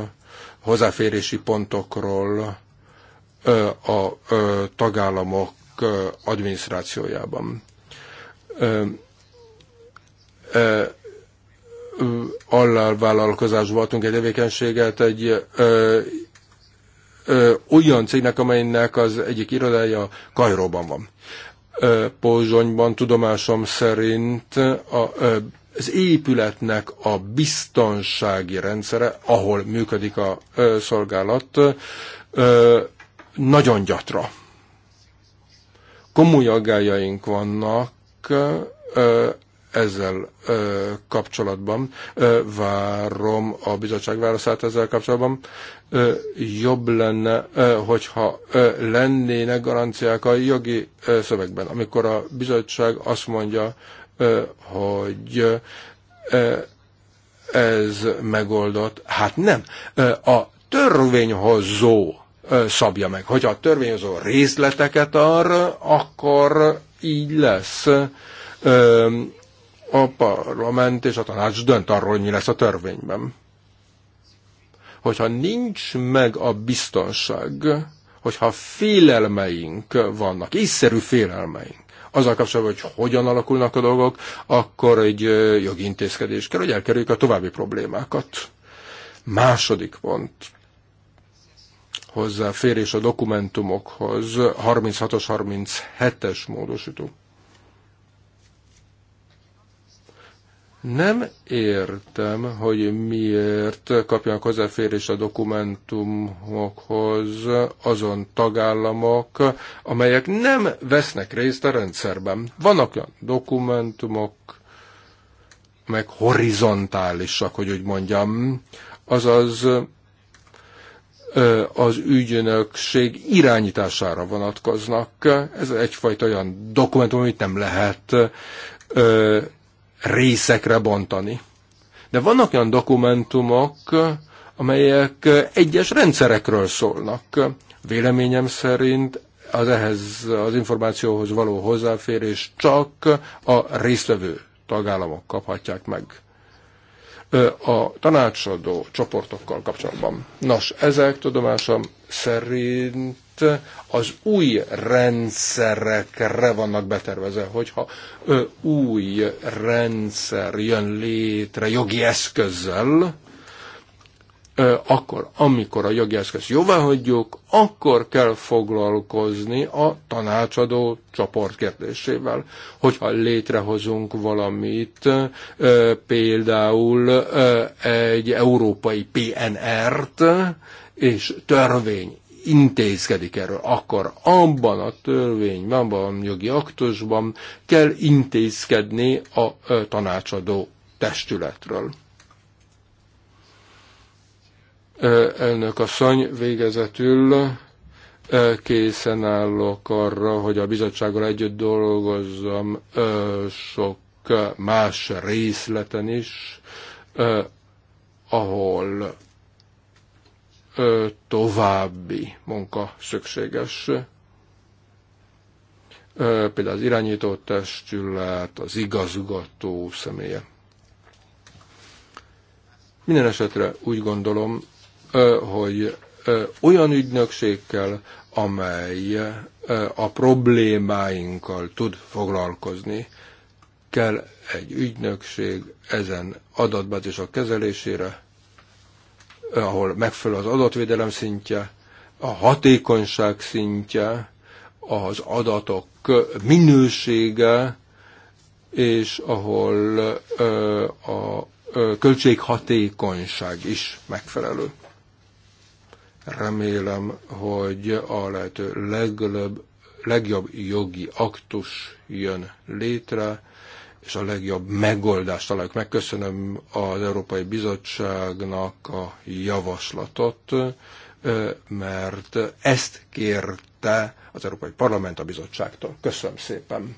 hozzáférési pontokról ö, a ö, tagállamok ö, adminisztrációjában. Ö, allalvállalkozásba voltunk egy tevékenységet egy ö, ö, olyan cégnek, amelynek az egyik irodája Kajróban van. Ö, Pozsonyban tudomásom szerint a, ö, az épületnek a biztonsági rendszere, ahol működik a ö, szolgálat, ö, nagyon gyatra. Komoly aggájaink vannak, ö, ezzel ö, kapcsolatban. Ö, várom a bizottság válaszát ezzel kapcsolatban. Ö, jobb lenne, ö, hogyha ö, lennének garanciák a jogi ö, szövegben. Amikor a bizottság azt mondja, ö, hogy ö, ez megoldott, hát nem. A törvényhozó szabja meg. Hogyha a törvényhozó részleteket ar, akkor így lesz a parlament és a tanács dönt arról, hogy mi lesz a törvényben. Hogyha nincs meg a biztonság, hogyha félelmeink vannak, észszerű félelmeink, azzal kapcsolatban, hogy hogyan alakulnak a dolgok, akkor egy jogi intézkedés kell, hogy elkerüljük a további problémákat. Második pont hozzáférés a dokumentumokhoz, 36-os, 37-es módosítók Nem értem, hogy miért kapjanak hozzáférés a dokumentumokhoz azon tagállamok, amelyek nem vesznek részt a rendszerben. Vannak olyan dokumentumok, meg horizontálisak, hogy úgy mondjam, azaz az ügynökség irányítására vonatkoznak. Ez egyfajta olyan dokumentum, amit nem lehet részekre bontani. De vannak olyan dokumentumok, amelyek egyes rendszerekről szólnak. Véleményem szerint az ehhez az információhoz való hozzáférés csak a résztvevő tagállamok kaphatják meg a tanácsadó csoportokkal kapcsolatban. Nos, ezek tudomásom szerint az új rendszerekre vannak betervezve, hogyha ö, új rendszer jön létre jogi eszközzel, ö, akkor, amikor a jogi eszköz jóvá hagyjuk, akkor kell foglalkozni a tanácsadó csoport kérdésével. Hogyha létrehozunk valamit, ö, például ö, egy európai PNR-t, és törvény intézkedik erről, akkor abban a törvényben, abban a jogi aktusban kell intézkedni a tanácsadó testületről. Elnök asszony, végezetül készen állok arra, hogy a bizottsággal együtt dolgozzam sok más részleten is, ahol további munka szükséges. Például az irányító testület, az igazgató személye. Minden esetre úgy gondolom, hogy olyan ügynökség kell, amely a problémáinkkal tud foglalkozni. Kell egy ügynökség ezen adatbázisok kezelésére, ahol megfelel az adatvédelem szintje, a hatékonyság szintje, az adatok minősége, és ahol a költséghatékonyság is megfelelő. Remélem, hogy a lehető legjobb jogi aktus jön létre, és a legjobb megoldást találjuk Megköszönöm az Európai Bizottságnak a javaslatot, mert ezt kérte az Európai Parlament a bizottságtól. Köszönöm szépen.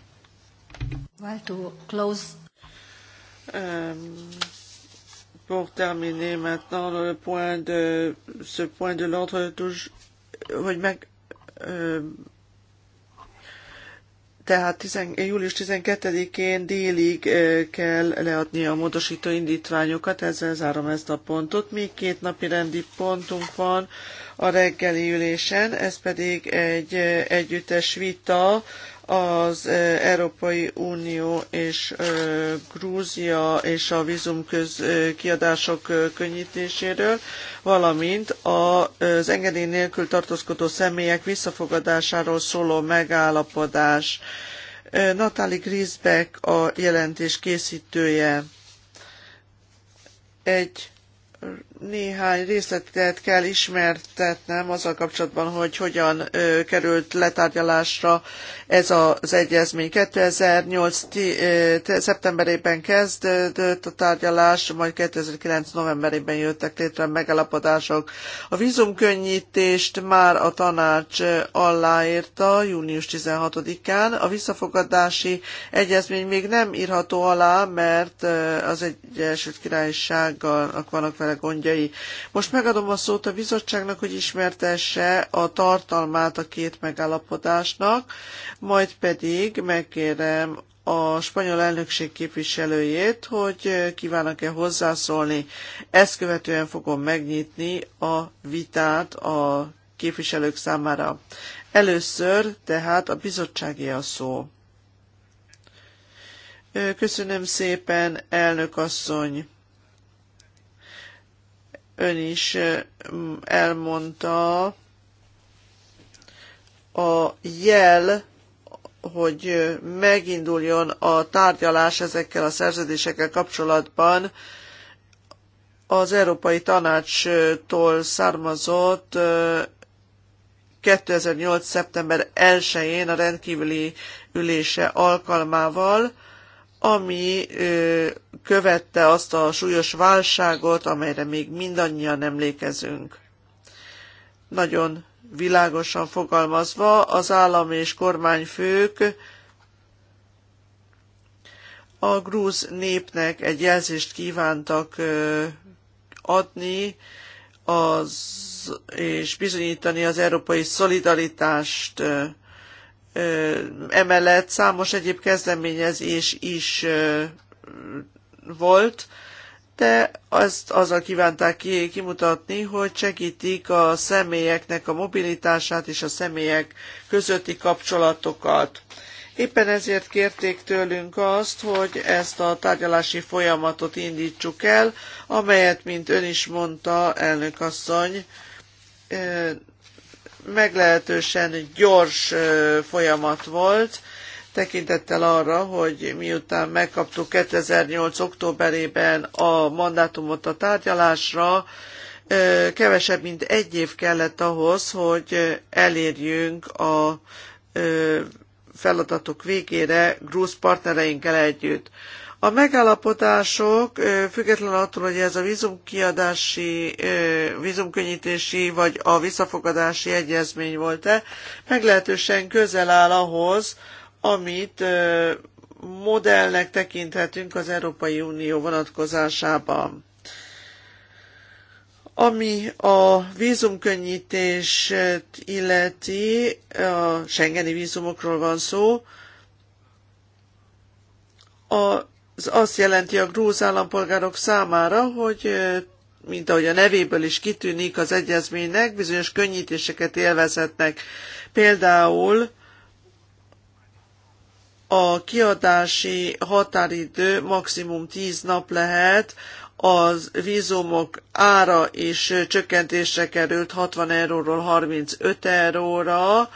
Well, close. Um, pour terminer maintenant le point de ce point de l'ordre, hogy meg um, tehát 10, július 12-én délig kell leadni a módosító indítványokat, ezzel zárom ezt a pontot. Még két napi rendi pontunk van a reggeli ülésen, ez pedig egy együttes vita az Európai Unió és Grúzia és a vízumköz kiadások könnyítéséről, valamint az engedély nélkül tartózkodó személyek visszafogadásáról szóló megállapodás. Natalie Grisbeck a jelentés készítője. Egy néhány részletet kell ismertetnem azzal kapcsolatban, hogy hogyan ö, került letárgyalásra ez az egyezmény. 2008 ö, szeptemberében kezdődött a tárgyalás, majd 2009 novemberében jöttek létre megállapodások. A vízumkönnyítést már a tanács aláírta június 16-án. A visszafogadási egyezmény még nem írható alá, mert az Egyesült Királysággal vannak vele gondjai, tagjai. Most megadom a szót a bizottságnak, hogy ismertesse a tartalmát a két megállapodásnak, majd pedig megkérem a spanyol elnökség képviselőjét, hogy kívánnak-e hozzászólni. Ezt követően fogom megnyitni a vitát a képviselők számára. Először tehát a bizottságé a szó. Köszönöm szépen, elnök asszony! ön is elmondta, a jel, hogy meginduljon a tárgyalás ezekkel a szerződésekkel kapcsolatban, az Európai Tanácstól származott 2008. szeptember 1-én a rendkívüli ülése alkalmával, ami ö, követte azt a súlyos válságot, amelyre még mindannyian emlékezünk. Nagyon világosan fogalmazva, az állam és kormányfők a grúz népnek egy jelzést kívántak adni, az, és bizonyítani az európai szolidaritást Emellett számos egyéb kezdeményezés is volt, de azt azzal kívánták ki, kimutatni, hogy segítik a személyeknek a mobilitását és a személyek közötti kapcsolatokat. Éppen ezért kérték tőlünk azt, hogy ezt a tárgyalási folyamatot indítsuk el, amelyet, mint ön is mondta, elnök asszony, meglehetősen gyors folyamat volt, tekintettel arra, hogy miután megkaptuk 2008. októberében a mandátumot a tárgyalásra, kevesebb, mint egy év kellett ahhoz, hogy elérjünk a feladatok végére grúz partnereinkkel együtt. A megállapodások függetlenül attól, hogy ez a vízumkiadási, vízumkönnyítési vagy a visszafogadási egyezmény volt-e, meglehetősen közel áll ahhoz, amit modellnek tekinthetünk az Európai Unió vonatkozásában ami a vízumkönnyítést illeti, a Schengeni vízumokról van szó, a ez azt jelenti a grúz állampolgárok számára, hogy mint ahogy a nevéből is kitűnik az egyezménynek, bizonyos könnyítéseket élvezhetnek. Például a kiadási határidő maximum 10 nap lehet, az vízumok ára is csökkentésre került 60 euróról 35 euróra,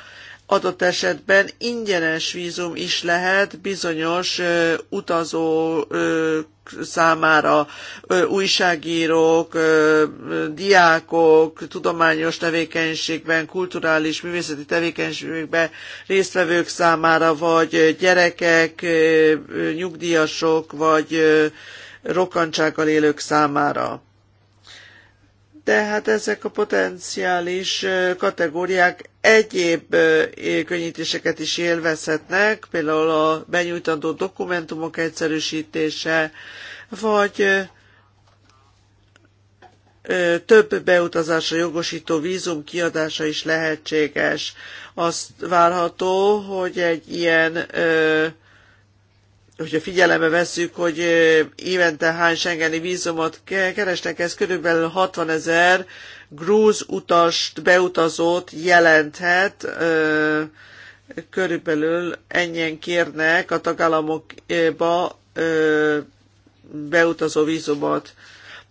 adott esetben ingyenes vízum is lehet bizonyos ö, utazó ö, számára ö, újságírók, ö, diákok, tudományos tevékenységben, kulturális, művészeti tevékenységben résztvevők számára, vagy gyerekek, ö, nyugdíjasok, vagy ö, rokkantsággal élők számára de hát ezek a potenciális kategóriák egyéb könnyítéseket is élvezhetnek, például a benyújtandó dokumentumok egyszerűsítése, vagy több beutazásra jogosító vízum kiadása is lehetséges. Azt várható, hogy egy ilyen, hogyha figyelembe vesszük, hogy évente hány Schengeni vízumot keresnek, ez körülbelül 60 ezer grúz utast, beutazót jelenthet, körülbelül ennyien kérnek a tagállamokba beutazó vízumot.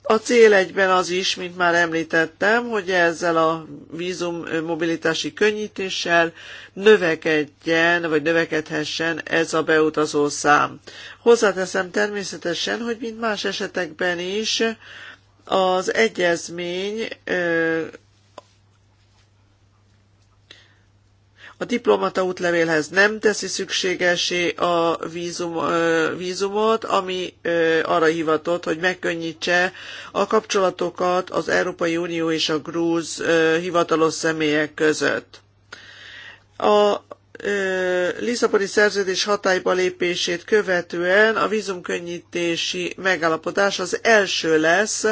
A cél egyben az is, mint már említettem, hogy ezzel a vízum mobilitási könnyítéssel növekedjen, vagy növekedhessen ez a beutazó szám. Hozzáteszem természetesen, hogy mint más esetekben is, az egyezmény a diplomata útlevélhez nem teszi szükségesé a vízum, vízumot, ami arra hivatott, hogy megkönnyítse a kapcsolatokat az Európai Unió és a grúz hivatalos személyek között. A Lisszaboni szerződés hatályba lépését követően a vízumkönnyítési megállapodás az első lesz,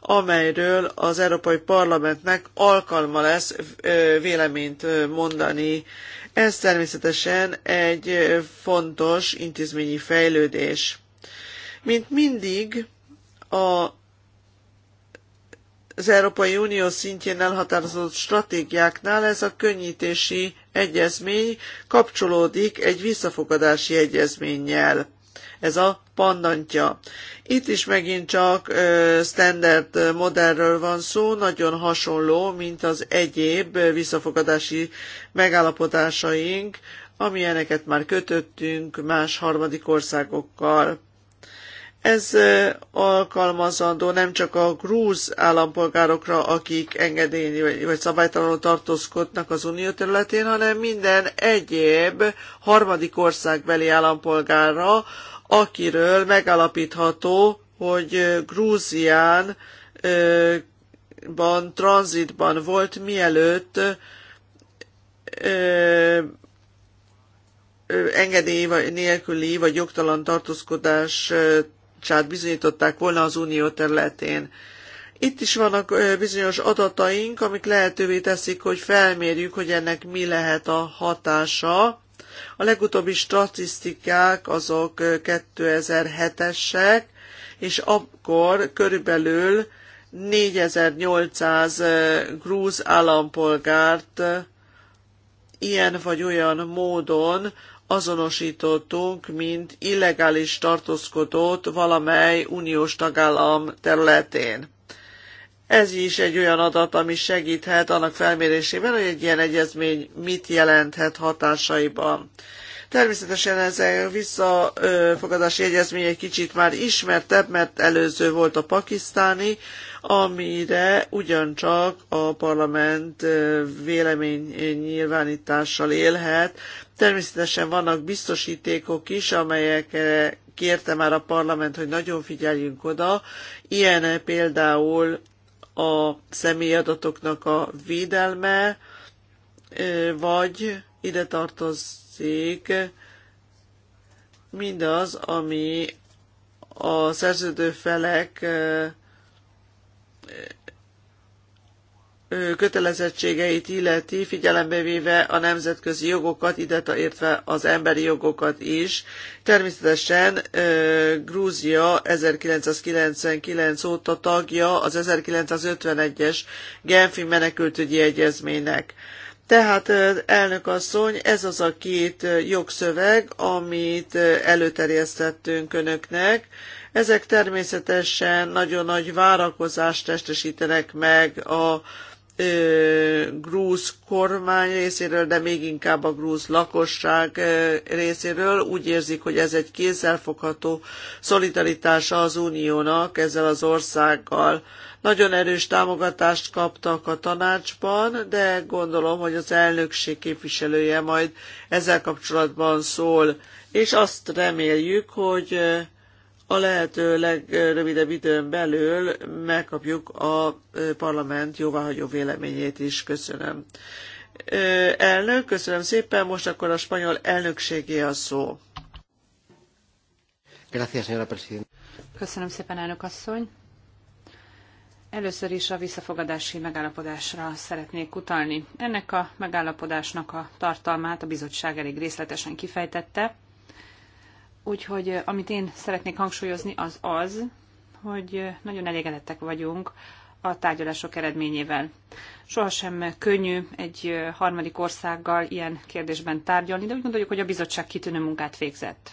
amelyről az Európai Parlamentnek alkalma lesz véleményt mondani. Ez természetesen egy fontos intézményi fejlődés. Mint mindig, a az Európai Unió szintjén elhatározott stratégiáknál ez a könnyítési egyezmény kapcsolódik egy visszafogadási egyezménnyel. Ez a pannantja. Itt is megint csak standard modellről van szó, nagyon hasonló, mint az egyéb visszafogadási megállapodásaink, amilyeneket már kötöttünk más harmadik országokkal. Ez alkalmazandó nem csak a grúz állampolgárokra, akik engedélyi vagy szabálytalanul tartózkodnak az unió területén, hanem minden egyéb harmadik országbeli állampolgárra, akiről megalapítható, hogy Grúzián tranzitban volt, mielőtt engedély vagy, nélküli vagy jogtalan tartózkodás bizonyították volna az unió területén. Itt is vannak bizonyos adataink, amik lehetővé teszik, hogy felmérjük, hogy ennek mi lehet a hatása. A legutóbbi statisztikák azok 2007-esek, és akkor körülbelül 4800 grúz állampolgárt ilyen vagy olyan módon azonosítottunk, mint illegális tartózkodót valamely uniós tagállam területén. Ez is egy olyan adat, ami segíthet annak felmérésében, hogy egy ilyen egyezmény mit jelenthet hatásaiban. Természetesen ez a visszafogadási egyezmény egy kicsit már ismertebb, mert előző volt a pakisztáni, amire ugyancsak a parlament vélemény nyilvánítással élhet, Természetesen vannak biztosítékok is, amelyek eh, kérte már a parlament, hogy nagyon figyeljünk oda. Ilyen eh, például a személyadatoknak a védelme, eh, vagy ide tartozik mindaz, ami a szerződő felek kötelezettségeit illeti, figyelembe véve a nemzetközi jogokat, ide értve az emberi jogokat is. Természetesen Grúzia 1999 óta tagja az 1951-es Genfi menekültügyi egyezménynek. Tehát, elnök asszony, ez az a két jogszöveg, amit előterjesztettünk önöknek. Ezek természetesen nagyon nagy várakozást testesítenek meg a grúz kormány részéről, de még inkább a grúz lakosság részéről úgy érzik, hogy ez egy kézzelfogható szolidaritása az uniónak ezzel az országgal. Nagyon erős támogatást kaptak a tanácsban, de gondolom, hogy az elnökség képviselője majd ezzel kapcsolatban szól, és azt reméljük, hogy a lehető legrövidebb időn belül megkapjuk a parlament jóváhagyó véleményét is. Köszönöm. Elnök, köszönöm szépen. Most akkor a spanyol elnökségé a szó. Köszönöm szépen, elnök asszony. Először is a visszafogadási megállapodásra szeretnék utalni. Ennek a megállapodásnak a tartalmát a bizottság elég részletesen kifejtette Úgyhogy amit én szeretnék hangsúlyozni, az az, hogy nagyon elégedettek vagyunk a tárgyalások eredményével. Sohasem könnyű egy harmadik országgal ilyen kérdésben tárgyalni, de úgy gondoljuk, hogy a bizottság kitűnő munkát végzett.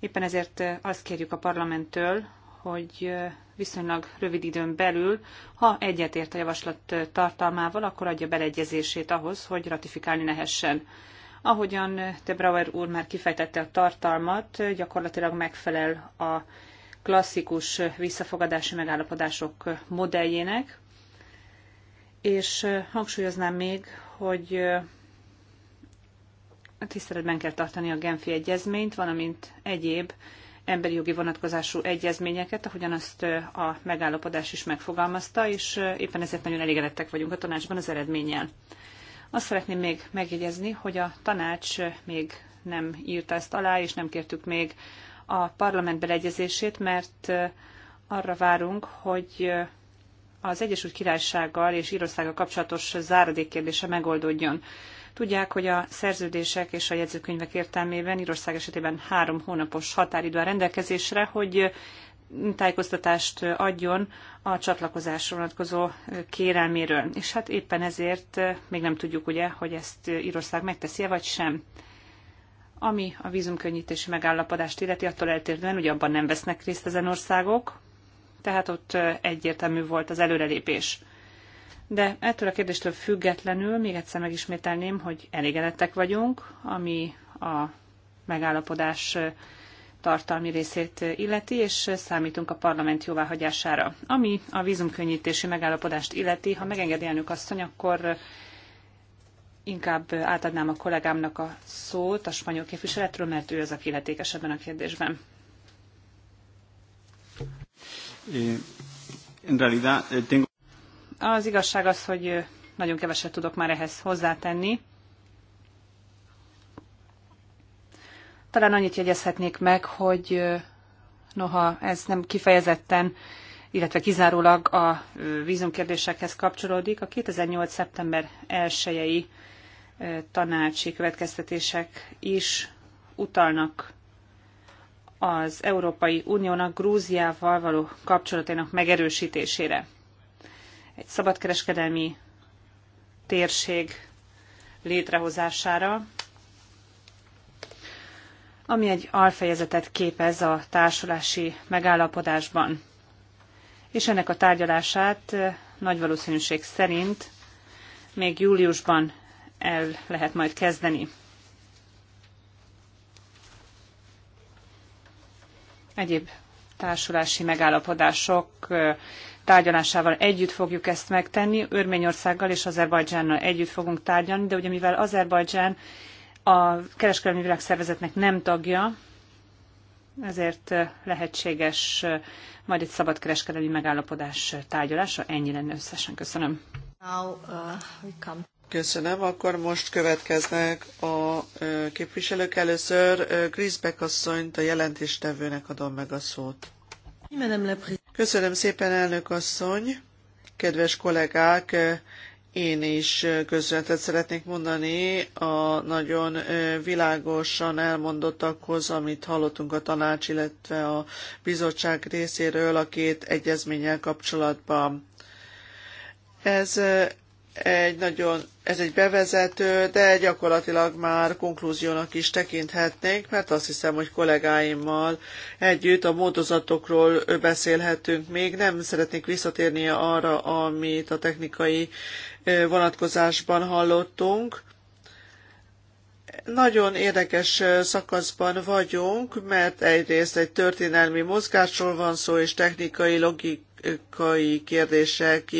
Éppen ezért azt kérjük a parlamenttől, hogy viszonylag rövid időn belül, ha egyetért a javaslat tartalmával, akkor adja beleegyezését ahhoz, hogy ratifikálni lehessen. Ahogyan te Brauer úr már kifejtette a tartalmat, gyakorlatilag megfelel a klasszikus visszafogadási megállapodások modelljének, és hangsúlyoznám még, hogy a tiszteletben kell tartani a Genfi egyezményt, valamint egyéb emberi jogi vonatkozású egyezményeket, ahogyan azt a megállapodás is megfogalmazta, és éppen ezért nagyon elégedettek vagyunk a tanácsban az eredménnyel. Azt szeretném még megjegyezni, hogy a tanács még nem írta ezt alá, és nem kértük még a parlament beleegyezését, mert arra várunk, hogy az Egyesült Királysággal és Írországgal kapcsolatos záradék kérdése megoldódjon. Tudják, hogy a szerződések és a jegyzőkönyvek értelmében Írország esetében három hónapos határidő a rendelkezésre, hogy tájékoztatást adjon a csatlakozásra vonatkozó kérelméről. És hát éppen ezért még nem tudjuk ugye, hogy ezt Írország megteszi-e vagy sem. Ami a vízumkönnyítési megállapodást illeti, attól eltérően, hogy abban nem vesznek részt ezen országok, tehát ott egyértelmű volt az előrelépés. De ettől a kérdéstől függetlenül még egyszer megismételném, hogy elégedettek vagyunk, ami a megállapodás tartalmi részét illeti, és számítunk a parlament jóváhagyására. Ami a vízumkönnyítési megállapodást illeti, ha megengedi elnök asszony, akkor inkább átadnám a kollégámnak a szót a spanyol képviseletről, mert ő az, aki illetékes ebben a kérdésben. Eh, eh, az igazság az, hogy nagyon keveset tudok már ehhez hozzátenni. Talán annyit jegyezhetnék meg, hogy noha ez nem kifejezetten, illetve kizárólag a vízumkérdésekhez kapcsolódik, a 2008. szeptember 1 tanácsi következtetések is utalnak az Európai Uniónak Grúziával való kapcsolatainak megerősítésére. Egy szabadkereskedelmi térség létrehozására, ami egy alfejezetet képez a társulási megállapodásban. És ennek a tárgyalását nagy valószínűség szerint még júliusban el lehet majd kezdeni. Egyéb társulási megállapodások tárgyalásával együtt fogjuk ezt megtenni, Örményországgal és Azerbajdzsánnal együtt fogunk tárgyalni, de ugye mivel Azerbajdzsán a kereskedelmi világszervezetnek nem tagja, ezért lehetséges majd egy kereskedelmi megállapodás tárgyalása. Ennyi lenne összesen. Köszönöm. Now, uh, Köszönöm. Akkor most következnek a képviselők. Először Chris Beckasszonyt, a jelentéstevőnek adom meg a szót. Köszönöm szépen, elnök asszony, kedves kollégák! Én is köszönetet szeretnék mondani a nagyon világosan elmondottakhoz, amit hallottunk a tanács, illetve a bizottság részéről a két egyezménnyel kapcsolatban. Ez egy nagyon, ez egy bevezető, de gyakorlatilag már konklúziónak is tekinthetnénk, mert azt hiszem, hogy kollégáimmal együtt a módozatokról beszélhetünk még. Nem szeretnék visszatérni arra, amit a technikai vonatkozásban hallottunk. Nagyon érdekes szakaszban vagyunk, mert egyrészt egy történelmi mozgásról van szó, és technikai, logikai kérdések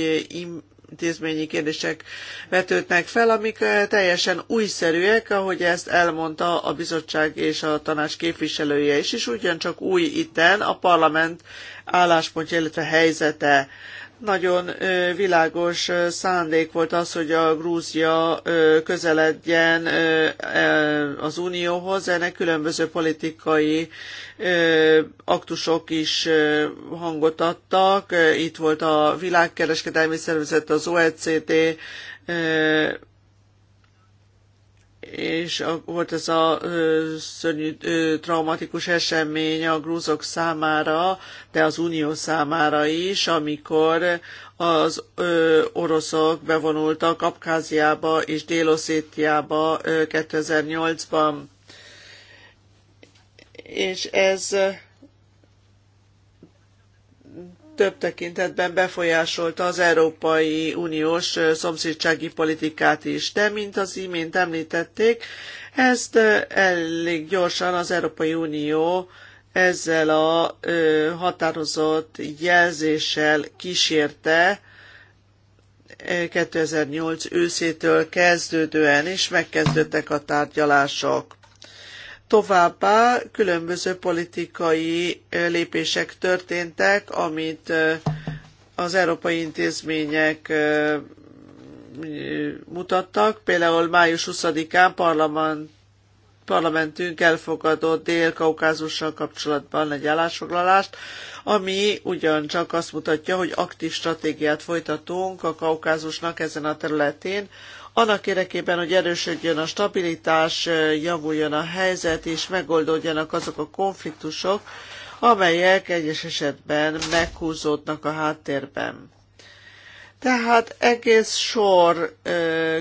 intézményi kérdések vetődnek fel, amik eh, teljesen újszerűek, ahogy ezt elmondta a bizottság és a tanács képviselője is, és ugyancsak új itten a parlament álláspontja, illetve helyzete nagyon világos szándék volt az, hogy a Grúzia közeledjen e, az Unióhoz. Ennek különböző politikai aktusok is hangot adtak. Itt volt a világkereskedelmi szervezet, az OECD, és volt ez a szörnyű traumatikus esemény a grúzok számára, de az unió számára is, amikor az oroszok bevonultak Abkáziába és Délosszétiába 2008-ban. És ez több tekintetben befolyásolta az Európai Uniós szomszédsági politikát is. De, mint az imént említették, ezt elég gyorsan az Európai Unió ezzel a határozott jelzéssel kísérte 2008 őszétől kezdődően, és megkezdődtek a tárgyalások. Továbbá különböző politikai lépések történtek, amit az európai intézmények mutattak. Például május 20-án parlament, parlamentünk elfogadott Dél-Kaukázussal kapcsolatban egy állásfoglalást, ami ugyancsak azt mutatja, hogy aktív stratégiát folytatunk a Kaukázusnak ezen a területén, annak érdekében, hogy erősödjön a stabilitás, javuljon a helyzet, és megoldódjanak azok a konfliktusok, amelyek egyes esetben meghúzódnak a háttérben. Tehát egész sor ö,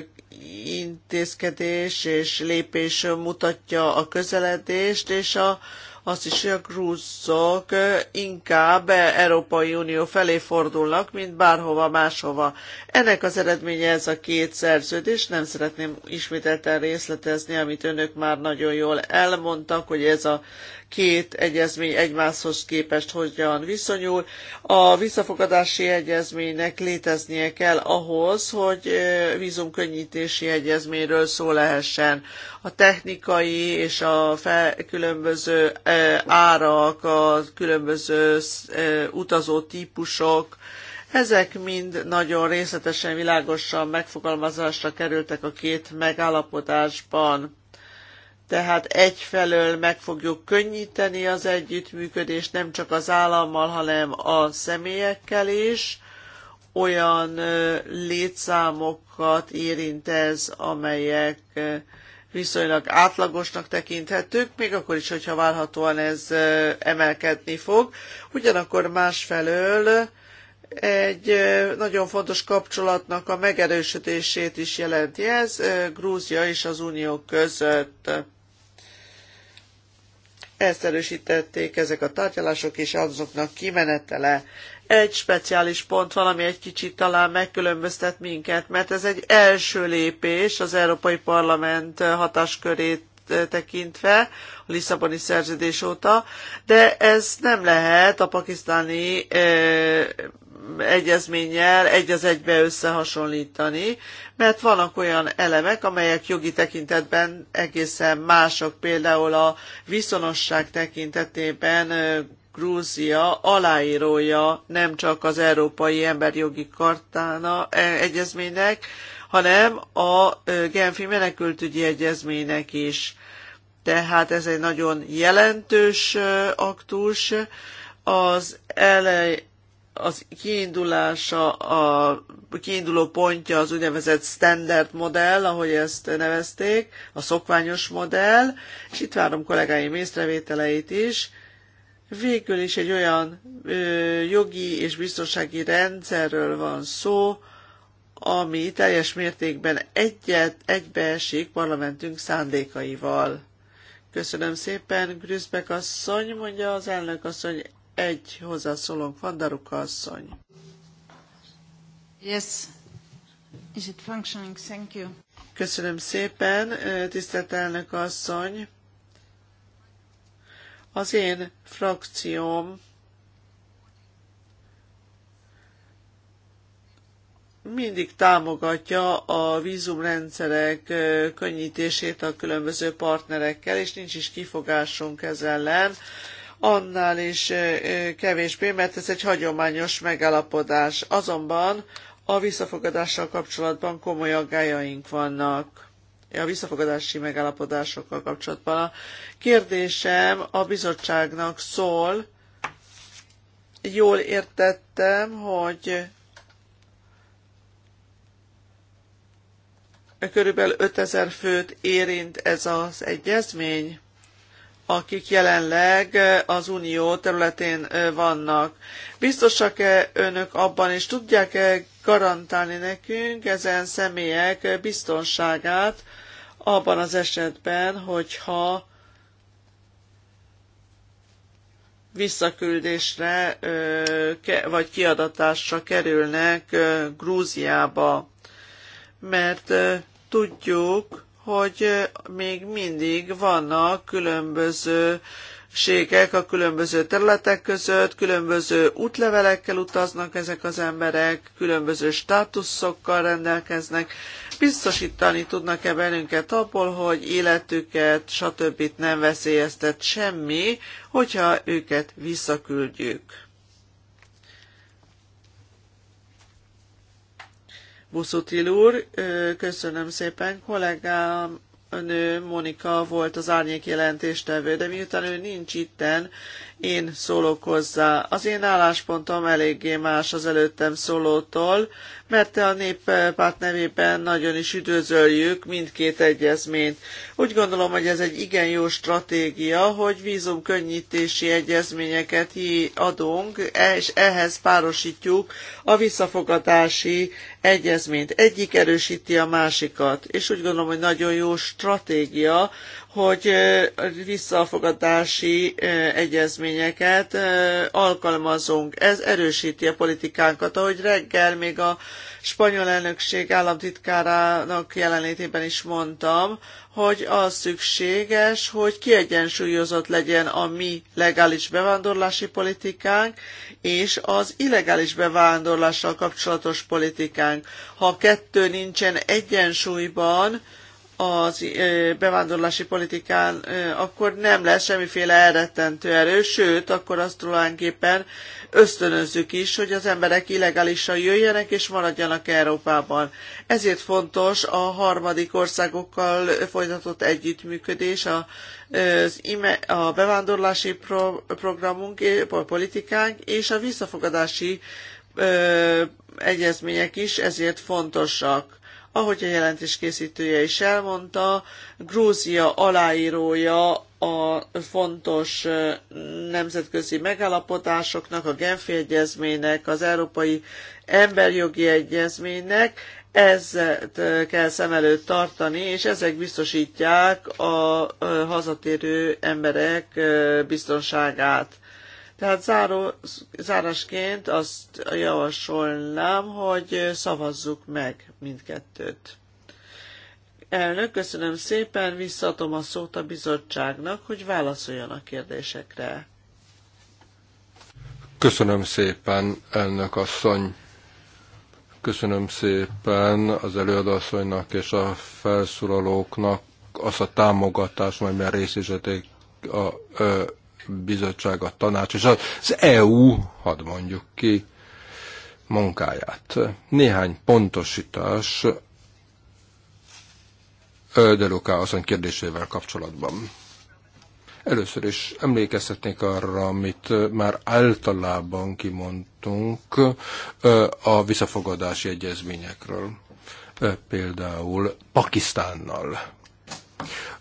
intézkedés és lépés mutatja a közeledést, és a azt is, hogy a grúzok inkább e, Európai Unió felé fordulnak, mint bárhova máshova. Ennek az eredménye ez a két szerződés, nem szeretném ismételten részletezni, amit önök már nagyon jól elmondtak, hogy ez a két egyezmény egymáshoz képest hogyan viszonyul. A visszafogadási egyezménynek léteznie kell ahhoz, hogy vízumkönnyítési egyezményről szó lehessen. A technikai és a fel, különböző árak, a különböző utazó típusok, ezek mind nagyon részletesen, világosan megfogalmazásra kerültek a két megállapodásban. Tehát egyfelől meg fogjuk könnyíteni az együttműködést nem csak az állammal, hanem a személyekkel is. Olyan létszámokat érint ez, amelyek viszonylag átlagosnak tekinthetők, még akkor is, hogyha várhatóan ez emelkedni fog. Ugyanakkor másfelől egy nagyon fontos kapcsolatnak a megerősödését is jelenti ez Grúzia és az Unió között. Ezt erősítették ezek a tárgyalások és azoknak kimenetele. Egy speciális pont valami egy kicsit talán megkülönböztet minket, mert ez egy első lépés az Európai Parlament hatáskörét tekintve, a Lisszaboni szerződés óta, de ez nem lehet a pakisztáni eh, egyezménnyel egy az egybe összehasonlítani, mert vannak olyan elemek, amelyek jogi tekintetben egészen mások, például a viszonosság tekintetében Grúzia aláírója nem csak az Európai Emberjogi Kartána e, egyezménynek, hanem a Genfi Menekültügyi Egyezménynek is. Tehát ez egy nagyon jelentős aktus. Az elej, az kiindulása, a kiinduló pontja az úgynevezett standard modell, ahogy ezt nevezték, a szokványos modell, és itt várom kollégáim észrevételeit is. Végül is egy olyan ö, jogi és biztonsági rendszerről van szó, ami teljes mértékben egyet, egybeesik parlamentünk szándékaival. Köszönöm szépen, Grüszbek asszony, mondja az elnök asszony, egy hozzászólónk van, Daruka asszony. Yes. Is it functioning? Thank you. Köszönöm szépen, tisztelt elnök asszony. Az én frakcióm mindig támogatja a vízumrendszerek könnyítését a különböző partnerekkel, és nincs is kifogásunk ez ellen annál is kevésbé, mert ez egy hagyományos megállapodás. Azonban a visszafogadással kapcsolatban komoly aggájaink vannak a visszafogadási megállapodásokkal kapcsolatban. A kérdésem a bizottságnak szól, jól értettem, hogy körülbelül 5000 főt érint ez az egyezmény akik jelenleg az unió területén vannak. Biztosak-e önök abban, és tudják-e garantálni nekünk ezen személyek biztonságát abban az esetben, hogyha visszaküldésre vagy kiadatásra kerülnek Grúziába. Mert tudjuk, hogy még mindig vannak különböző ségek a különböző területek között, különböző útlevelekkel utaznak ezek az emberek, különböző státuszokkal rendelkeznek, biztosítani tudnak-e bennünket abból, hogy életüket, stb. nem veszélyeztet semmi, hogyha őket visszaküldjük. Buszutil úr. Köszönöm szépen. Kollégám nő, Monika volt az árnyék jelentéstevő, de miután ő nincs itten, én szólok hozzá. Az én álláspontom eléggé más az előttem szólótól, mert a néppárt nevében nagyon is üdvözöljük mindkét egyezményt. Úgy gondolom, hogy ez egy igen jó stratégia, hogy vízumkönnyítési egyezményeket adunk, és ehhez párosítjuk a visszafogadási egyezményt. Egyik erősíti a másikat, és úgy gondolom, hogy nagyon jó stratégia, hogy visszafogadási egyezményeket alkalmazunk. Ez erősíti a politikánkat, ahogy reggel még a spanyol elnökség államtitkárának jelenlétében is mondtam, hogy az szükséges, hogy kiegyensúlyozott legyen a mi legális bevándorlási politikánk és az illegális bevándorlással kapcsolatos politikánk. Ha kettő nincsen egyensúlyban, az bevándorlási politikán, akkor nem lesz semmiféle elrettentő erő, sőt, akkor azt tulajdonképpen ösztönözzük is, hogy az emberek illegálisan jöjjenek és maradjanak Európában. Ezért fontos a harmadik országokkal folytatott együttműködés, a, az ime, a bevándorlási pro, programunk, politikánk és a visszafogadási ö, egyezmények is ezért fontosak ahogy a jelentés készítője is elmondta, Grúzia aláírója a fontos nemzetközi megállapodásoknak, a Genfi Egyezménynek, az Európai Emberjogi Egyezménynek, ezt kell szem előtt tartani, és ezek biztosítják a hazatérő emberek biztonságát. Tehát záró, zárásként azt javasolnám, hogy szavazzuk meg mindkettőt. Elnök, köszönöm szépen, visszatom a szót a bizottságnak, hogy válaszoljon a kérdésekre. Köszönöm szépen, elnök asszony. Köszönöm szépen az előadasszonynak és a felszólalóknak azt a támogatást, amelyben részt a, a bizottság, a tanács és az EU, hadd mondjuk ki, munkáját. Néhány pontosítás Deluca asszony kérdésével kapcsolatban. Először is emlékeztetnék arra, amit már általában kimondtunk a visszafogadási egyezményekről, például Pakisztánnal.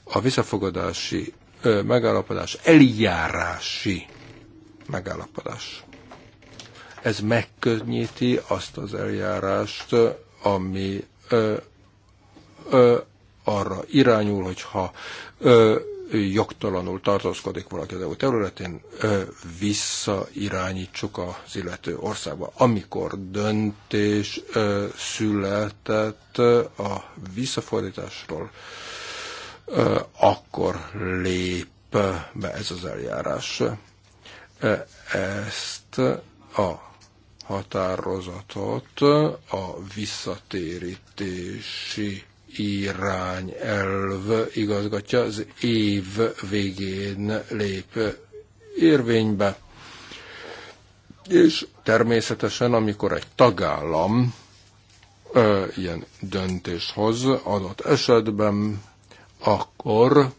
A visszafogadási megállapodás, eljárási megállapodás. Ez megkönnyíti azt az eljárást, ami ö, ö, arra irányul, hogyha ö, jogtalanul tartózkodik valaki az EU területén, ö, visszairányítsuk az illető országba. Amikor döntés ö, született a visszafordításról, akkor lép be ez az eljárás. Ezt a határozatot a visszatérítési irányelv igazgatja, az év végén lép érvénybe. És természetesen, amikor egy tagállam ö, ilyen döntéshoz adott esetben akkor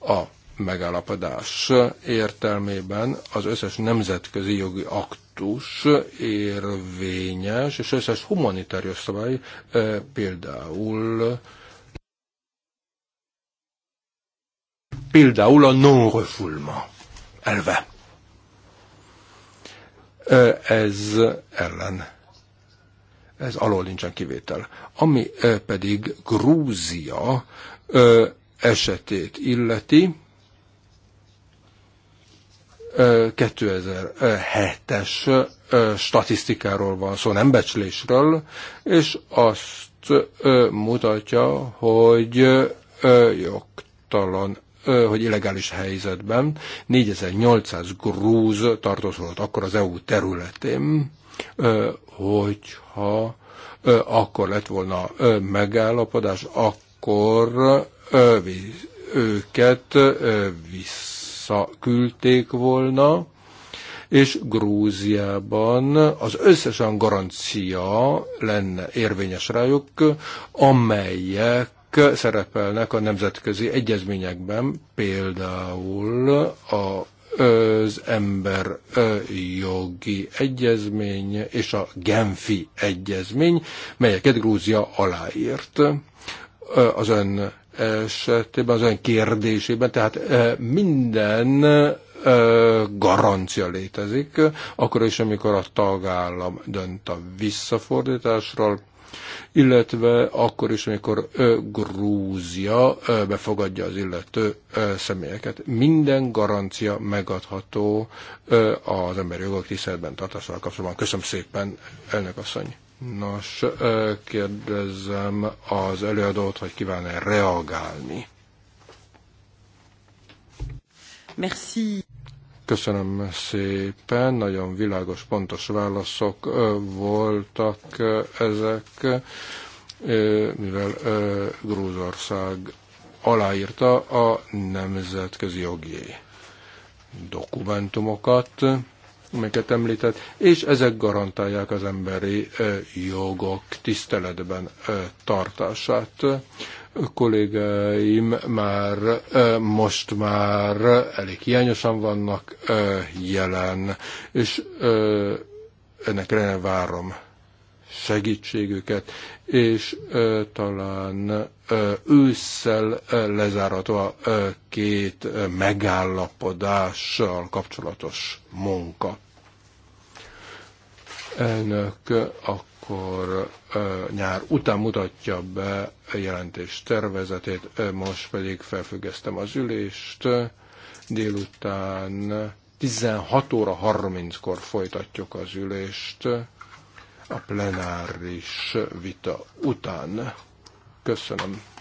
a megállapodás értelmében az összes nemzetközi jogi aktus érvényes, és összes humanitárius szabály, például például a non-refoulement elve. Ez ellen ez alól nincsen kivétel. Ami pedig Grúzia esetét illeti, 2007-es statisztikáról van szó, nem becslésről, és azt mutatja, hogy jogtalan hogy illegális helyzetben 4800 grúz tartózkodott akkor az EU területén, hogyha akkor lett volna megállapodás, akkor őket visszaküldték volna, és Grúziában az összesen garancia lenne érvényes rájuk, amelyek szerepelnek a nemzetközi egyezményekben, például a az ember jogi egyezmény és a Genfi egyezmény, melyeket Grúzia aláírt az ön esetében, az ön kérdésében, tehát minden garancia létezik, akkor is, amikor a tagállam dönt a visszafordításról, illetve akkor is, amikor Grúzia befogadja az illető személyeket. Minden garancia megadható az emberi jogok tiszteletben tartásával kapcsolatban. Köszönöm szépen, elnök asszony. Nos, kérdezem az előadót, hogy kíván-e reagálni. Merci. Köszönöm szépen, nagyon világos, pontos válaszok voltak ezek, mivel Grúzország aláírta a nemzetközi jogi dokumentumokat, amiket említett, és ezek garantálják az emberi jogok tiszteletben tartását kollégáim már most már elég hiányosan vannak jelen, és ennek ellenére várom segítségüket, és talán ősszel lezárható a két megállapodással kapcsolatos munka. Elnök, a akkor nyár után mutatja be a jelentés tervezetét, most pedig felfüggesztem az ülést, délután 16 óra 30-kor folytatjuk az ülést a plenáris vita után. Köszönöm.